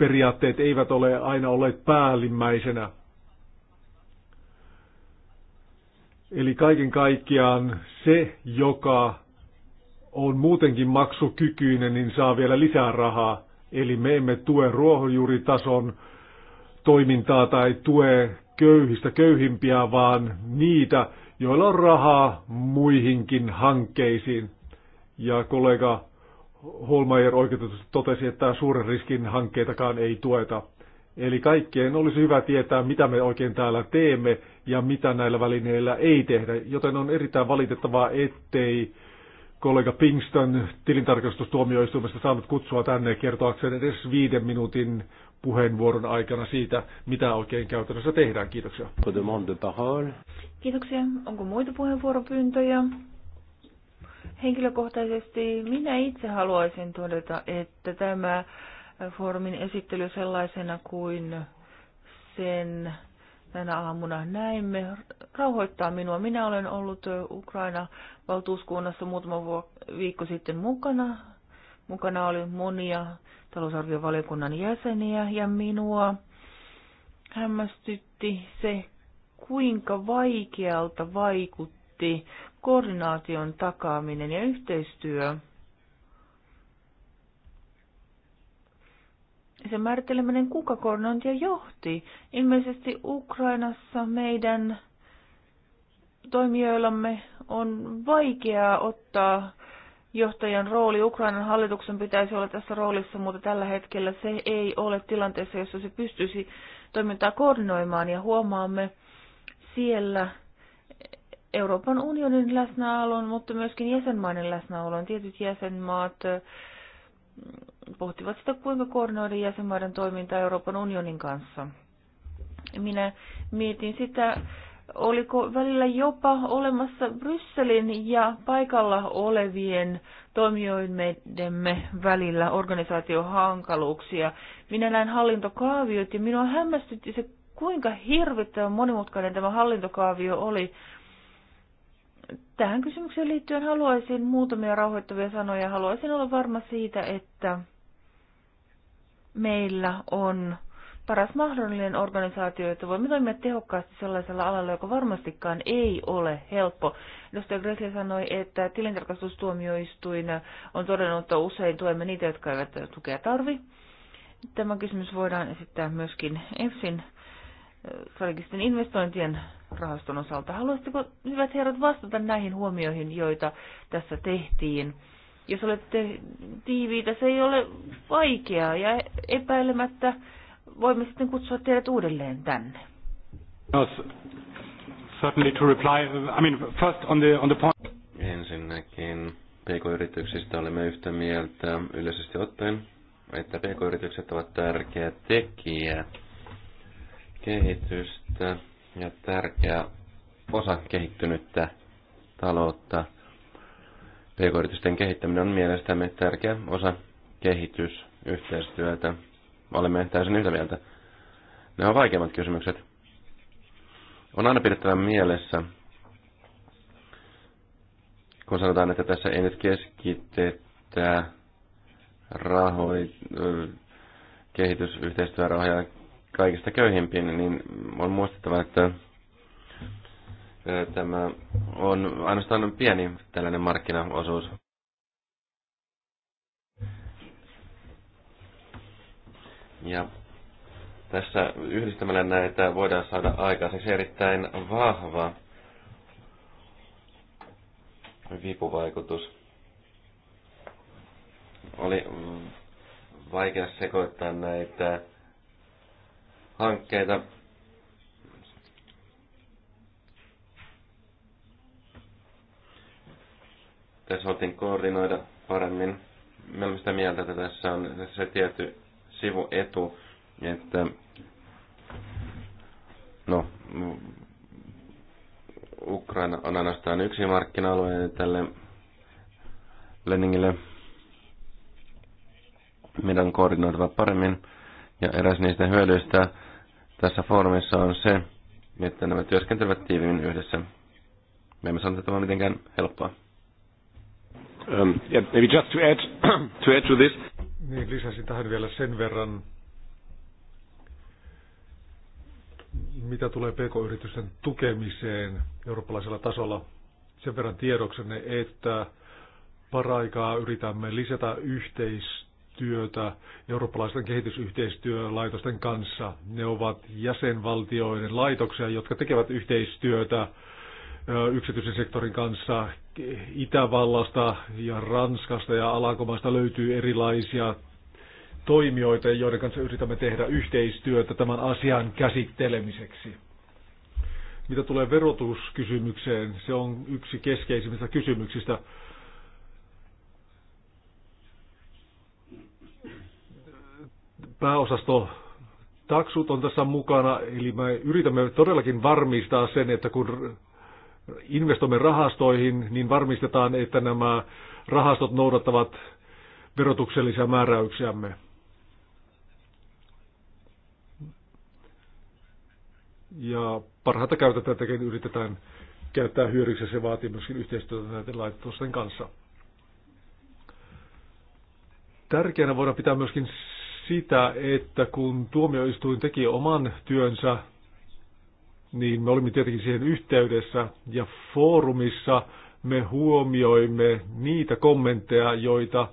S5: periaatteet eivät ole aina olleet päällimmäisenä. Eli kaiken kaikkiaan se, joka on muutenkin maksukykyinen, niin saa vielä lisää rahaa. Eli me emme tue ruohonjuuritason toimintaa tai tue köyhistä köyhimpiä, vaan niitä, joilla on rahaa muihinkin hankkeisiin. Ja kollega Holmeier oikeutetusti totesi, että suuren riskin hankkeitakaan ei tueta. Eli kaikkien olisi hyvä tietää, mitä me oikein täällä teemme ja mitä näillä välineillä ei tehdä. Joten on erittäin valitettavaa, ettei kollega Pingston tilintarkastustuomioistuimesta saanut kutsua tänne kertoakseen edes viiden minuutin puheenvuoron aikana siitä, mitä oikein käytännössä tehdään. Kiitoksia.
S2: Kiitoksia. Onko muita puheenvuoropyyntöjä? Henkilökohtaisesti minä itse haluaisin todeta, että tämä foorumin esittely sellaisena kuin sen tänä aamuna näimme, rauhoittaa minua. Minä olen ollut Ukraina-valtuuskunnassa muutama viikko sitten mukana. Mukana oli monia talousarviovaliokunnan jäseniä ja minua hämmästytti se, kuinka vaikealta vaikutti koordinaation takaaminen ja yhteistyö. Sen määritteleminen, kuka koordinointia johti. Ilmeisesti Ukrainassa meidän toimijoillamme on vaikeaa ottaa johtajan rooli. Ukrainan hallituksen pitäisi olla tässä roolissa, mutta tällä hetkellä se ei ole tilanteessa, jossa se pystyisi toimintaa koordinoimaan ja huomaamme siellä Euroopan unionin läsnäolon, mutta myöskin jäsenmaiden läsnäolon. Tietyt jäsenmaat mm, pohtivat sitä, kuinka koordinoida jäsenmaiden toimintaa Euroopan unionin kanssa. Minä mietin sitä, oliko välillä jopa olemassa Brysselin ja paikalla olevien toimijoidemme välillä organisaatiohankaluuksia. Minä näin hallintokaaviot ja minua hämmästytti se, kuinka hirvittävän monimutkainen tämä hallintokaavio oli tähän kysymykseen liittyen haluaisin muutamia rauhoittavia sanoja. Haluaisin olla varma siitä, että meillä on paras mahdollinen organisaatio, jotta voimme toimia tehokkaasti sellaisella alalla, joka varmastikaan ei ole helppo. Edustaja Gressi sanoi, että tilintarkastustuomioistuin on todennut, että usein tuemme niitä, jotka eivät tukea tarvi. Tämä kysymys voidaan esittää myöskin EFSin strategisten investointien rahaston osalta. Haluaisitteko, hyvät herrat, vastata näihin huomioihin, joita tässä tehtiin? Jos olette tiiviitä, se ei ole vaikeaa ja epäilemättä voimme sitten kutsua teidät uudelleen tänne.
S4: No, certainly to reply, I mean,
S2: first on the, on the point.
S4: Ensinnäkin PK-yrityksistä olemme yhtä mieltä yleisesti ottaen, että PK-yritykset ovat tärkeä tekijä kehitystä ja tärkeä osa kehittynyttä taloutta. PK-yritysten kehittäminen on mielestämme tärkeä osa kehitysyhteistyötä. Olemme täysin yhtä mieltä. Ne ovat vaikeimmat kysymykset. On aina pidettävä mielessä, kun sanotaan, että tässä ei nyt keskitetä rahoi, kehitysyhteistyörahoja kaikista köyhimpiin, niin on muistettava, että tämä on ainoastaan pieni tällainen markkinaosuus. Ja tässä yhdistämällä näitä voidaan saada aikaiseksi erittäin vahva vipuvaikutus. Oli vaikea sekoittaa näitä hankkeita. Tässä oltiin koordinoida paremmin. Mä olen sitä mieltä, että tässä on se tietty sivuetu, että no, Ukraina on ainoastaan yksi markkina-alue tälle Leningille. Meidän on koordinoitava paremmin. Ja eräs niistä hyödyistä tässä foorumissa on se, että nämä työskentelevät tiiviimmin yhdessä. Me emme sano tämä mitenkään helppoa. Um, yeah, maybe just to add, to add to this.
S5: Niin, lisäsin tähän vielä sen verran, mitä tulee pk-yritysten tukemiseen eurooppalaisella tasolla. Sen verran tiedoksenne, että paraikaa yritämme lisätä yhteistyötä yhteistyötä eurooppalaisten kehitysyhteistyölaitosten kanssa. Ne ovat jäsenvaltioiden laitoksia, jotka tekevät yhteistyötä yksityisen sektorin kanssa. Itävallasta ja Ranskasta ja Alankomaista löytyy erilaisia toimijoita, joiden kanssa yritämme tehdä yhteistyötä tämän asian käsittelemiseksi. Mitä tulee verotuskysymykseen, se on yksi keskeisimmistä kysymyksistä. pääosasto taksut on tässä mukana, eli me yritämme todellakin varmistaa sen, että kun investoimme rahastoihin, niin varmistetaan, että nämä rahastot noudattavat verotuksellisia määräyksiämme. Ja parhaita käytäntöjäkin yritetään käyttää hyödyksi se vaatii myöskin yhteistyötä näiden laitosten kanssa. Tärkeänä voidaan pitää myöskin sitä, että kun tuomioistuin teki oman työnsä, niin me olimme tietenkin siihen yhteydessä ja foorumissa me huomioimme niitä kommentteja, joita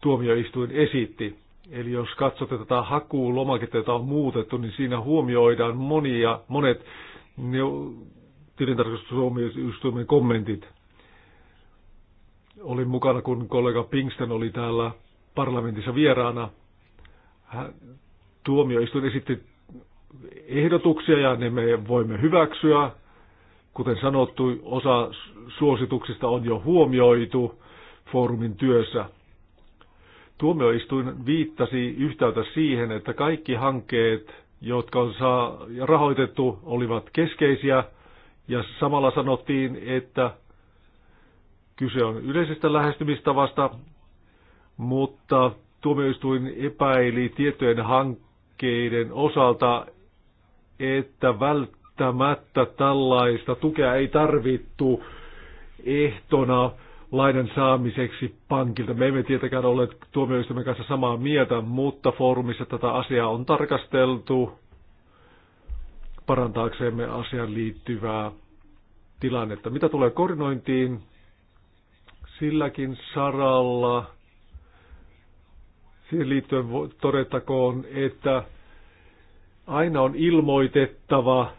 S5: tuomioistuin esitti. Eli jos katsotte tätä hakulomaketta, jota on muutettu, niin siinä huomioidaan monia, monet tilintarkastustuomioistuimen kommentit. Olin mukana, kun kollega Pingsten oli täällä parlamentissa vieraana Äh, tuomioistuin esitti ehdotuksia ja ne me voimme hyväksyä. Kuten sanottu, osa suosituksista on jo huomioitu foorumin työssä. Tuomioistuin viittasi yhtäältä siihen, että kaikki hankkeet, jotka on saa rahoitettu, olivat keskeisiä, ja samalla sanottiin, että kyse on yleisestä lähestymistavasta, mutta Tuomioistuin epäili tietojen hankkeiden osalta, että välttämättä tällaista tukea ei tarvittu ehtona lainan saamiseksi pankilta. Me emme tietenkään ole tuomioistuimen kanssa samaa mieltä, mutta foorumissa tätä asiaa on tarkasteltu parantaaksemme asiaan liittyvää tilannetta. Mitä tulee koordinointiin, silläkin saralla Siihen liittyen todettakoon, että aina on ilmoitettava,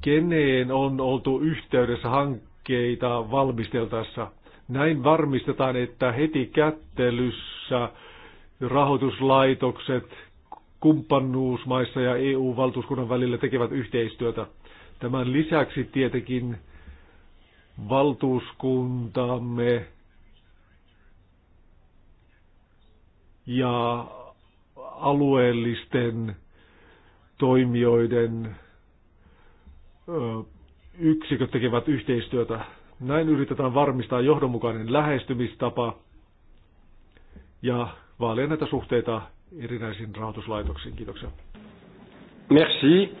S5: keneen on oltu yhteydessä hankkeita valmisteltaessa. Näin varmistetaan, että heti kättelyssä rahoituslaitokset kumppanuusmaissa ja EU-valtuuskunnan välillä tekevät yhteistyötä. Tämän lisäksi tietenkin valtuuskuntamme ja alueellisten toimijoiden yksiköt tekevät yhteistyötä. Näin yritetään varmistaa johdonmukainen lähestymistapa ja vaalia näitä suhteita erinäisiin rahoituslaitoksiin. Kiitoksia.
S1: Merci.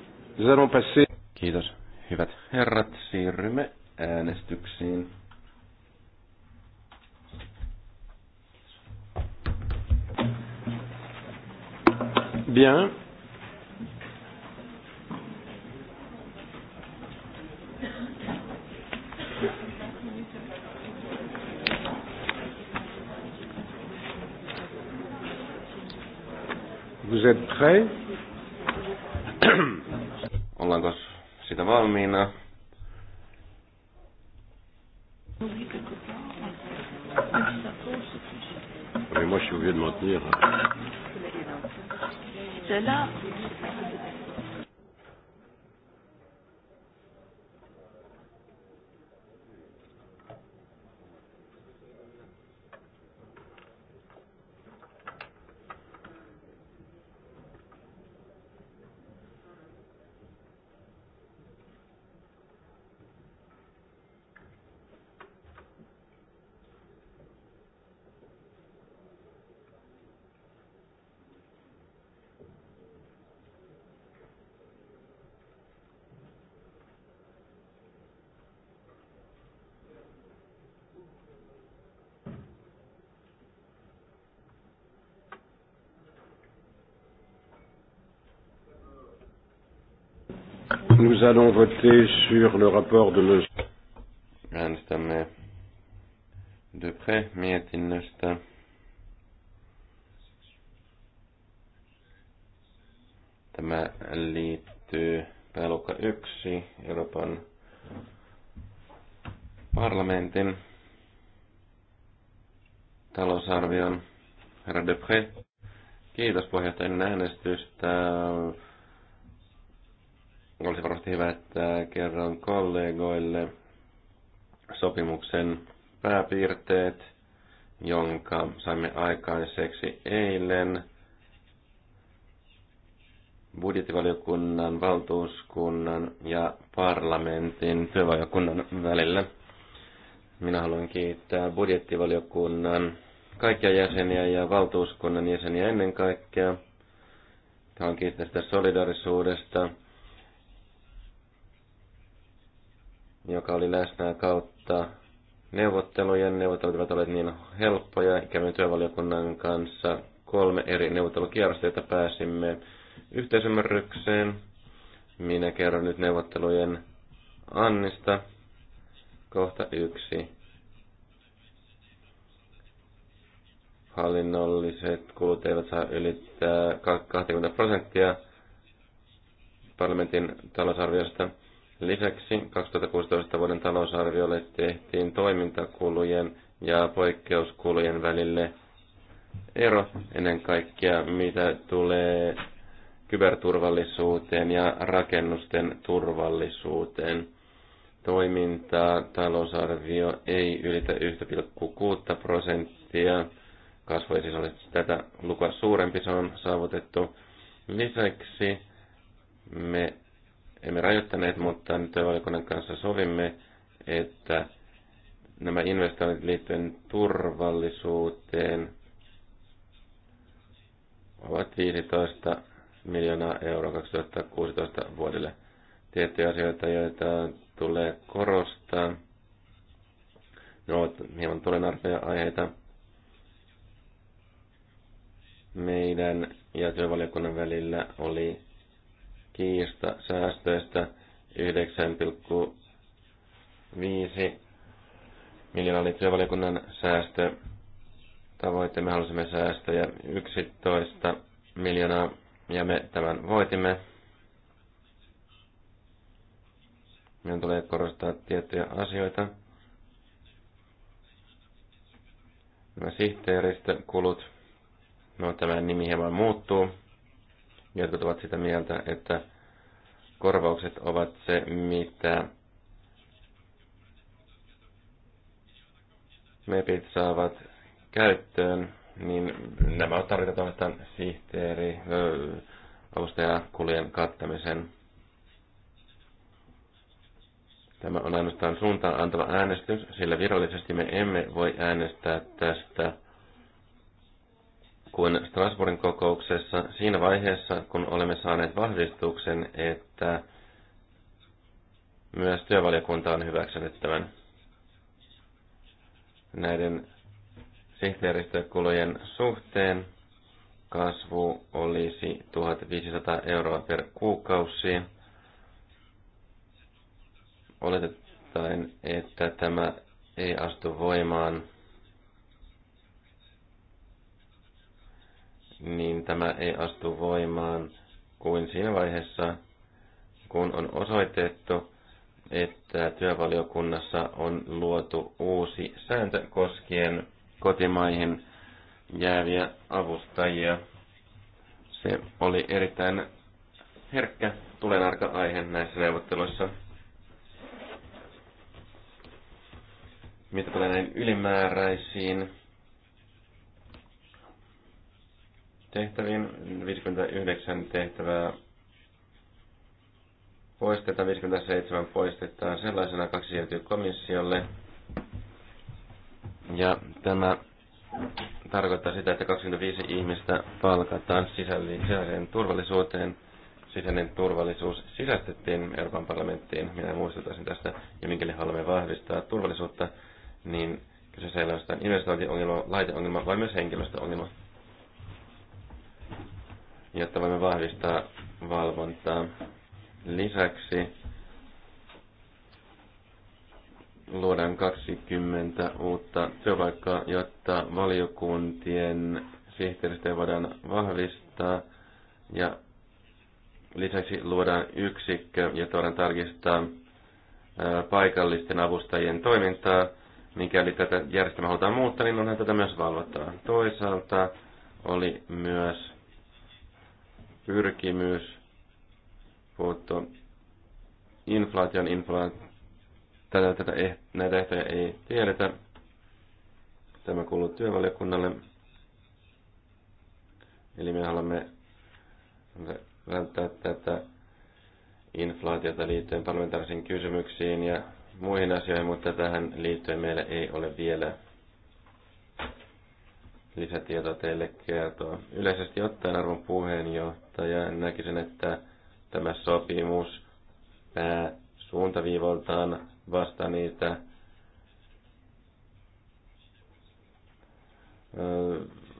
S4: Kiitos. Hyvät
S1: herrat, siirrymme äänestyksiin. Bien.
S4: Vous êtes prêts? Ollaanko sitä valmiina?
S6: Mais
S1: moi, je suis obligé de m'en tenir cela Nous allons voter sur le rapport de monsieur.
S4: Äänestämme Depre-mietinnöstä. Tämä liittyy pääluokka 1 Euroopan parlamentin talousarvion. Herra Depre, kiitos puheenjohtajan äänestystä olisi varmasti hyvä, että kerron kollegoille sopimuksen pääpiirteet, jonka saimme aikaiseksi eilen budjettivaliokunnan, valtuuskunnan ja parlamentin työvaliokunnan välillä. Minä haluan kiittää budjettivaliokunnan kaikkia jäseniä ja valtuuskunnan jäseniä ennen kaikkea. Haluan kiittää sitä solidarisuudesta, joka oli läsnä kautta neuvottelujen. Neuvottelut ovat olleet niin helppoja. Kävin työvaliokunnan kanssa kolme eri neuvottelukierrosta, joita pääsimme yhteisymmärrykseen. Minä kerron nyt neuvottelujen Annista. Kohta yksi. Hallinnolliset kulut eivät saa ylittää 20 prosenttia parlamentin talousarviosta. Lisäksi 2016 vuoden talousarviolle tehtiin toimintakulujen ja poikkeuskulujen välille ero ennen kaikkea, mitä tulee kyberturvallisuuteen ja rakennusten turvallisuuteen. Toimintaa talousarvio ei ylitä 1,6 prosenttia. Kasvu ei siis ole tätä lukua suurempi, se on saavutettu. Lisäksi me emme rajoittaneet, mutta nyt työvaliokunnan kanssa sovimme, että nämä investoinnit liittyen turvallisuuteen ovat 15 miljoonaa euroa 2016 vuodelle. Tiettyjä asioita, joita tulee korostaa, ne ovat hieman tulenarpeja aiheita. Meidän ja työvaliokunnan välillä oli kiista säästöistä 9,5 miljoonaa oli työvaliokunnan säästö. Tavoite, me halusimme säästöjä 11 miljoonaa ja me tämän voitimme. Meidän tulee korostaa tiettyjä asioita. Nämä sihteeristökulut, no tämä nimi hieman muuttuu. Jotkut ovat sitä mieltä, että korvaukset ovat se, mitä mepit saavat käyttöön, niin nämä tarvitaan oikeastaan sihteeri, avustaja kuljen kattamisen. Tämä on ainoastaan suuntaan antava äänestys, sillä virallisesti me emme voi äänestää tästä kuin Strasbourgin kokouksessa siinä vaiheessa, kun olemme saaneet vahvistuksen, että myös työvaliokunta on hyväksynyt tämän näiden sihteeristökulujen suhteen. Kasvu olisi 1500 euroa per kuukausi. Oletettaen, että tämä ei astu voimaan niin tämä ei astu voimaan kuin siinä vaiheessa, kun on osoitettu, että työvaliokunnassa on luotu uusi sääntö koskien kotimaihin jääviä avustajia. Se oli erittäin herkkä tulenarka aihe näissä neuvotteluissa. Mitä tulee näin ylimääräisiin tehtäviin. 59 tehtävää poistetaan, 57 poistetaan sellaisena, kaksi siirtyy komissiolle. Ja tämä tarkoittaa sitä, että 25 ihmistä palkataan sisäiseen turvallisuuteen. Sisäinen turvallisuus sisästettiin Euroopan parlamenttiin, minä muistutaisin tästä, ja minkäli haluamme vahvistaa turvallisuutta, niin kyseessä ei ole investointiongelma, laiteongelma, vaan myös henkilöstöongelma jotta voimme vahvistaa valvontaa. Lisäksi luodaan 20 uutta työpaikkaa, jotta valiokuntien sihteeristöä voidaan vahvistaa ja lisäksi luodaan yksikkö, jotta voidaan tarkistaa paikallisten avustajien toimintaa. Mikäli tätä järjestelmää halutaan muuttaa, niin onhan tätä myös valvottava. Toisaalta oli myös pyrkimys puuttua inflaation inflaatio. Tätä, tätä, eh- näitä ehtoja ei tiedetä. Tämä kuuluu työvaliokunnalle. Eli me haluamme välttää tätä inflaatiota liittyen parlamentaarisiin kysymyksiin ja muihin asioihin, mutta tähän liittyen meillä ei ole vielä lisätieto teille kertoa. Yleisesti ottaen arvon puheenjohtaja näkisin, että tämä sopimus pää suuntaviivoltaan vasta niitä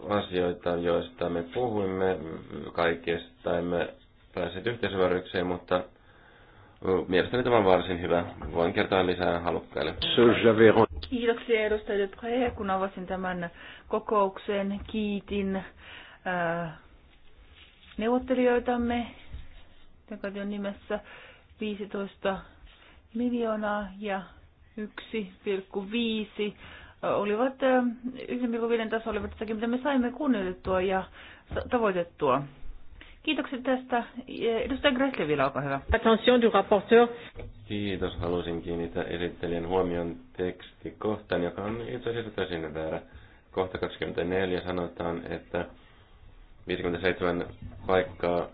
S4: asioita, joista me puhuimme, kaikista emme päässeet yhteisymmärrykseen, mutta Mielestäni tämä on varsin hyvä. Voin kertoa lisää halukkaille.
S2: Kiitoksia edustaja Dupré, kun avasin tämän kokouksen. Kiitin ää, neuvottelijoitamme, joka on nimessä 15 miljoonaa ja 1,5 olivat 1,5 taso olivat sitäkin, mitä me saimme kuunneltua ja tavoitettua. Kiitokset tästä. Eh, edustaja Gressle vielä, olkaa hyvä. Attention du rapporteur.
S4: Kiitos. Halusin kiinnittää esittelijän huomion tekstikohtaan, joka on itse asiassa täysin väärä. Kohta 24 sanotaan, että 57 paikkaa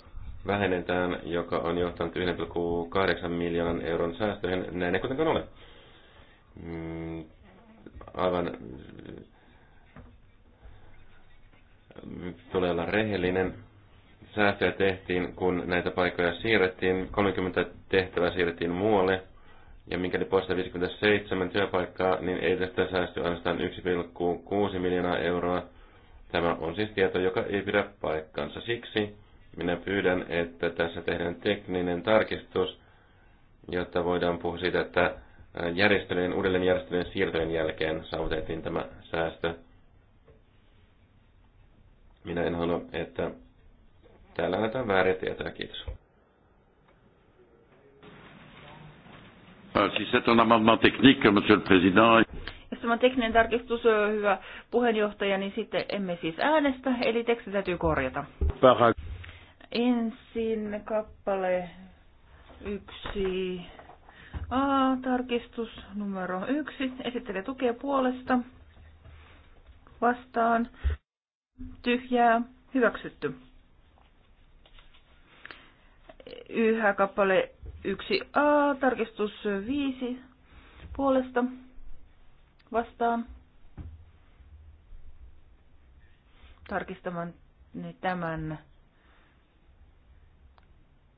S4: vähennetään, joka on johtanut 1,8 miljoonan euron säästöihin. Näin ei kuitenkaan ole. Mm, aivan mm, tulee olla rehellinen säästöjä tehtiin, kun näitä paikkoja siirrettiin. 30 tehtävää siirrettiin muualle. Ja mikäli poistetaan 57 työpaikkaa, niin ei tästä säästy ainoastaan 1,6 miljoonaa euroa. Tämä on siis tieto, joka ei pidä paikkansa. Siksi minä pyydän, että tässä tehdään tekninen tarkistus, jotta voidaan puhua siitä, että järjestelyjen, uudelleen järjestelyjen siirtojen jälkeen saavutettiin tämä säästö. Minä en halua, että Täällä annetaan vääriä tietoja. Kiitos.
S1: Ah, si c'est un amendement technique, Monsieur le Président.
S2: Jos tämä on tekninen tarkistus, hyvä puheenjohtaja, niin sitten emme siis äänestä, eli teksti täytyy korjata. Ensin kappale yksi. A, tarkistus numero yksi. Esittelee tukea puolesta. Vastaan. Tyhjää. Hyväksytty yhä kappale 1A, tarkistus 5 puolesta vastaan. Tarkistamaan tämän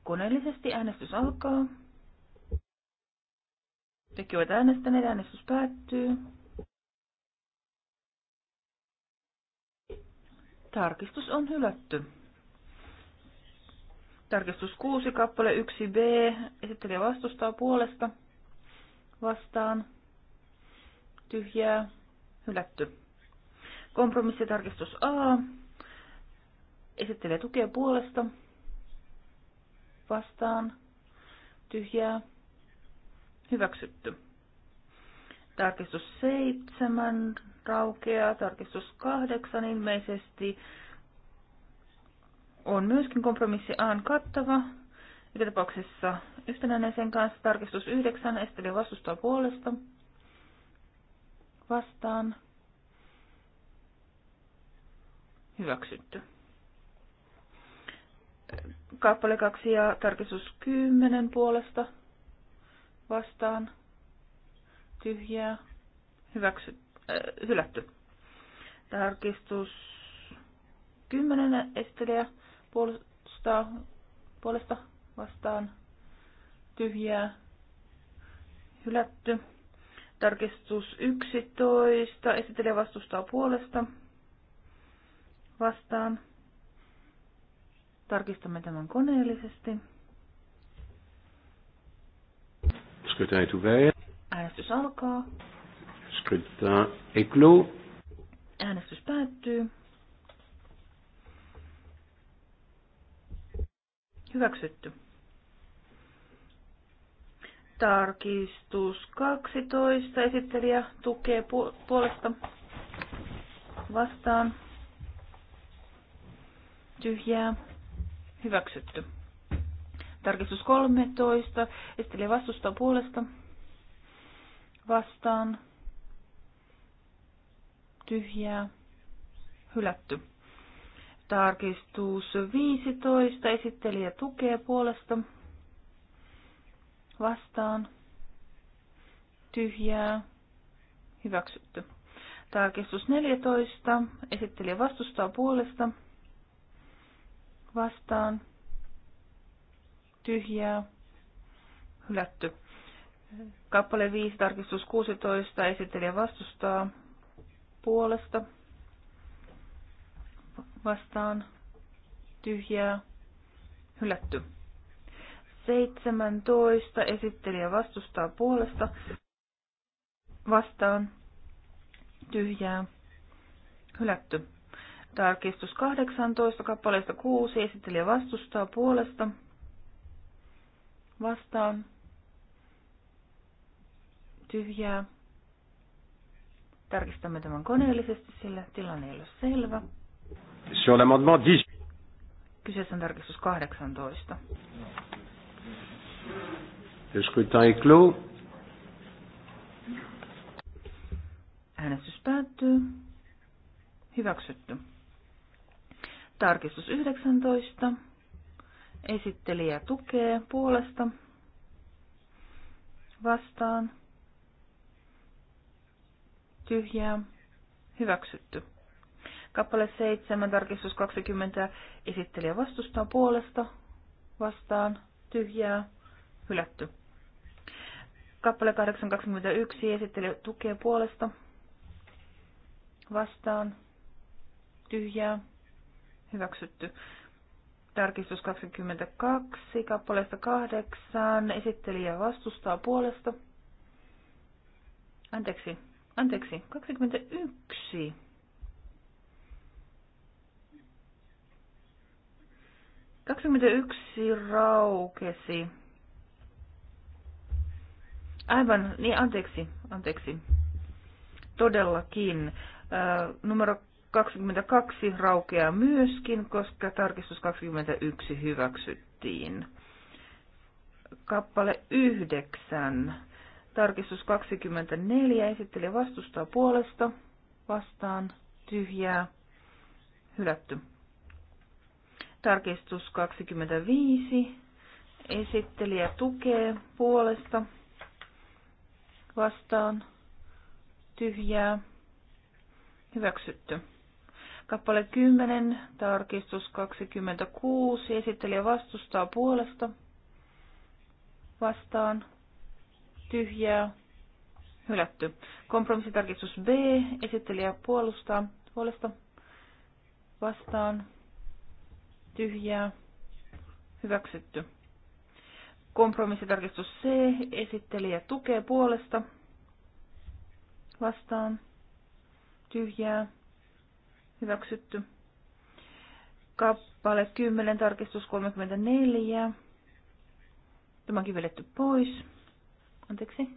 S2: koneellisesti. Äänestys alkaa. Kaikki ovat äänestäneet. Äänestys
S3: päättyy. Tarkistus on hylätty. Tarkistus 6, kappale
S2: 1b. Esittelijä vastustaa puolesta. Vastaan. Tyhjää. Hylätty. Kompromissitarkistus A. Esittelijä tukee puolesta. Vastaan. Tyhjää.
S3: Hyväksytty.
S2: Tarkistus 7 raukeaa. Tarkistus 8 ilmeisesti on myöskin kompromissi A kattava, joka tapauksessa yhtenäinen sen kanssa tarkistus 9, esteli vastustaa puolesta, vastaan,
S3: hyväksytty.
S2: Kappale 2 ja tarkistus 10 puolesta, vastaan, tyhjää,
S3: hyväksy, äh, hylätty.
S2: Tarkistus 10 esteliä puolesta puolesta vastaan tyhjää hylätty. Tarkistus 11. Esittelijä vastustaa puolesta vastaan. Tarkistamme tämän koneellisesti. Scrutin Äänestys alkaa.
S1: Scrutin
S3: Äänestys päättyy. Hyväksytty.
S2: Tarkistus 12. Esittelijä tukee puolesta vastaan. Tyhjää.
S3: Hyväksytty.
S2: Tarkistus 13. Esittelijä vastustaa puolesta vastaan. Tyhjää. Hylätty. Tarkistus 15. Esittelijä tukee puolesta. Vastaan. Tyhjää. Hyväksytty. Tarkistus 14. Esittelijä vastustaa puolesta. Vastaan. Tyhjää. Hylätty. Kappale 5, tarkistus 16, esittelijä vastustaa puolesta vastaan tyhjää hylätty. 17 esittelijä vastustaa puolesta vastaan tyhjää hylätty. Tarkistus 18 kappaleesta 6 esittelijä vastustaa puolesta vastaan tyhjää. Tarkistamme tämän koneellisesti, sillä tilanne ei ole selvä.
S1: Sur l'amendement 10.
S2: Kyseessä on tarkistus 18.
S1: Le scrutin est clos.
S3: Äänestys päättyy. Hyväksytty.
S2: Tarkistus 19. Esittelijä tukee puolesta. Vastaan. Tyhjää.
S3: Hyväksytty.
S2: Kappale 7, tarkistus 20, esittelijä vastustaa puolesta, vastaan, tyhjää, hylätty. Kappale 821, esittelijä tukee puolesta, vastaan, tyhjää, hyväksytty. Tarkistus 22, kappaleesta 8, esittelijä vastustaa puolesta. Anteeksi, anteeksi, 21 21 raukesi. Aivan, niin anteeksi, anteeksi. Todellakin. Äh, numero 22 raukeaa myöskin, koska tarkistus 21 hyväksyttiin. Kappale 9. Tarkistus 24 esitteli vastustaa puolesta, vastaan, tyhjää, hylätty. Tarkistus 25. Esittelijä tukee puolesta vastaan tyhjää
S3: hyväksytty.
S2: Kappale 10, tarkistus 26, esittelijä vastustaa puolesta, vastaan, tyhjää, hylätty. Kompromissitarkistus B, esittelijä puolustaa puolesta, vastaan, tyhjää, hyväksytty. Kompromissitarkistus C, esittelijä tukee puolesta, vastaan, tyhjää, hyväksytty. Kappale 10, tarkistus 34. Tämäkin vedetty pois. Anteeksi.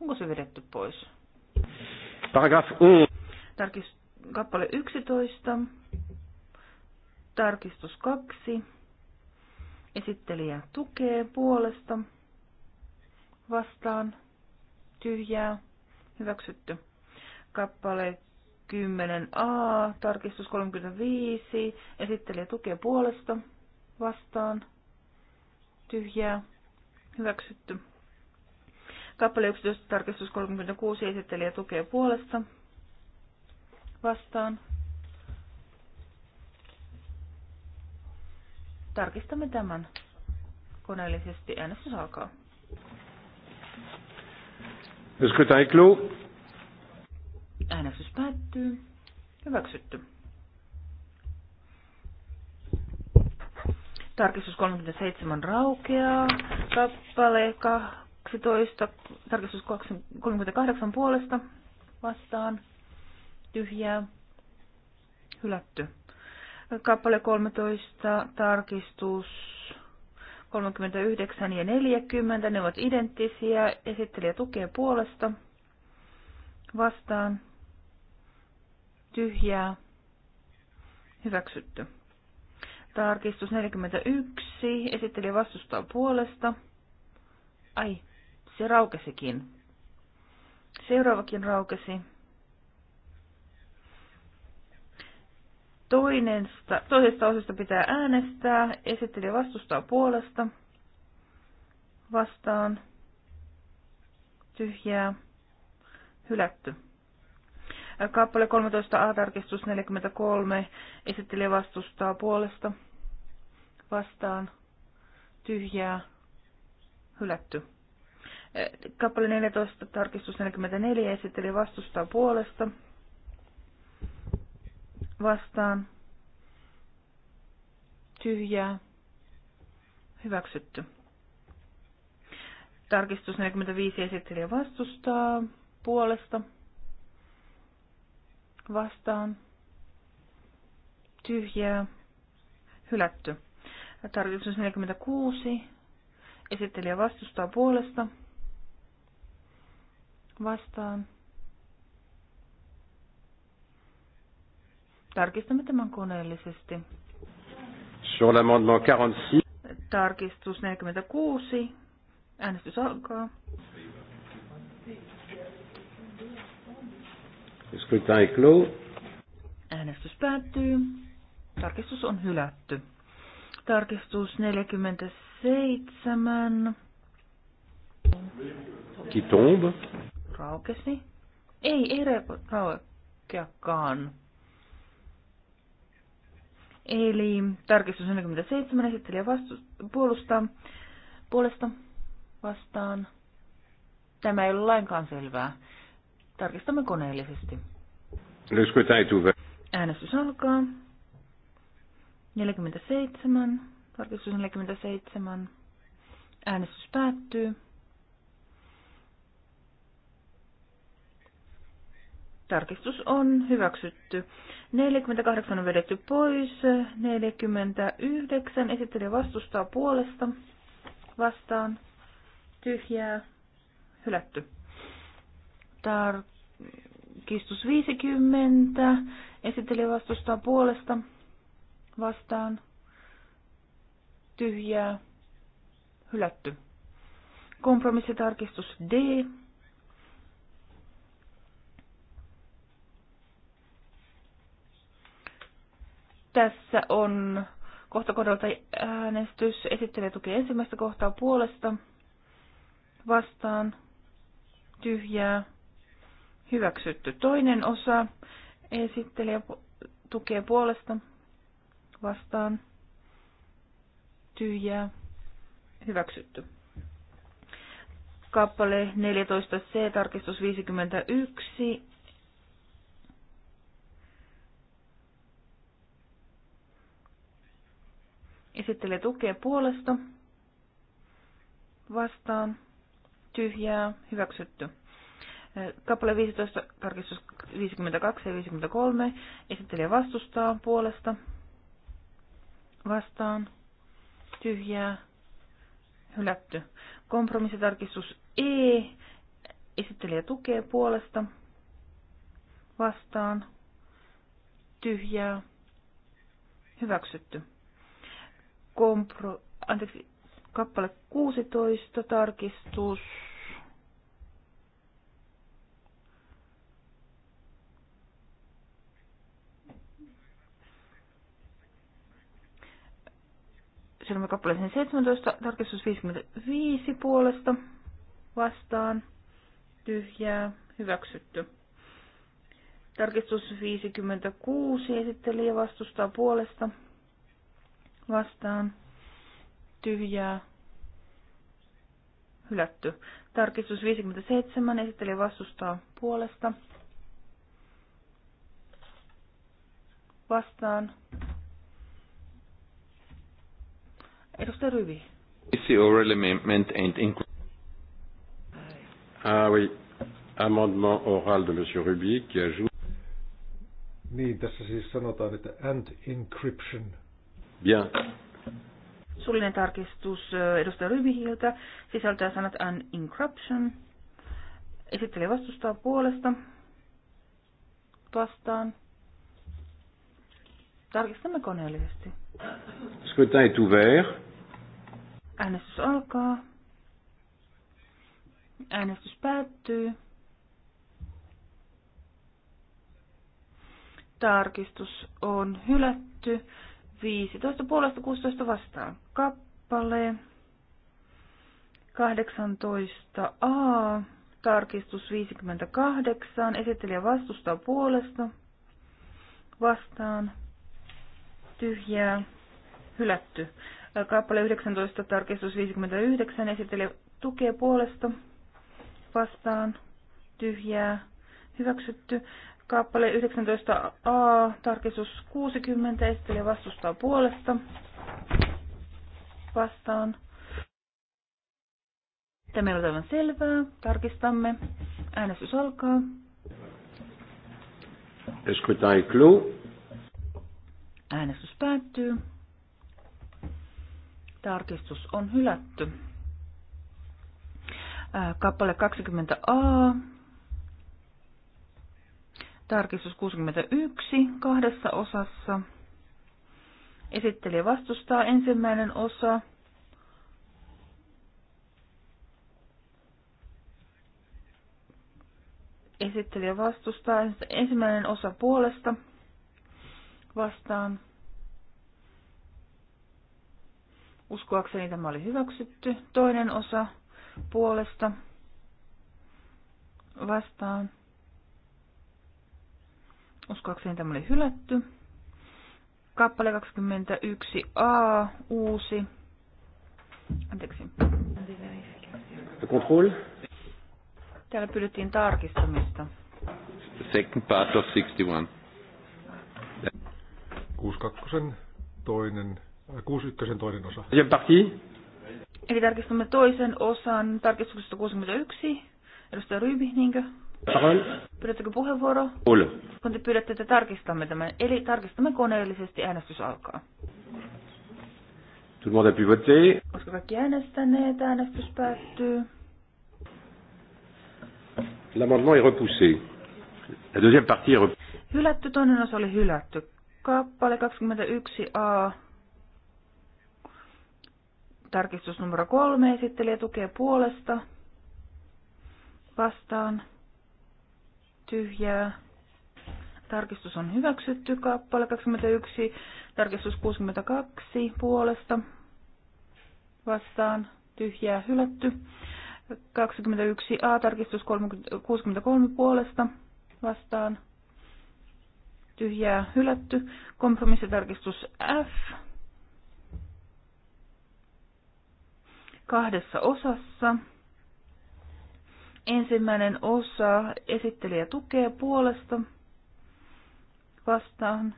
S2: Onko se vedetty
S3: pois?
S6: Paragraf U
S2: Tarkistus kappale 11. Tarkistus kaksi. Esittelijä tukee puolesta. Vastaan. Tyhjää. Hyväksytty. Kappale 10a. Tarkistus 35. Esittelijä tukee puolesta. Vastaan. Tyhjää. Hyväksytty. Kappale 11. Tarkistus 36. Esittelijä tukee puolesta. Vastaan Tarkistamme tämän koneellisesti. Äänestys alkaa. Äänestys päättyy. Hyväksytty. Tarkistus 37 raukeaa. Kappale 12. Tarkistus 38 puolesta vastaan. Tyhjää. Hylätty. Kappale 13, tarkistus 39 ja 40, ne ovat identtisiä. Esittelijä tukee puolesta. Vastaan. Tyhjää. Hyväksytty. Tarkistus 41. Esittelijä vastustaa puolesta. Ai, se raukesikin. Seuraavakin raukesi. toinen, toisesta osasta pitää äänestää. Esitteli vastustaa puolesta. Vastaan. Tyhjää. Hylätty. Kappale 13 A-tarkistus 43. Esitteli vastustaa puolesta. Vastaan. Tyhjää. Hylätty. Kappale 14 tarkistus 44. Esitteli vastustaa puolesta vastaan tyhjää hyväksytty. Tarkistus 45 esittelijä vastustaa puolesta vastaan tyhjää hylätty. Tarkistus 46 esittelijä vastustaa puolesta vastaan Tarkistamme tämän koneellisesti.
S1: Sur l'amendement 46.
S2: Tarkistus 46. Äänestys alkaa.
S1: Scrutin est clos.
S2: Äänestys päättyy.
S3: Tarkistus on hylätty.
S2: Tarkistus 47.
S3: Qui tombe?
S2: Raukesi. Ei, ei raukeakaan. Eli tarkistus 47 esittelijä vastu- puolustaa puolesta vastaan. Tämä ei ole lainkaan selvää. Tarkistamme koneellisesti. Äänestys alkaa. 47. Tarkistus 47. Äänestys päättyy. Tarkistus on
S3: hyväksytty.
S2: 48 on vedetty pois. 49 esittelijä vastustaa puolesta. Vastaan. Tyhjää. Hylätty. Tarkistus 50. Esittelijä vastustaa puolesta. Vastaan. Tyhjää. Hylätty. Kompromissitarkistus D Tässä on kohta kohdalta äänestys. Esittelee tukee ensimmäistä kohtaa puolesta. Vastaan. Tyhjää.
S3: Hyväksytty. Toinen
S2: osa. Esittelee tukee puolesta. Vastaan. Tyhjää. Hyväksytty kappale 14c, tarkistus 51 Esittelee tukea puolesta. Vastaan. Tyhjää. Hyväksytty. Kappale 15, tarkistus 52 ja 53. Esittelee vastustaa puolesta. Vastaan. Tyhjää. Hylätty. Kompromissitarkistus E. esittelee tukee puolesta. Vastaan. Tyhjää. Hyväksytty kompro, anteeksi, kappale 16, tarkistus. Silmämme kappale 17, tarkistus 55 puolesta vastaan, tyhjää,
S3: hyväksytty.
S2: Tarkistus 56 esittelijä vastustaa puolesta vastaan tyhjää hylätty. Tarkistus 57 esitteli vastustaa puolesta vastaan. Edustaja Ryvi.
S4: Ici oral amendment and Ah oui,
S1: amendement oral de Monsieur Ruby qui ajoute...
S5: Niin, tässä siis sanotaan, että and encryption Bien.
S2: Suullinen tarkistus edustaja Rybihiltä sisältää sanat an encryption. Esittelijä vastustaa puolesta. Vastaan. Tarkistamme koneellisesti.
S1: Scrutin est ouvert.
S2: Äänestys alkaa. Äänestys päättyy. Tarkistus on hylätty. 15 puolesta 16 vastaan. Kappale 18a, tarkistus 58, esittelijä vastustaa puolesta, vastaan, tyhjää, hylätty. Kappale 19, tarkistus 59, esittelijä tukee puolesta, vastaan, tyhjää, hyväksytty kappale 19a, tarkistus 60, esittelijä vastustaa puolesta. Vastaan. Tämä on aivan selvää. Tarkistamme. Äänestys alkaa. Äänestys päättyy. Tarkistus on hylätty. Kappale 20a Tarkistus 61 kahdessa osassa. Esittelijä vastustaa ensimmäinen osa. Esittelijä vastustaa ensimmäinen osa puolesta vastaan. Uskoakseni tämä oli hyväksytty. Toinen osa puolesta vastaan. Uskoakseni tämä oli hylätty. Kappale 21a, uusi. Anteeksi. Control. Täällä pyydettiin tarkistamista.
S4: Second part of 61.
S5: 62 toinen, 61 äh, toinen osa.
S2: Eli tarkistamme toisen osan tarkistuksesta 61. Edustaja Ryby, niinkö? Pyydättekö puheenvuoro? Kyllä. Kun te pyydätte, että tarkistamme tämän. Eli tarkistamme koneellisesti. Äänestys alkaa.
S1: Tout le monde a pu voter.
S2: Olisiko kaikki äänestäneet? Äänestys päättyy.
S1: L'amendement est repoussé. La deuxième partie est repoussée.
S2: Hylätty, toinen osa oli hylätty. Kappale 21a. Tarkistus numero kolme. Esittelijä tukee puolesta. Vastaan tyhjää. Tarkistus on hyväksytty. Kappale 21, tarkistus 62 puolesta vastaan tyhjää hylätty. 21a, tarkistus 30, 63 puolesta vastaan tyhjää hylätty. Kompromissitarkistus F kahdessa osassa. Ensimmäinen osa esittelijä tukee puolesta vastaan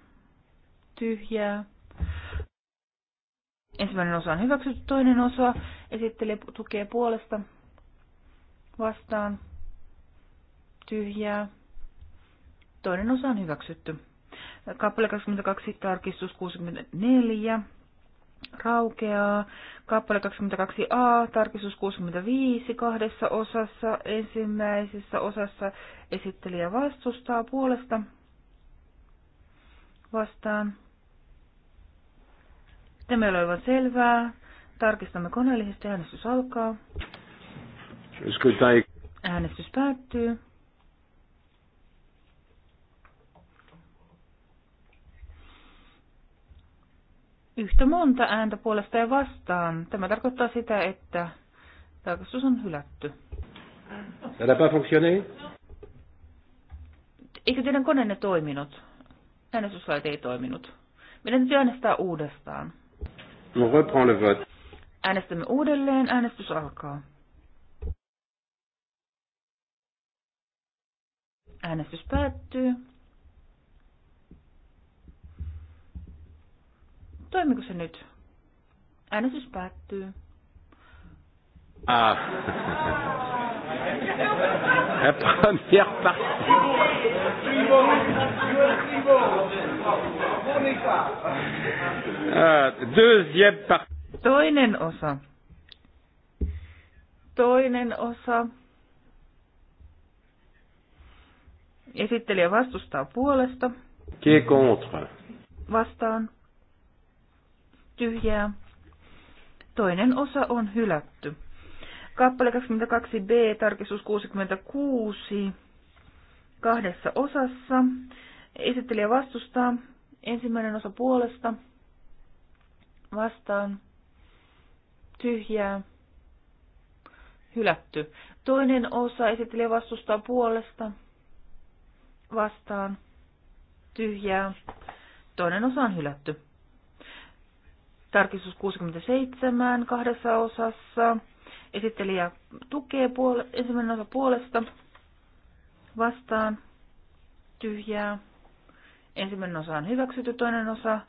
S2: tyhjää. Ensimmäinen osa on hyväksytty, toinen osa esittelijä tukee puolesta vastaan tyhjää. Toinen osa on hyväksytty. Kappale 22, tarkistus 64 raukeaa. Kappale 22a, tarkistus 65, kahdessa osassa, ensimmäisessä osassa esittelijä vastustaa puolesta vastaan. Tämä ei ole selvää. Tarkistamme koneellisesti, äänestys alkaa. Äänestys päättyy. yhtä monta ääntä puolesta ja vastaan. Tämä tarkoittaa sitä, että tarkastus on hylätty.
S6: Ça n'a
S1: pas fonctionné?
S2: Eikö teidän koneenne toiminut? Äänestyslaite ei toiminut. Meidän täytyy äänestää uudestaan.
S1: On reprend le vote.
S2: Äänestämme uudelleen. Äänestys alkaa. Äänestys päättyy. Toimiko se nyt? Äänestys päättyy.
S6: Ah. La première partie.
S2: Ah, deuxième partie. Toinen osa. Toinen osa. Esittelijä vastustaa puolesta.
S1: Qui est contre?
S2: Vastaan tyhjää. Toinen osa on hylätty. Kappale 22b, tarkistus 66, kahdessa osassa. Esittelijä vastustaa. Ensimmäinen osa puolesta. Vastaan. Tyhjää. Hylätty. Toinen osa esittelijä vastustaa puolesta. Vastaan. Tyhjää. Toinen osa on hylätty. Tarkistus 67 kahdessa osassa. Esittelijä tukee puole- ensimmäinen osa puolesta. Vastaan. Tyhjää. Ensimmäinen osa on hyväksytty, toinen osa.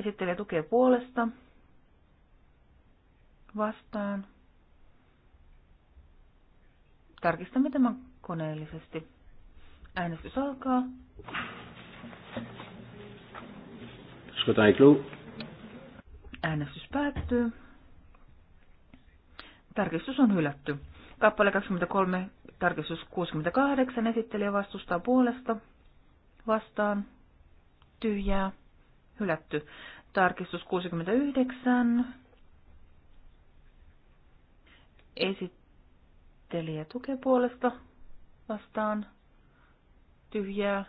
S2: Esittelijä tukee puolesta. Vastaan. Tarkistamme tämän koneellisesti. Äänestys alkaa.
S1: Scrutin
S2: Äänestys päättyy. Tarkistus on hylätty. Kappale 23, tarkistus 68, esittelijä vastustaa puolesta, vastaan, tyhjää, hylätty. Tarkistus 69, esittelijä tukee puolesta, vastaan, tyhjää,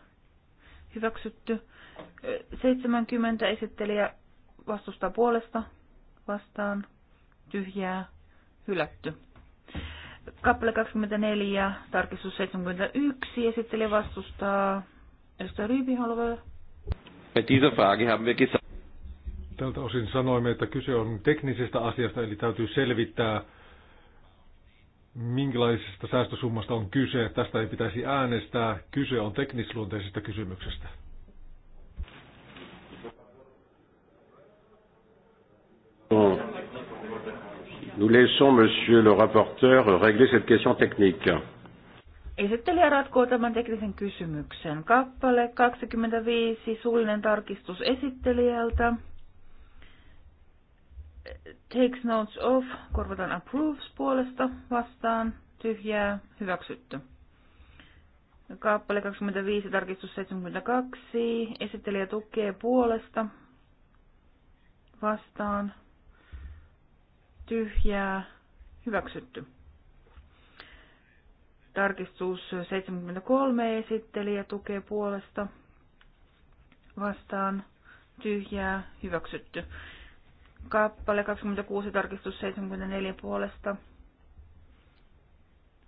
S2: hyväksytty. 70 esittelijä vastustaa puolesta vastaan tyhjää hylätty. Kappale 24, tarkistus 71, esitteli vastustaa. Edustaja Ryypi haluaa.
S5: Tältä osin sanoimme, että kyse on teknisestä asiasta, eli täytyy selvittää, minkälaisesta säästösummasta on kyse. Tästä ei pitäisi äänestää. Kyse on teknisluonteisesta kysymyksestä.
S1: Nous laissons monsieur le rapporteur régler cette question technique.
S2: Esittelijä ratkoo tämän teknisen kysymyksen. Kappale 25, suullinen tarkistus esittelijältä. Takes notes off, korvataan approves puolesta, vastaan, tyhjää,
S3: hyväksytty.
S2: Kappale 25, tarkistus 72, esittelijä tukee puolesta, vastaan, tyhjää, hyväksytty. Tarkistus 73 esittelijä tukee puolesta vastaan tyhjää, hyväksytty. Kappale 26 tarkistus 74 puolesta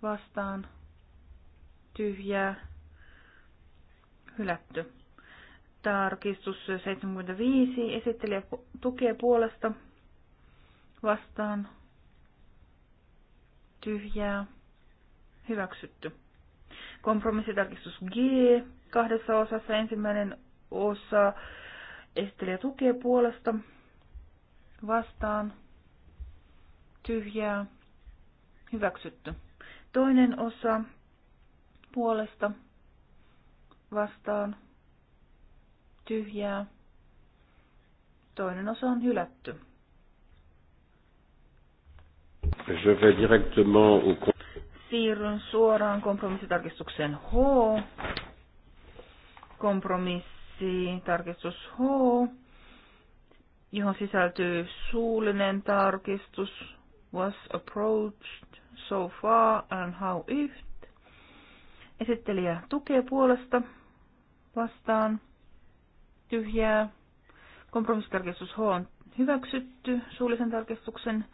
S2: vastaan tyhjää, hylätty. Tarkistus 75 esittelijä tukee puolesta vastaan tyhjää
S3: hyväksytty.
S2: Kompromissitarkistus G kahdessa osassa ensimmäinen osa esittelijä tukee puolesta vastaan tyhjää
S3: hyväksytty.
S2: Toinen osa puolesta vastaan tyhjää. Toinen osa on hylätty.
S1: Je vais directement au...
S2: Siirryn suoraan kompromissitarkistukseen H. tarkistus H, johon sisältyy suullinen tarkistus was approached so far and how if. Esittelijä tukee puolesta vastaan tyhjää. Kompromissitarkistus H on hyväksytty suullisen tarkistuksen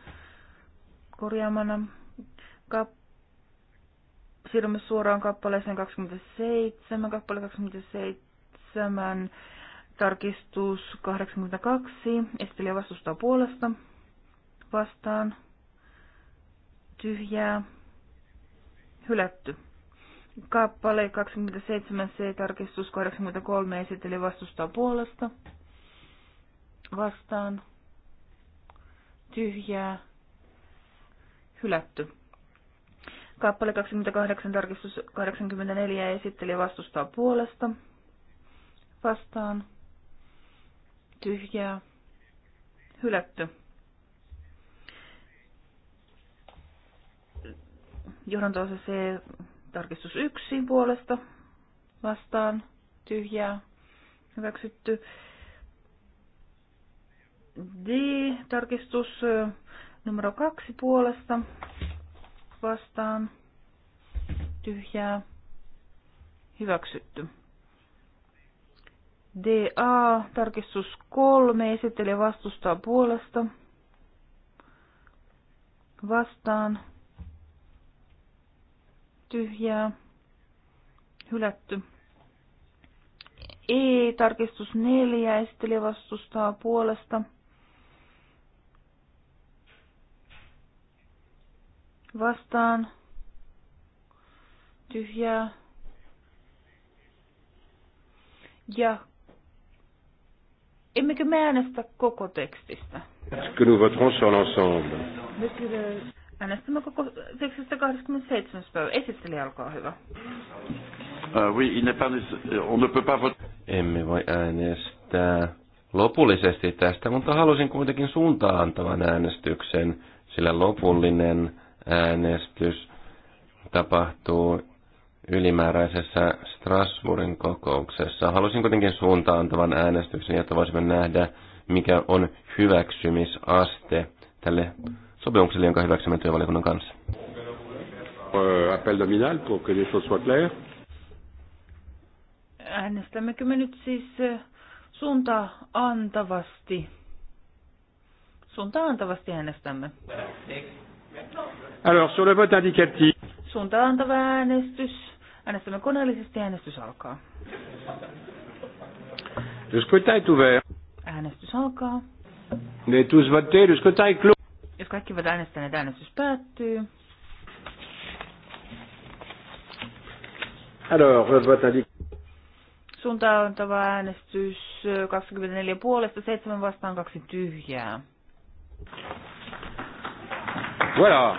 S2: korjaamana. Kap- Siirrymme suoraan kappaleeseen 27, kappale 27, tarkistus 82, esittelijä vastustaa puolesta, vastaan, tyhjää, hylätty. Kappale 27c, tarkistus 83, esitteli vastustaa puolesta. Vastaan. Tyhjää hylätty. Kappale 28 tarkistus 84 esitteli vastustaa puolesta. Vastaan. Tyhjää. Hylätty. Johdantoa C tarkistus 1 puolesta. Vastaan. Tyhjää. Hyväksytty. D tarkistus Numero kaksi puolesta vastaan tyhjää
S3: hyväksytty.
S2: DA, tarkistus kolme, esittelee vastustaa puolesta. Vastaan. Tyhjää. Hylätty. E, tarkistus neljä, esittelee vastustaa puolesta. vastaan tyhjää ja emmekö me äänestä koko tekstistä? Que
S1: nous voterons sur l'ensemble.
S2: Äänestämme koko tekstistä 27. päivä. Esitteli alkaa hyvä.
S4: Uh, oui, il n'est pas, euh, on ne peut pas voter. Emme voi äänestää lopullisesti tästä, mutta halusin kuitenkin suuntaan antavan äänestyksen, sillä lopullinen äänestys tapahtuu ylimääräisessä Strasbourgin kokouksessa. Halusin kuitenkin suuntaantavan äänestyksen, jotta voisimme nähdä, mikä on hyväksymisaste tälle sopimukselle, jonka hyväksymme työvaliokunnan kanssa. Euh,
S2: Äänestämmekö me nyt siis suunta antavasti? Suunta antavasti äänestämme. Alors, sur le vote indicatif. Äänestämme koneellisesti. Äänestys alkaa.
S1: Le scrutin est ouvert.
S2: Äänestys alkaa.
S1: Ne tous voté. Le scrutin est clos.
S2: Jos kaikki ovat äänestäneet, äänestys päättyy.
S1: Alors, le vote indicatif
S2: suuntaantava äänestys 24 puolesta, 7 vastaan, 2 tyhjää. Voilà.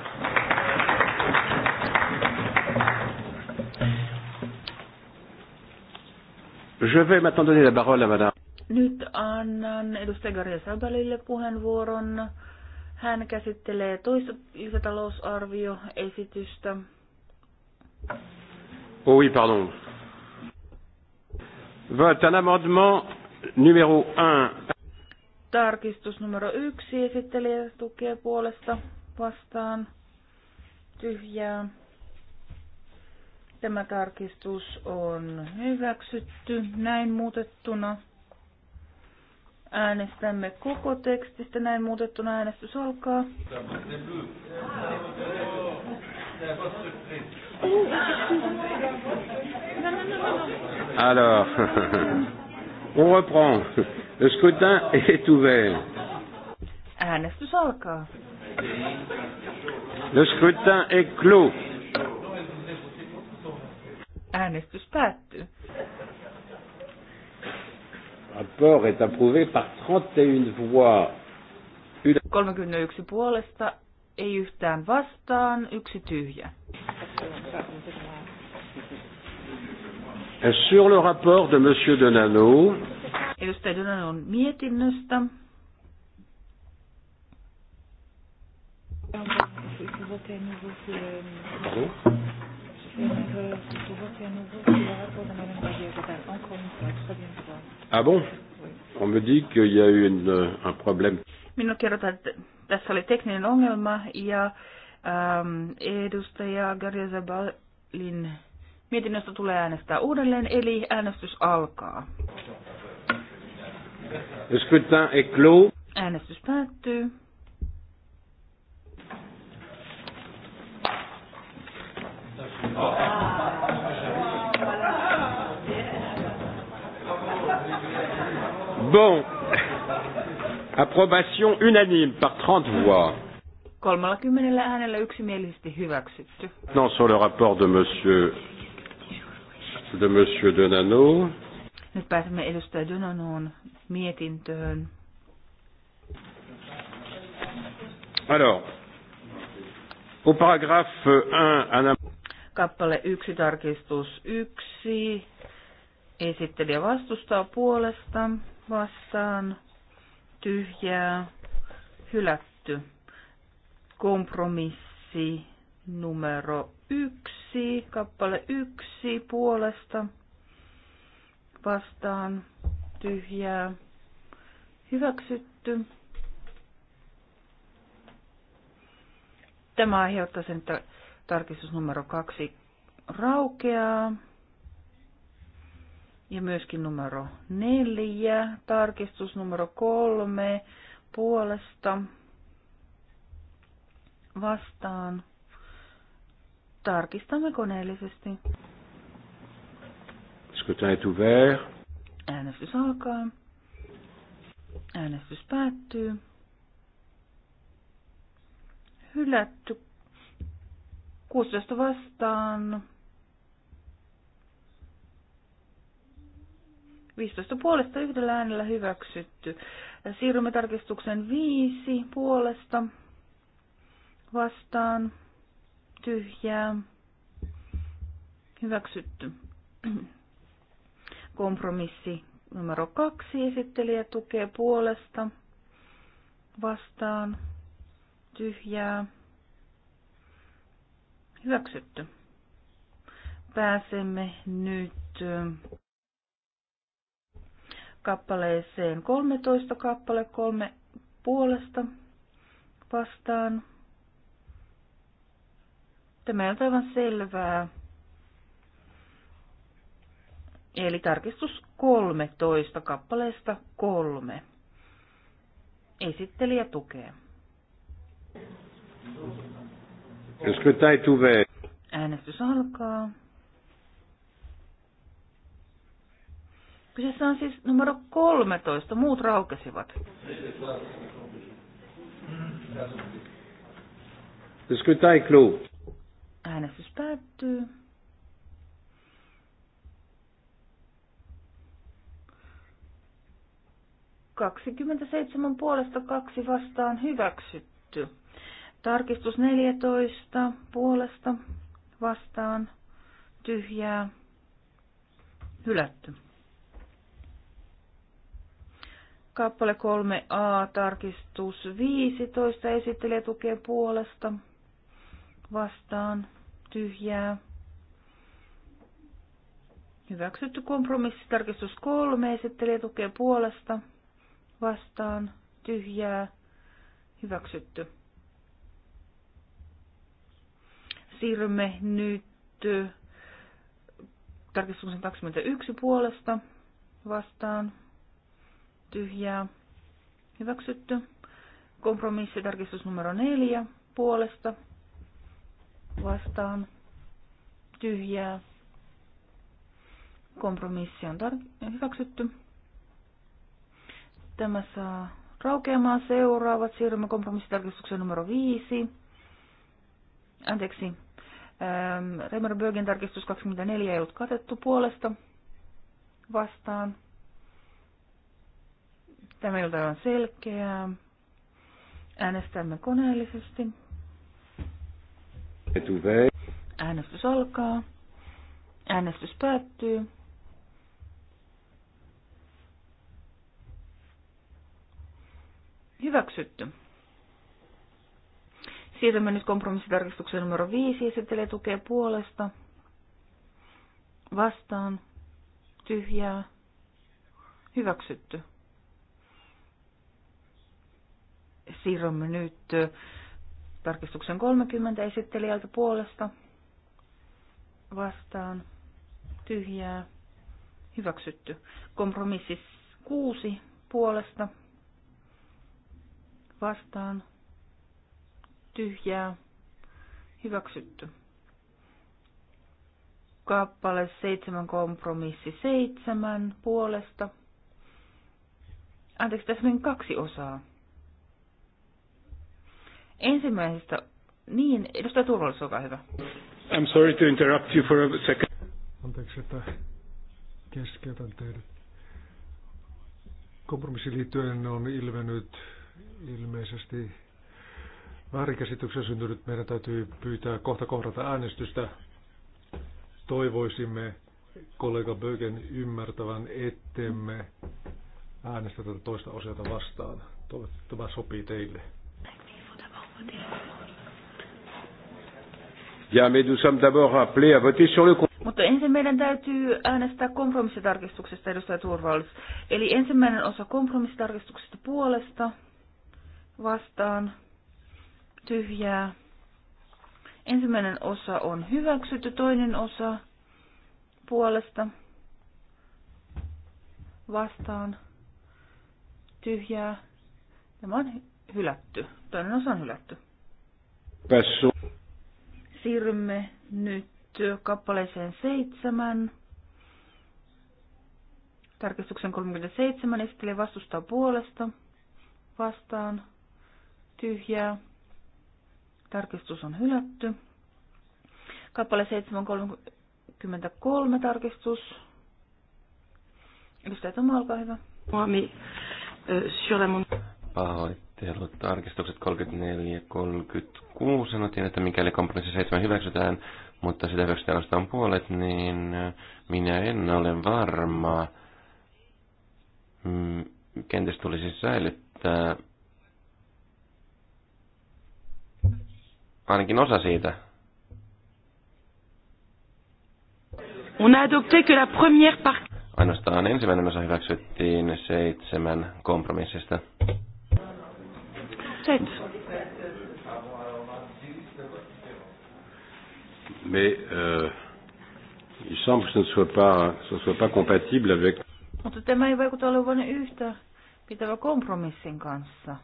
S1: Je vais maintenant donner la parole à madame.
S2: Nyt annan edustaja Garja Sabalille puheenvuoron. Hän käsittelee toista lisätalousarvioesitystä.
S1: Oh oui, pardon. Vote un amendement numéro 1.
S2: Tarkistus numero yksi esittelijä tukee puolesta vastaan tyhjää. Tämä tarkistus on hyväksytty näin muutettuna. Äänestämme koko tekstistä näin muutettuna. Äänestys alkaa. Alors,
S1: on reprend. Le scrutin est ouvert.
S2: Äänestys alkaa. Le scrutin est clos.
S3: Äänestys päättyy.
S1: Rapport est approuvé
S2: par 31 voix. 31 puolesta, ei yhtään vastaan, yksi tyhjä.
S1: Sur le rapport de Monsieur Denano.
S2: Edustaja Denanon mietinnöstä.
S1: Ah bon On me dit qu'il y a eu une, un problème.
S2: Minun kerrotaan, että tässä oli tekninen ongelma ja ähm, edustaja Garja Zabalin mietinnöstä tulee äänestää uudelleen, eli äänestys alkaa. Äänestys päättyy.
S1: Bon. Approbation unanime par 30 voix.
S2: 30 äänellä yksimielisesti hyväksytty.
S1: Non, sur le rapport de monsieur de monsieur Denano.
S2: Nyt pääsemme edustaja Denanoon mietintöön. Alors, au paragraphe 1, Kappale 1, tarkistus 1. Esittelijä vastustaa puolesta, vastaan, tyhjää, hylätty. Kompromissi numero 1, kappale 1 puolesta, vastaan, tyhjää, hyväksytty. Tämä aiheuttaa sen, että Tarkistus numero kaksi raukeaa. Ja myöskin numero neljä, tarkistus numero kolme puolesta vastaan. Tarkistamme koneellisesti.
S1: Scrutin ouvert.
S2: Äänestys alkaa. Äänestys päättyy. Hylätty 16 vastaan. 15 puolesta yhdellä äänellä hyväksytty. Siirrymme tarkistuksen 5 puolesta vastaan tyhjää
S3: hyväksytty.
S2: Kompromissi numero 2 esittelijä tukee puolesta vastaan tyhjää
S3: Hyväksytty.
S2: Pääsemme nyt äh, kappaleeseen 13 kappale kolme puolesta vastaan. Tämä on aivan selvää. Eli tarkistus 13 kappaleesta kolme. Esittelijä tukee.
S6: Thank you.
S1: Le scrutin est ouvert.
S2: Äänestys alkaa. Kyseessä on siis numero 13. Muut
S3: raukesivat. Le scrutin est clos.
S2: Äänestys päättyy. seitsemän puolesta kaksi vastaan hyväksyt. Tarkistus 14 puolesta vastaan tyhjää hylätty. Kappale 3a, tarkistus 15 esittelee tukee puolesta vastaan tyhjää. Hyväksytty kompromissi, tarkistus 3 esittelee tukee puolesta vastaan tyhjää. Hyväksytty. Sirme nyt tarkistuksen 21 puolesta vastaan. Tyhjää. Hyväksytty. kompromissi tarkistus numero 4 puolesta vastaan. Tyhjää. Kompromissi on tar- hyväksytty. Tämä saa raukeamaan seuraavat. Siirrymme kompromissitarkistukseen numero 5. Anteeksi, Ähm, Reimer Bögen tarkistus 24 ei ollut katettu puolesta vastaan. Tämä ilta on selkeää. Äänestämme koneellisesti. Äänestys alkaa. Äänestys päättyy.
S3: Hyväksytty.
S2: Siirrymme nyt kompromissitarkistukseen numero 5. Esittelee tukea puolesta. Vastaan. Tyhjää.
S3: Hyväksytty.
S2: Siirrymme nyt tarkistuksen 30 esittelijältä puolesta. Vastaan. Tyhjää.
S3: Hyväksytty.
S2: Kompromissi 6 puolesta. Vastaan
S3: tyhjää hyväksytty. Kappale
S2: 7 kompromissi 7 puolesta. Anteeksi, tässä on kaksi osaa. Ensimmäisestä, niin, edustaja Turvallisuus, olkaa hyvä.
S5: I'm sorry to interrupt you for a second. Anteeksi, että keskeytän teidät. Kompromissi liittyen on ilmennyt ilmeisesti väärinkäsityksen syntynyt, meidän täytyy pyytää kohta kohdata äänestystä. Toivoisimme kollega Bögen ymmärtävän, ettemme äänestä tätä toista osiota vastaan. Toivottavasti tämä sopii teille.
S1: Ja, me nous sommes d'abord appelés à voter sur le
S2: Mutta ensin meidän täytyy äänestää kompromissitarkistuksesta, edustaja Turvallis. Eli ensimmäinen osa kompromissitarkistuksesta puolesta vastaan tyhjää. Ensimmäinen osa on hyväksytty, toinen osa puolesta vastaan tyhjää. Tämä on
S3: hylätty. Toinen osa on hylätty.
S1: Pessu.
S2: Siirrymme nyt kappaleeseen seitsemän. Tarkistuksen 37 esittelee vastustaa puolesta. Vastaan. Tyhjää. Tarkistus on hylätty. Kappale 733 tarkistus. Edustaja Tomo, olkaa hyvä.
S3: Suomi,
S4: Pahoittelut, tarkistukset 34 36. Sanottiin, että mikäli kompromissi 7 hyväksytään, mutta sitä hyväksytään on puolet, niin minä en ole varma. Mm, kenties tulisi säilyttää ainakin osa siitä.
S3: On a adopté que la première part.
S4: Ainoastaan ensimmäinen osa hyväksyttiin seitsemän kompromissista.
S6: Sept.
S1: Mais euh, il semble que ce ne soit pas, ce ne soit pas compatible avec.
S2: Mutta tämä ei vaikuta olevan yhtä pitävä kompromissin kanssa.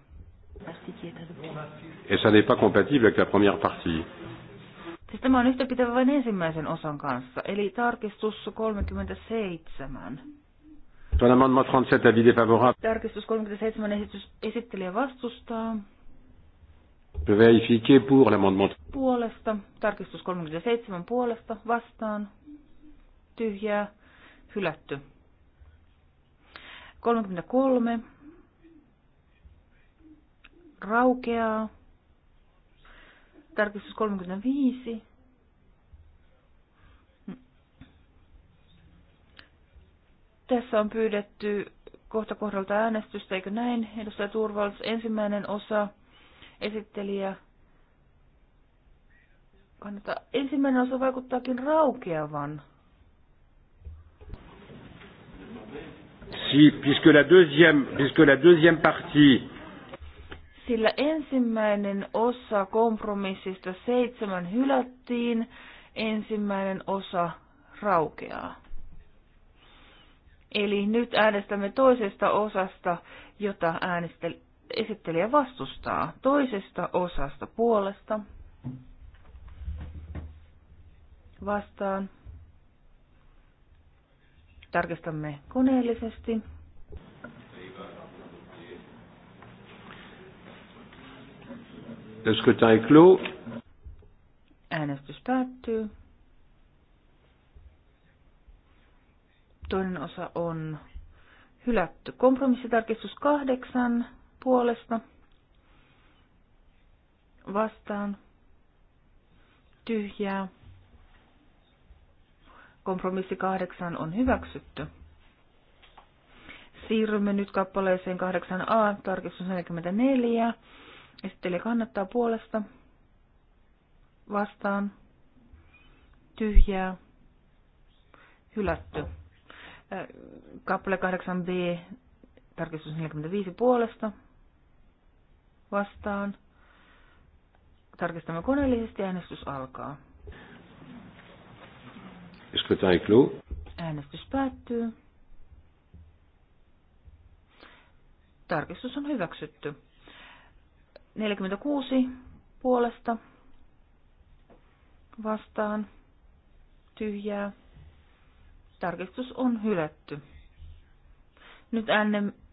S1: Et ça n'est pas compatible avec la première partie.
S2: Siis tämä on yhtäpitävä vain ensimmäisen osan kanssa, eli tarkistus 37.
S1: Tuon on 37 avis défavorable.
S2: Tarkistus 37 esitys, esittelijä vastustaa.
S1: Je pour
S3: l'amendement.
S2: Puolesta. Tarkistus 37 puolesta. Vastaan. Tyhjää. Hylätty. 33 raukeaa. Tarkistus 35. Tässä on pyydetty kohta kohdalta äänestystä, eikö näin? Edustaja Turvals, ensimmäinen osa, esittelijä. Kannattaa. Ensimmäinen osa vaikuttaakin raukeavan.
S1: Si, puisque la deuxième, puisque la deuxième partie
S2: sillä ensimmäinen osa kompromissista seitsemän hylättiin, ensimmäinen osa raukeaa. Eli nyt äänestämme toisesta osasta, jota esittelijä vastustaa. Toisesta osasta puolesta. Vastaan. Tarkistamme koneellisesti. Le scrutin est clos. Äänestys päättyy. Toinen osa on hylätty. Kompromissitarkistus kahdeksan puolesta vastaan tyhjää. Kompromissi kahdeksan on hyväksytty. Siirrymme nyt kappaleeseen 8a, tarkistus 44 Esittelijä kannattaa puolesta. Vastaan. Tyhjää. Hylätty. Kappale 8b, tarkistus 45 puolesta. Vastaan. Tarkistamme koneellisesti äänestys alkaa. Äänestys päättyy. Tarkistus on hyväksytty. 46 puolesta vastaan tyhjää. Tarkistus on hylätty. Nyt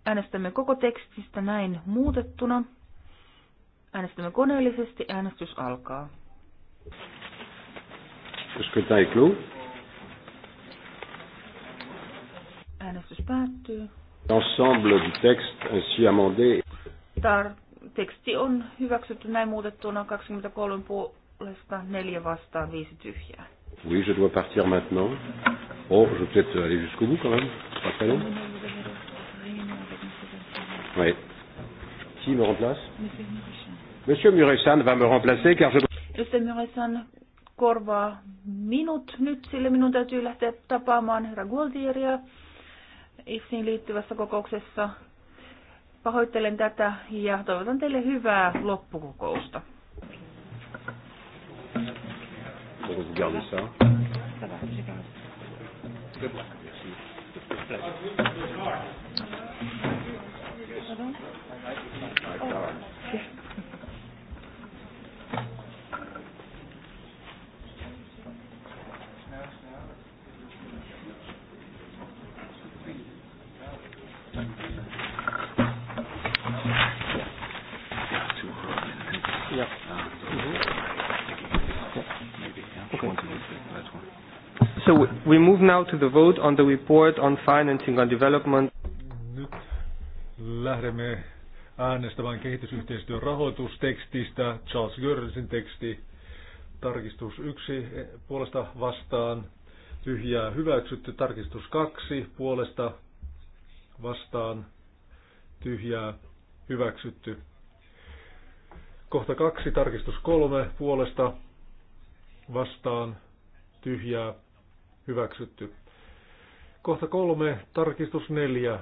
S2: äänestämme koko tekstistä näin muutettuna. Äänestämme koneellisesti. Äänestys alkaa. Äänestys päättyy.
S1: L'ensemble du texte ainsi amendé.
S2: Tar- teksti on hyväksytty näin muutettuna 23 puolesta, 4 vastaan, 5 tyhjää.
S1: Oui, je dois partir maintenant. Oh, je vais peut-être aller jusqu'au bout quand même. Pas très long. Oui. Qui me remplace Monsieur Muresan va me remplacer car je...
S2: Edustaja Muresan korvaa minut nyt, sillä minun täytyy lähteä tapaamaan herra Gualtieria IFSin liittyvässä kokouksessa Pahoittelen tätä ja toivotan teille hyvää loppukokousta.
S4: So we move now to the vote on the report on financing and development. Nyt lähdemme
S5: äänestämään kehitysyhteistyön rahoitustekstistä, Charles Görlisin teksti, tarkistus 1 e, puolesta vastaan, tyhjää hyväksytty, tarkistus 2 puolesta vastaan, tyhjää hyväksytty. Kohta 2, tarkistus 3 puolesta vastaan, tyhjää hyväksytty. Kohta kolme, tarkistus neljä,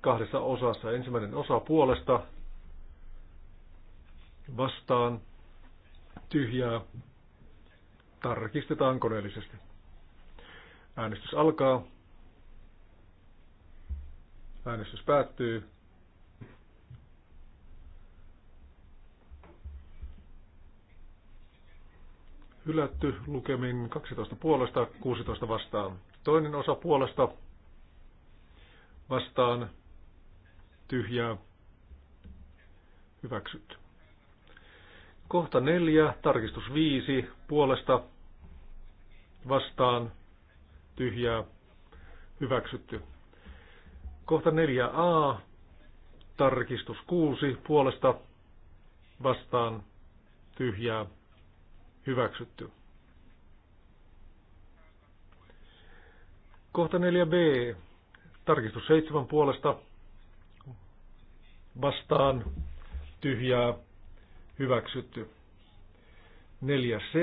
S5: kahdessa osassa. Ensimmäinen osa puolesta vastaan tyhjää tarkistetaan koneellisesti. Äänestys alkaa. Äänestys päättyy. hylätty lukemin 12 puolesta, 16 vastaan. Toinen osa puolesta vastaan tyhjää hyväksyt. Kohta 4, tarkistus 5 puolesta vastaan tyhjää hyväksytty. Kohta 4a, tarkistus 6 puolesta vastaan tyhjää Hyväksytty. Kohta 4b. Tarkistus 7 puolesta. Vastaan. Tyhjää. Hyväksytty. 4c.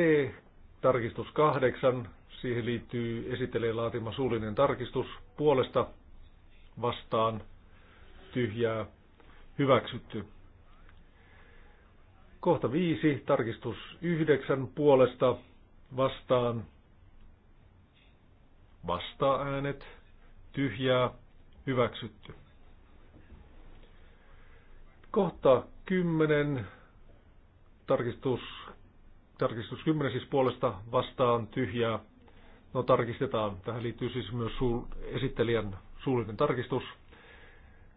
S5: Tarkistus 8. Siihen liittyy esittelee laatima suullinen tarkistus puolesta vastaan tyhjää hyväksytty. Kohta viisi, tarkistus yhdeksän puolesta vastaan Vastaa äänet tyhjää, hyväksytty. Kohta kymmenen, tarkistus, tarkistus kymmenen siis puolesta vastaan tyhjää. No tarkistetaan, tähän liittyy siis myös suul, esittelijän suullinen tarkistus,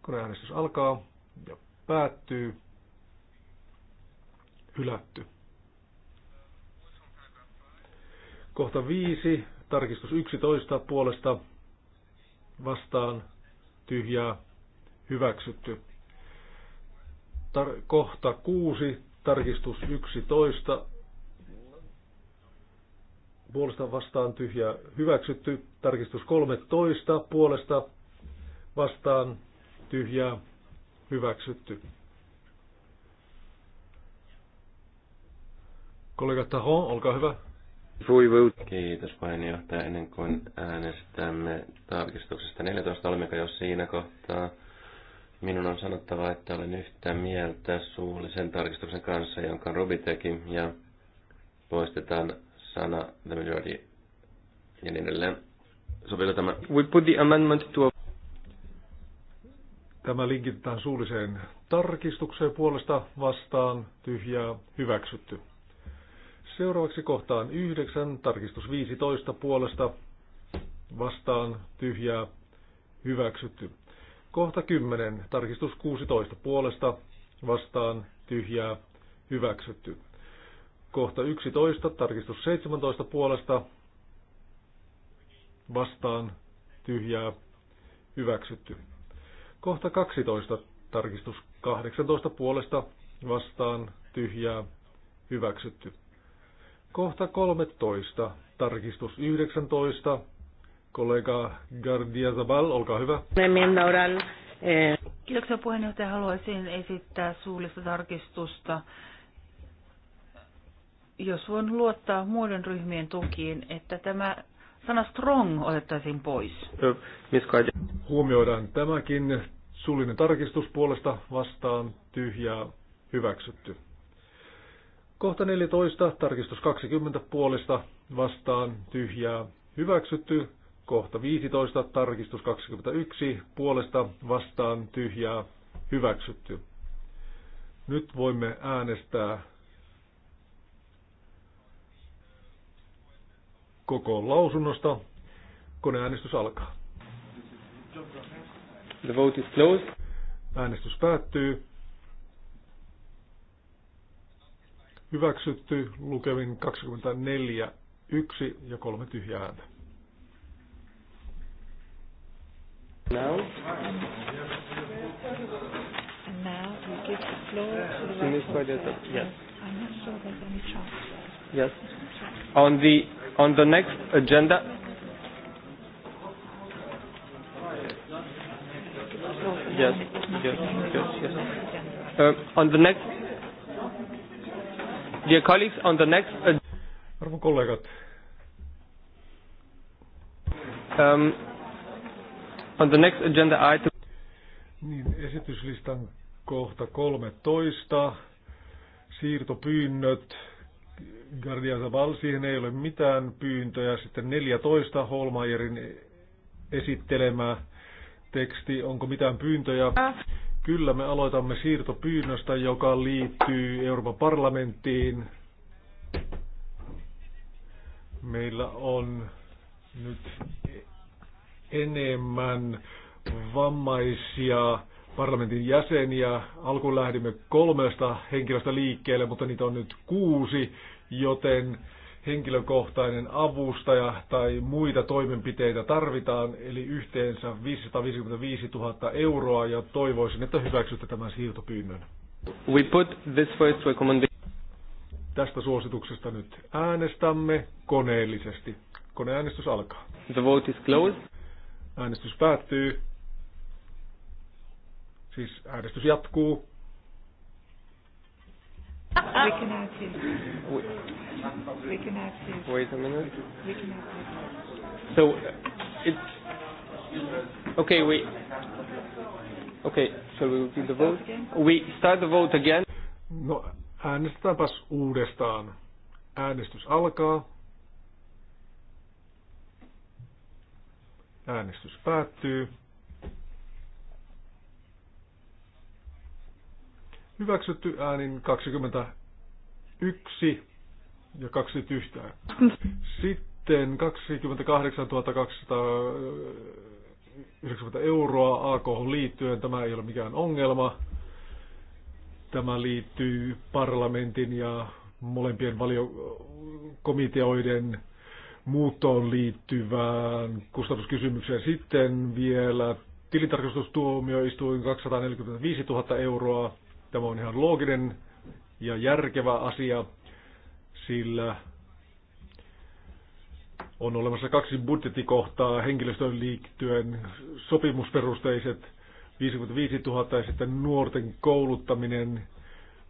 S5: kun äänestys alkaa ja päättyy hylätty. Kohta 5, tarkistus 11 puolesta vastaan tyhjää hyväksytty. Tar- kohta 6, tarkistus 11 puolesta vastaan tyhjää hyväksytty. Tarkistus 13 puolesta vastaan tyhjää hyväksytty. Kollega Taho, olkaa hyvä.
S4: Kiitos puheenjohtaja. Ennen kuin äänestämme tarkistuksesta 14, olemmeko jo siinä kohtaa? Minun on sanottava, että olen yhtä mieltä suullisen tarkistuksen kanssa, jonka Robi teki, ja poistetaan sana the majority ja niin edelleen. Sopiiko tämä?
S5: We put the amendment to Tämä linkitetään suulliseen tarkistukseen puolesta vastaan tyhjää hyväksytty. Seuraavaksi kohtaan 9, tarkistus 15 puolesta vastaan tyhjää hyväksytty. Kohta 10, tarkistus 16 puolesta vastaan tyhjää hyväksytty. Kohta 11, tarkistus 17 puolesta vastaan tyhjää hyväksytty. Kohta 12, tarkistus 18 puolesta vastaan tyhjää hyväksytty. Kohta 13. Tarkistus 19. Kollega Gardia Zabal, olkaa hyvä. Eh. Kiitoksia puheenjohtaja.
S2: Haluaisin esittää suullista tarkistusta. Jos voin luottaa muiden ryhmien tukiin, että tämä sana strong otettaisiin pois.
S5: Huomioidaan tämäkin. Suullinen tarkistus puolesta vastaan tyhjää hyväksytty. Kohta 14, tarkistus 20 puolesta vastaan tyhjää hyväksytty. Kohta 15, tarkistus 21 puolesta vastaan tyhjää hyväksytty. Nyt voimme äänestää koko lausunnosta. Koneäänestys alkaa. The vote is closed. Äänestys päättyy. Hyväksytty lukemin 24, 1 ja 3 tyhjää ääntä. Now. Now
S6: we give the floor to the rapporteur.
S4: Yes.
S2: I'm not sure there's any chance.
S4: Yes. On the on the next agenda. Yes. Yes. Yes. Yes. Uh, on the next Dear colleagues, on the next...
S5: Uh, Arvon kollegat. Um, on the next agenda item... Niin, esityslistan kohta 13. Siirtopyynnöt. Gardia Zabal, siihen ei ole mitään pyyntöjä. Sitten 14. Holmajerin esittelemä teksti. Onko mitään pyyntöjä? Äh. Kyllä me aloitamme siirtopyynnöstä, joka liittyy Euroopan parlamenttiin. Meillä on nyt enemmän vammaisia parlamentin jäseniä. Alkuun lähdimme kolmesta henkilöstä liikkeelle, mutta niitä on nyt kuusi, joten henkilökohtainen avustaja tai muita toimenpiteitä tarvitaan, eli yhteensä 555 000 euroa, ja toivoisin, että hyväksytte tämän siirtopyynnön.
S4: We put this first recommendation.
S5: Tästä suosituksesta nyt äänestämme koneellisesti. Koneäänestys alkaa. The vote is closed. Äänestys päättyy. Siis äänestys jatkuu
S6: we can add you. We, we can add you. Wait a minute. We can add you. So, uh, it's okay. We
S5: okay. so we will do the vote? Again? We start the vote again. No, äänestetäänpäs uudestaan. Äänestys alkaa. Äänestys päättyy. Hyväksytty äänin 21 ja 21. Sitten 28 290 euroa AKH liittyen. Tämä ei ole mikään ongelma. Tämä liittyy parlamentin ja molempien valiokomiteoiden muuttoon liittyvään kustannuskysymykseen. Sitten vielä tilintarkastustuomioistuin 245 000 euroa. Tämä on ihan looginen ja järkevä asia, sillä on olemassa kaksi budjettikohtaa henkilöstön liittyen, sopimusperusteiset 55 000 ja sitten nuorten kouluttaminen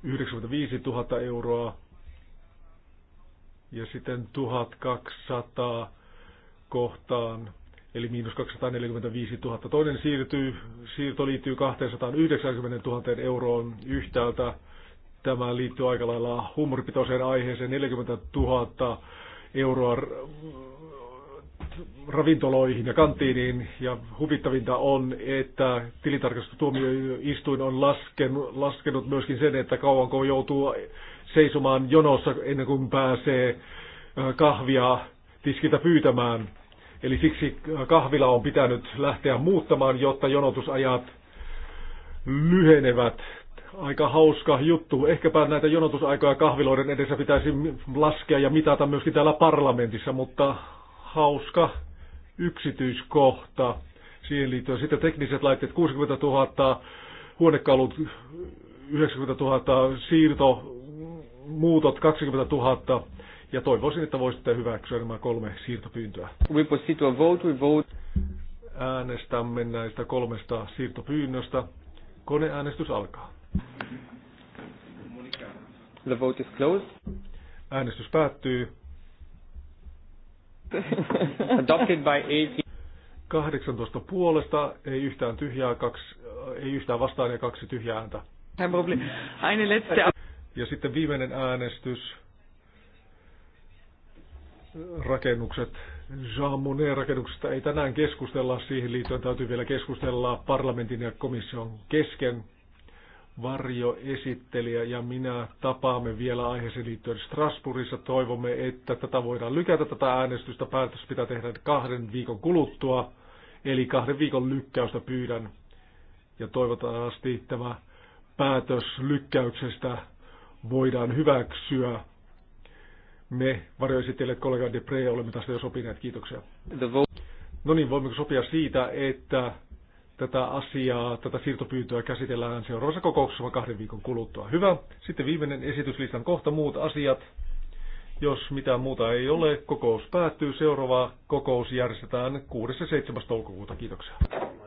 S5: 95 000 euroa ja sitten 1200 kohtaan eli miinus 245 000. Toinen siirtyy, siirto liittyy 290 000 euroon yhtäältä. Tämä liittyy aika lailla huumoripitoiseen aiheeseen 40 000 euroa ravintoloihin ja kantiiniin. Ja huvittavinta on, että tilintarkastustuomioistuin on laskenut, laskenut myöskin sen, että kauanko joutuu seisomaan jonossa ennen kuin pääsee äh, kahvia tiskiltä pyytämään Eli siksi kahvila on pitänyt lähteä muuttamaan, jotta jonotusajat lyhenevät. Aika hauska juttu. Ehkäpä näitä jonotusaikoja kahviloiden edessä pitäisi laskea ja mitata myöskin täällä parlamentissa, mutta hauska yksityiskohta siihen liittyen. Sitten tekniset laitteet, 60 000 huonekalut, 90 000 siirto, muutot 20 000 ja toivoisin, että voisitte hyväksyä nämä kolme siirtopyyntöä. We proceed to vote, we vote. Äänestämme näistä kolmesta siirtopyynnöstä. Koneäänestys alkaa. The vote is closed. Äänestys päättyy. Adopted by 18. 18 puolesta, ei yhtään tyhjää, kaksi, ei yhtään vastaan ja kaksi tyhjää ääntä. Ja sitten viimeinen äänestys rakennukset, Jean Monnet rakennuksesta ei tänään keskustella, siihen liittyen täytyy vielä keskustella parlamentin ja komission kesken. varjo esittelijä ja minä tapaamme vielä aiheeseen liittyen Strasbourgissa. Toivomme, että tätä voidaan lykätä tätä äänestystä. Päätös pitää tehdä kahden viikon kuluttua, eli kahden viikon lykkäystä pyydän. Ja toivottavasti tämä päätös lykkäyksestä voidaan hyväksyä me varjoesittelijät kollega De Pre olemme tästä jo sopineet. Kiitoksia. No niin, voimmeko sopia siitä, että tätä asiaa, tätä siirtopyyntöä käsitellään seuraavassa kokouksessa kahden viikon kuluttua. Hyvä. Sitten viimeinen esityslistan kohta muut asiat. Jos mitään muuta ei ole, kokous päättyy. Seuraava kokous järjestetään 6. ja 7. toukokuuta. Kiitoksia.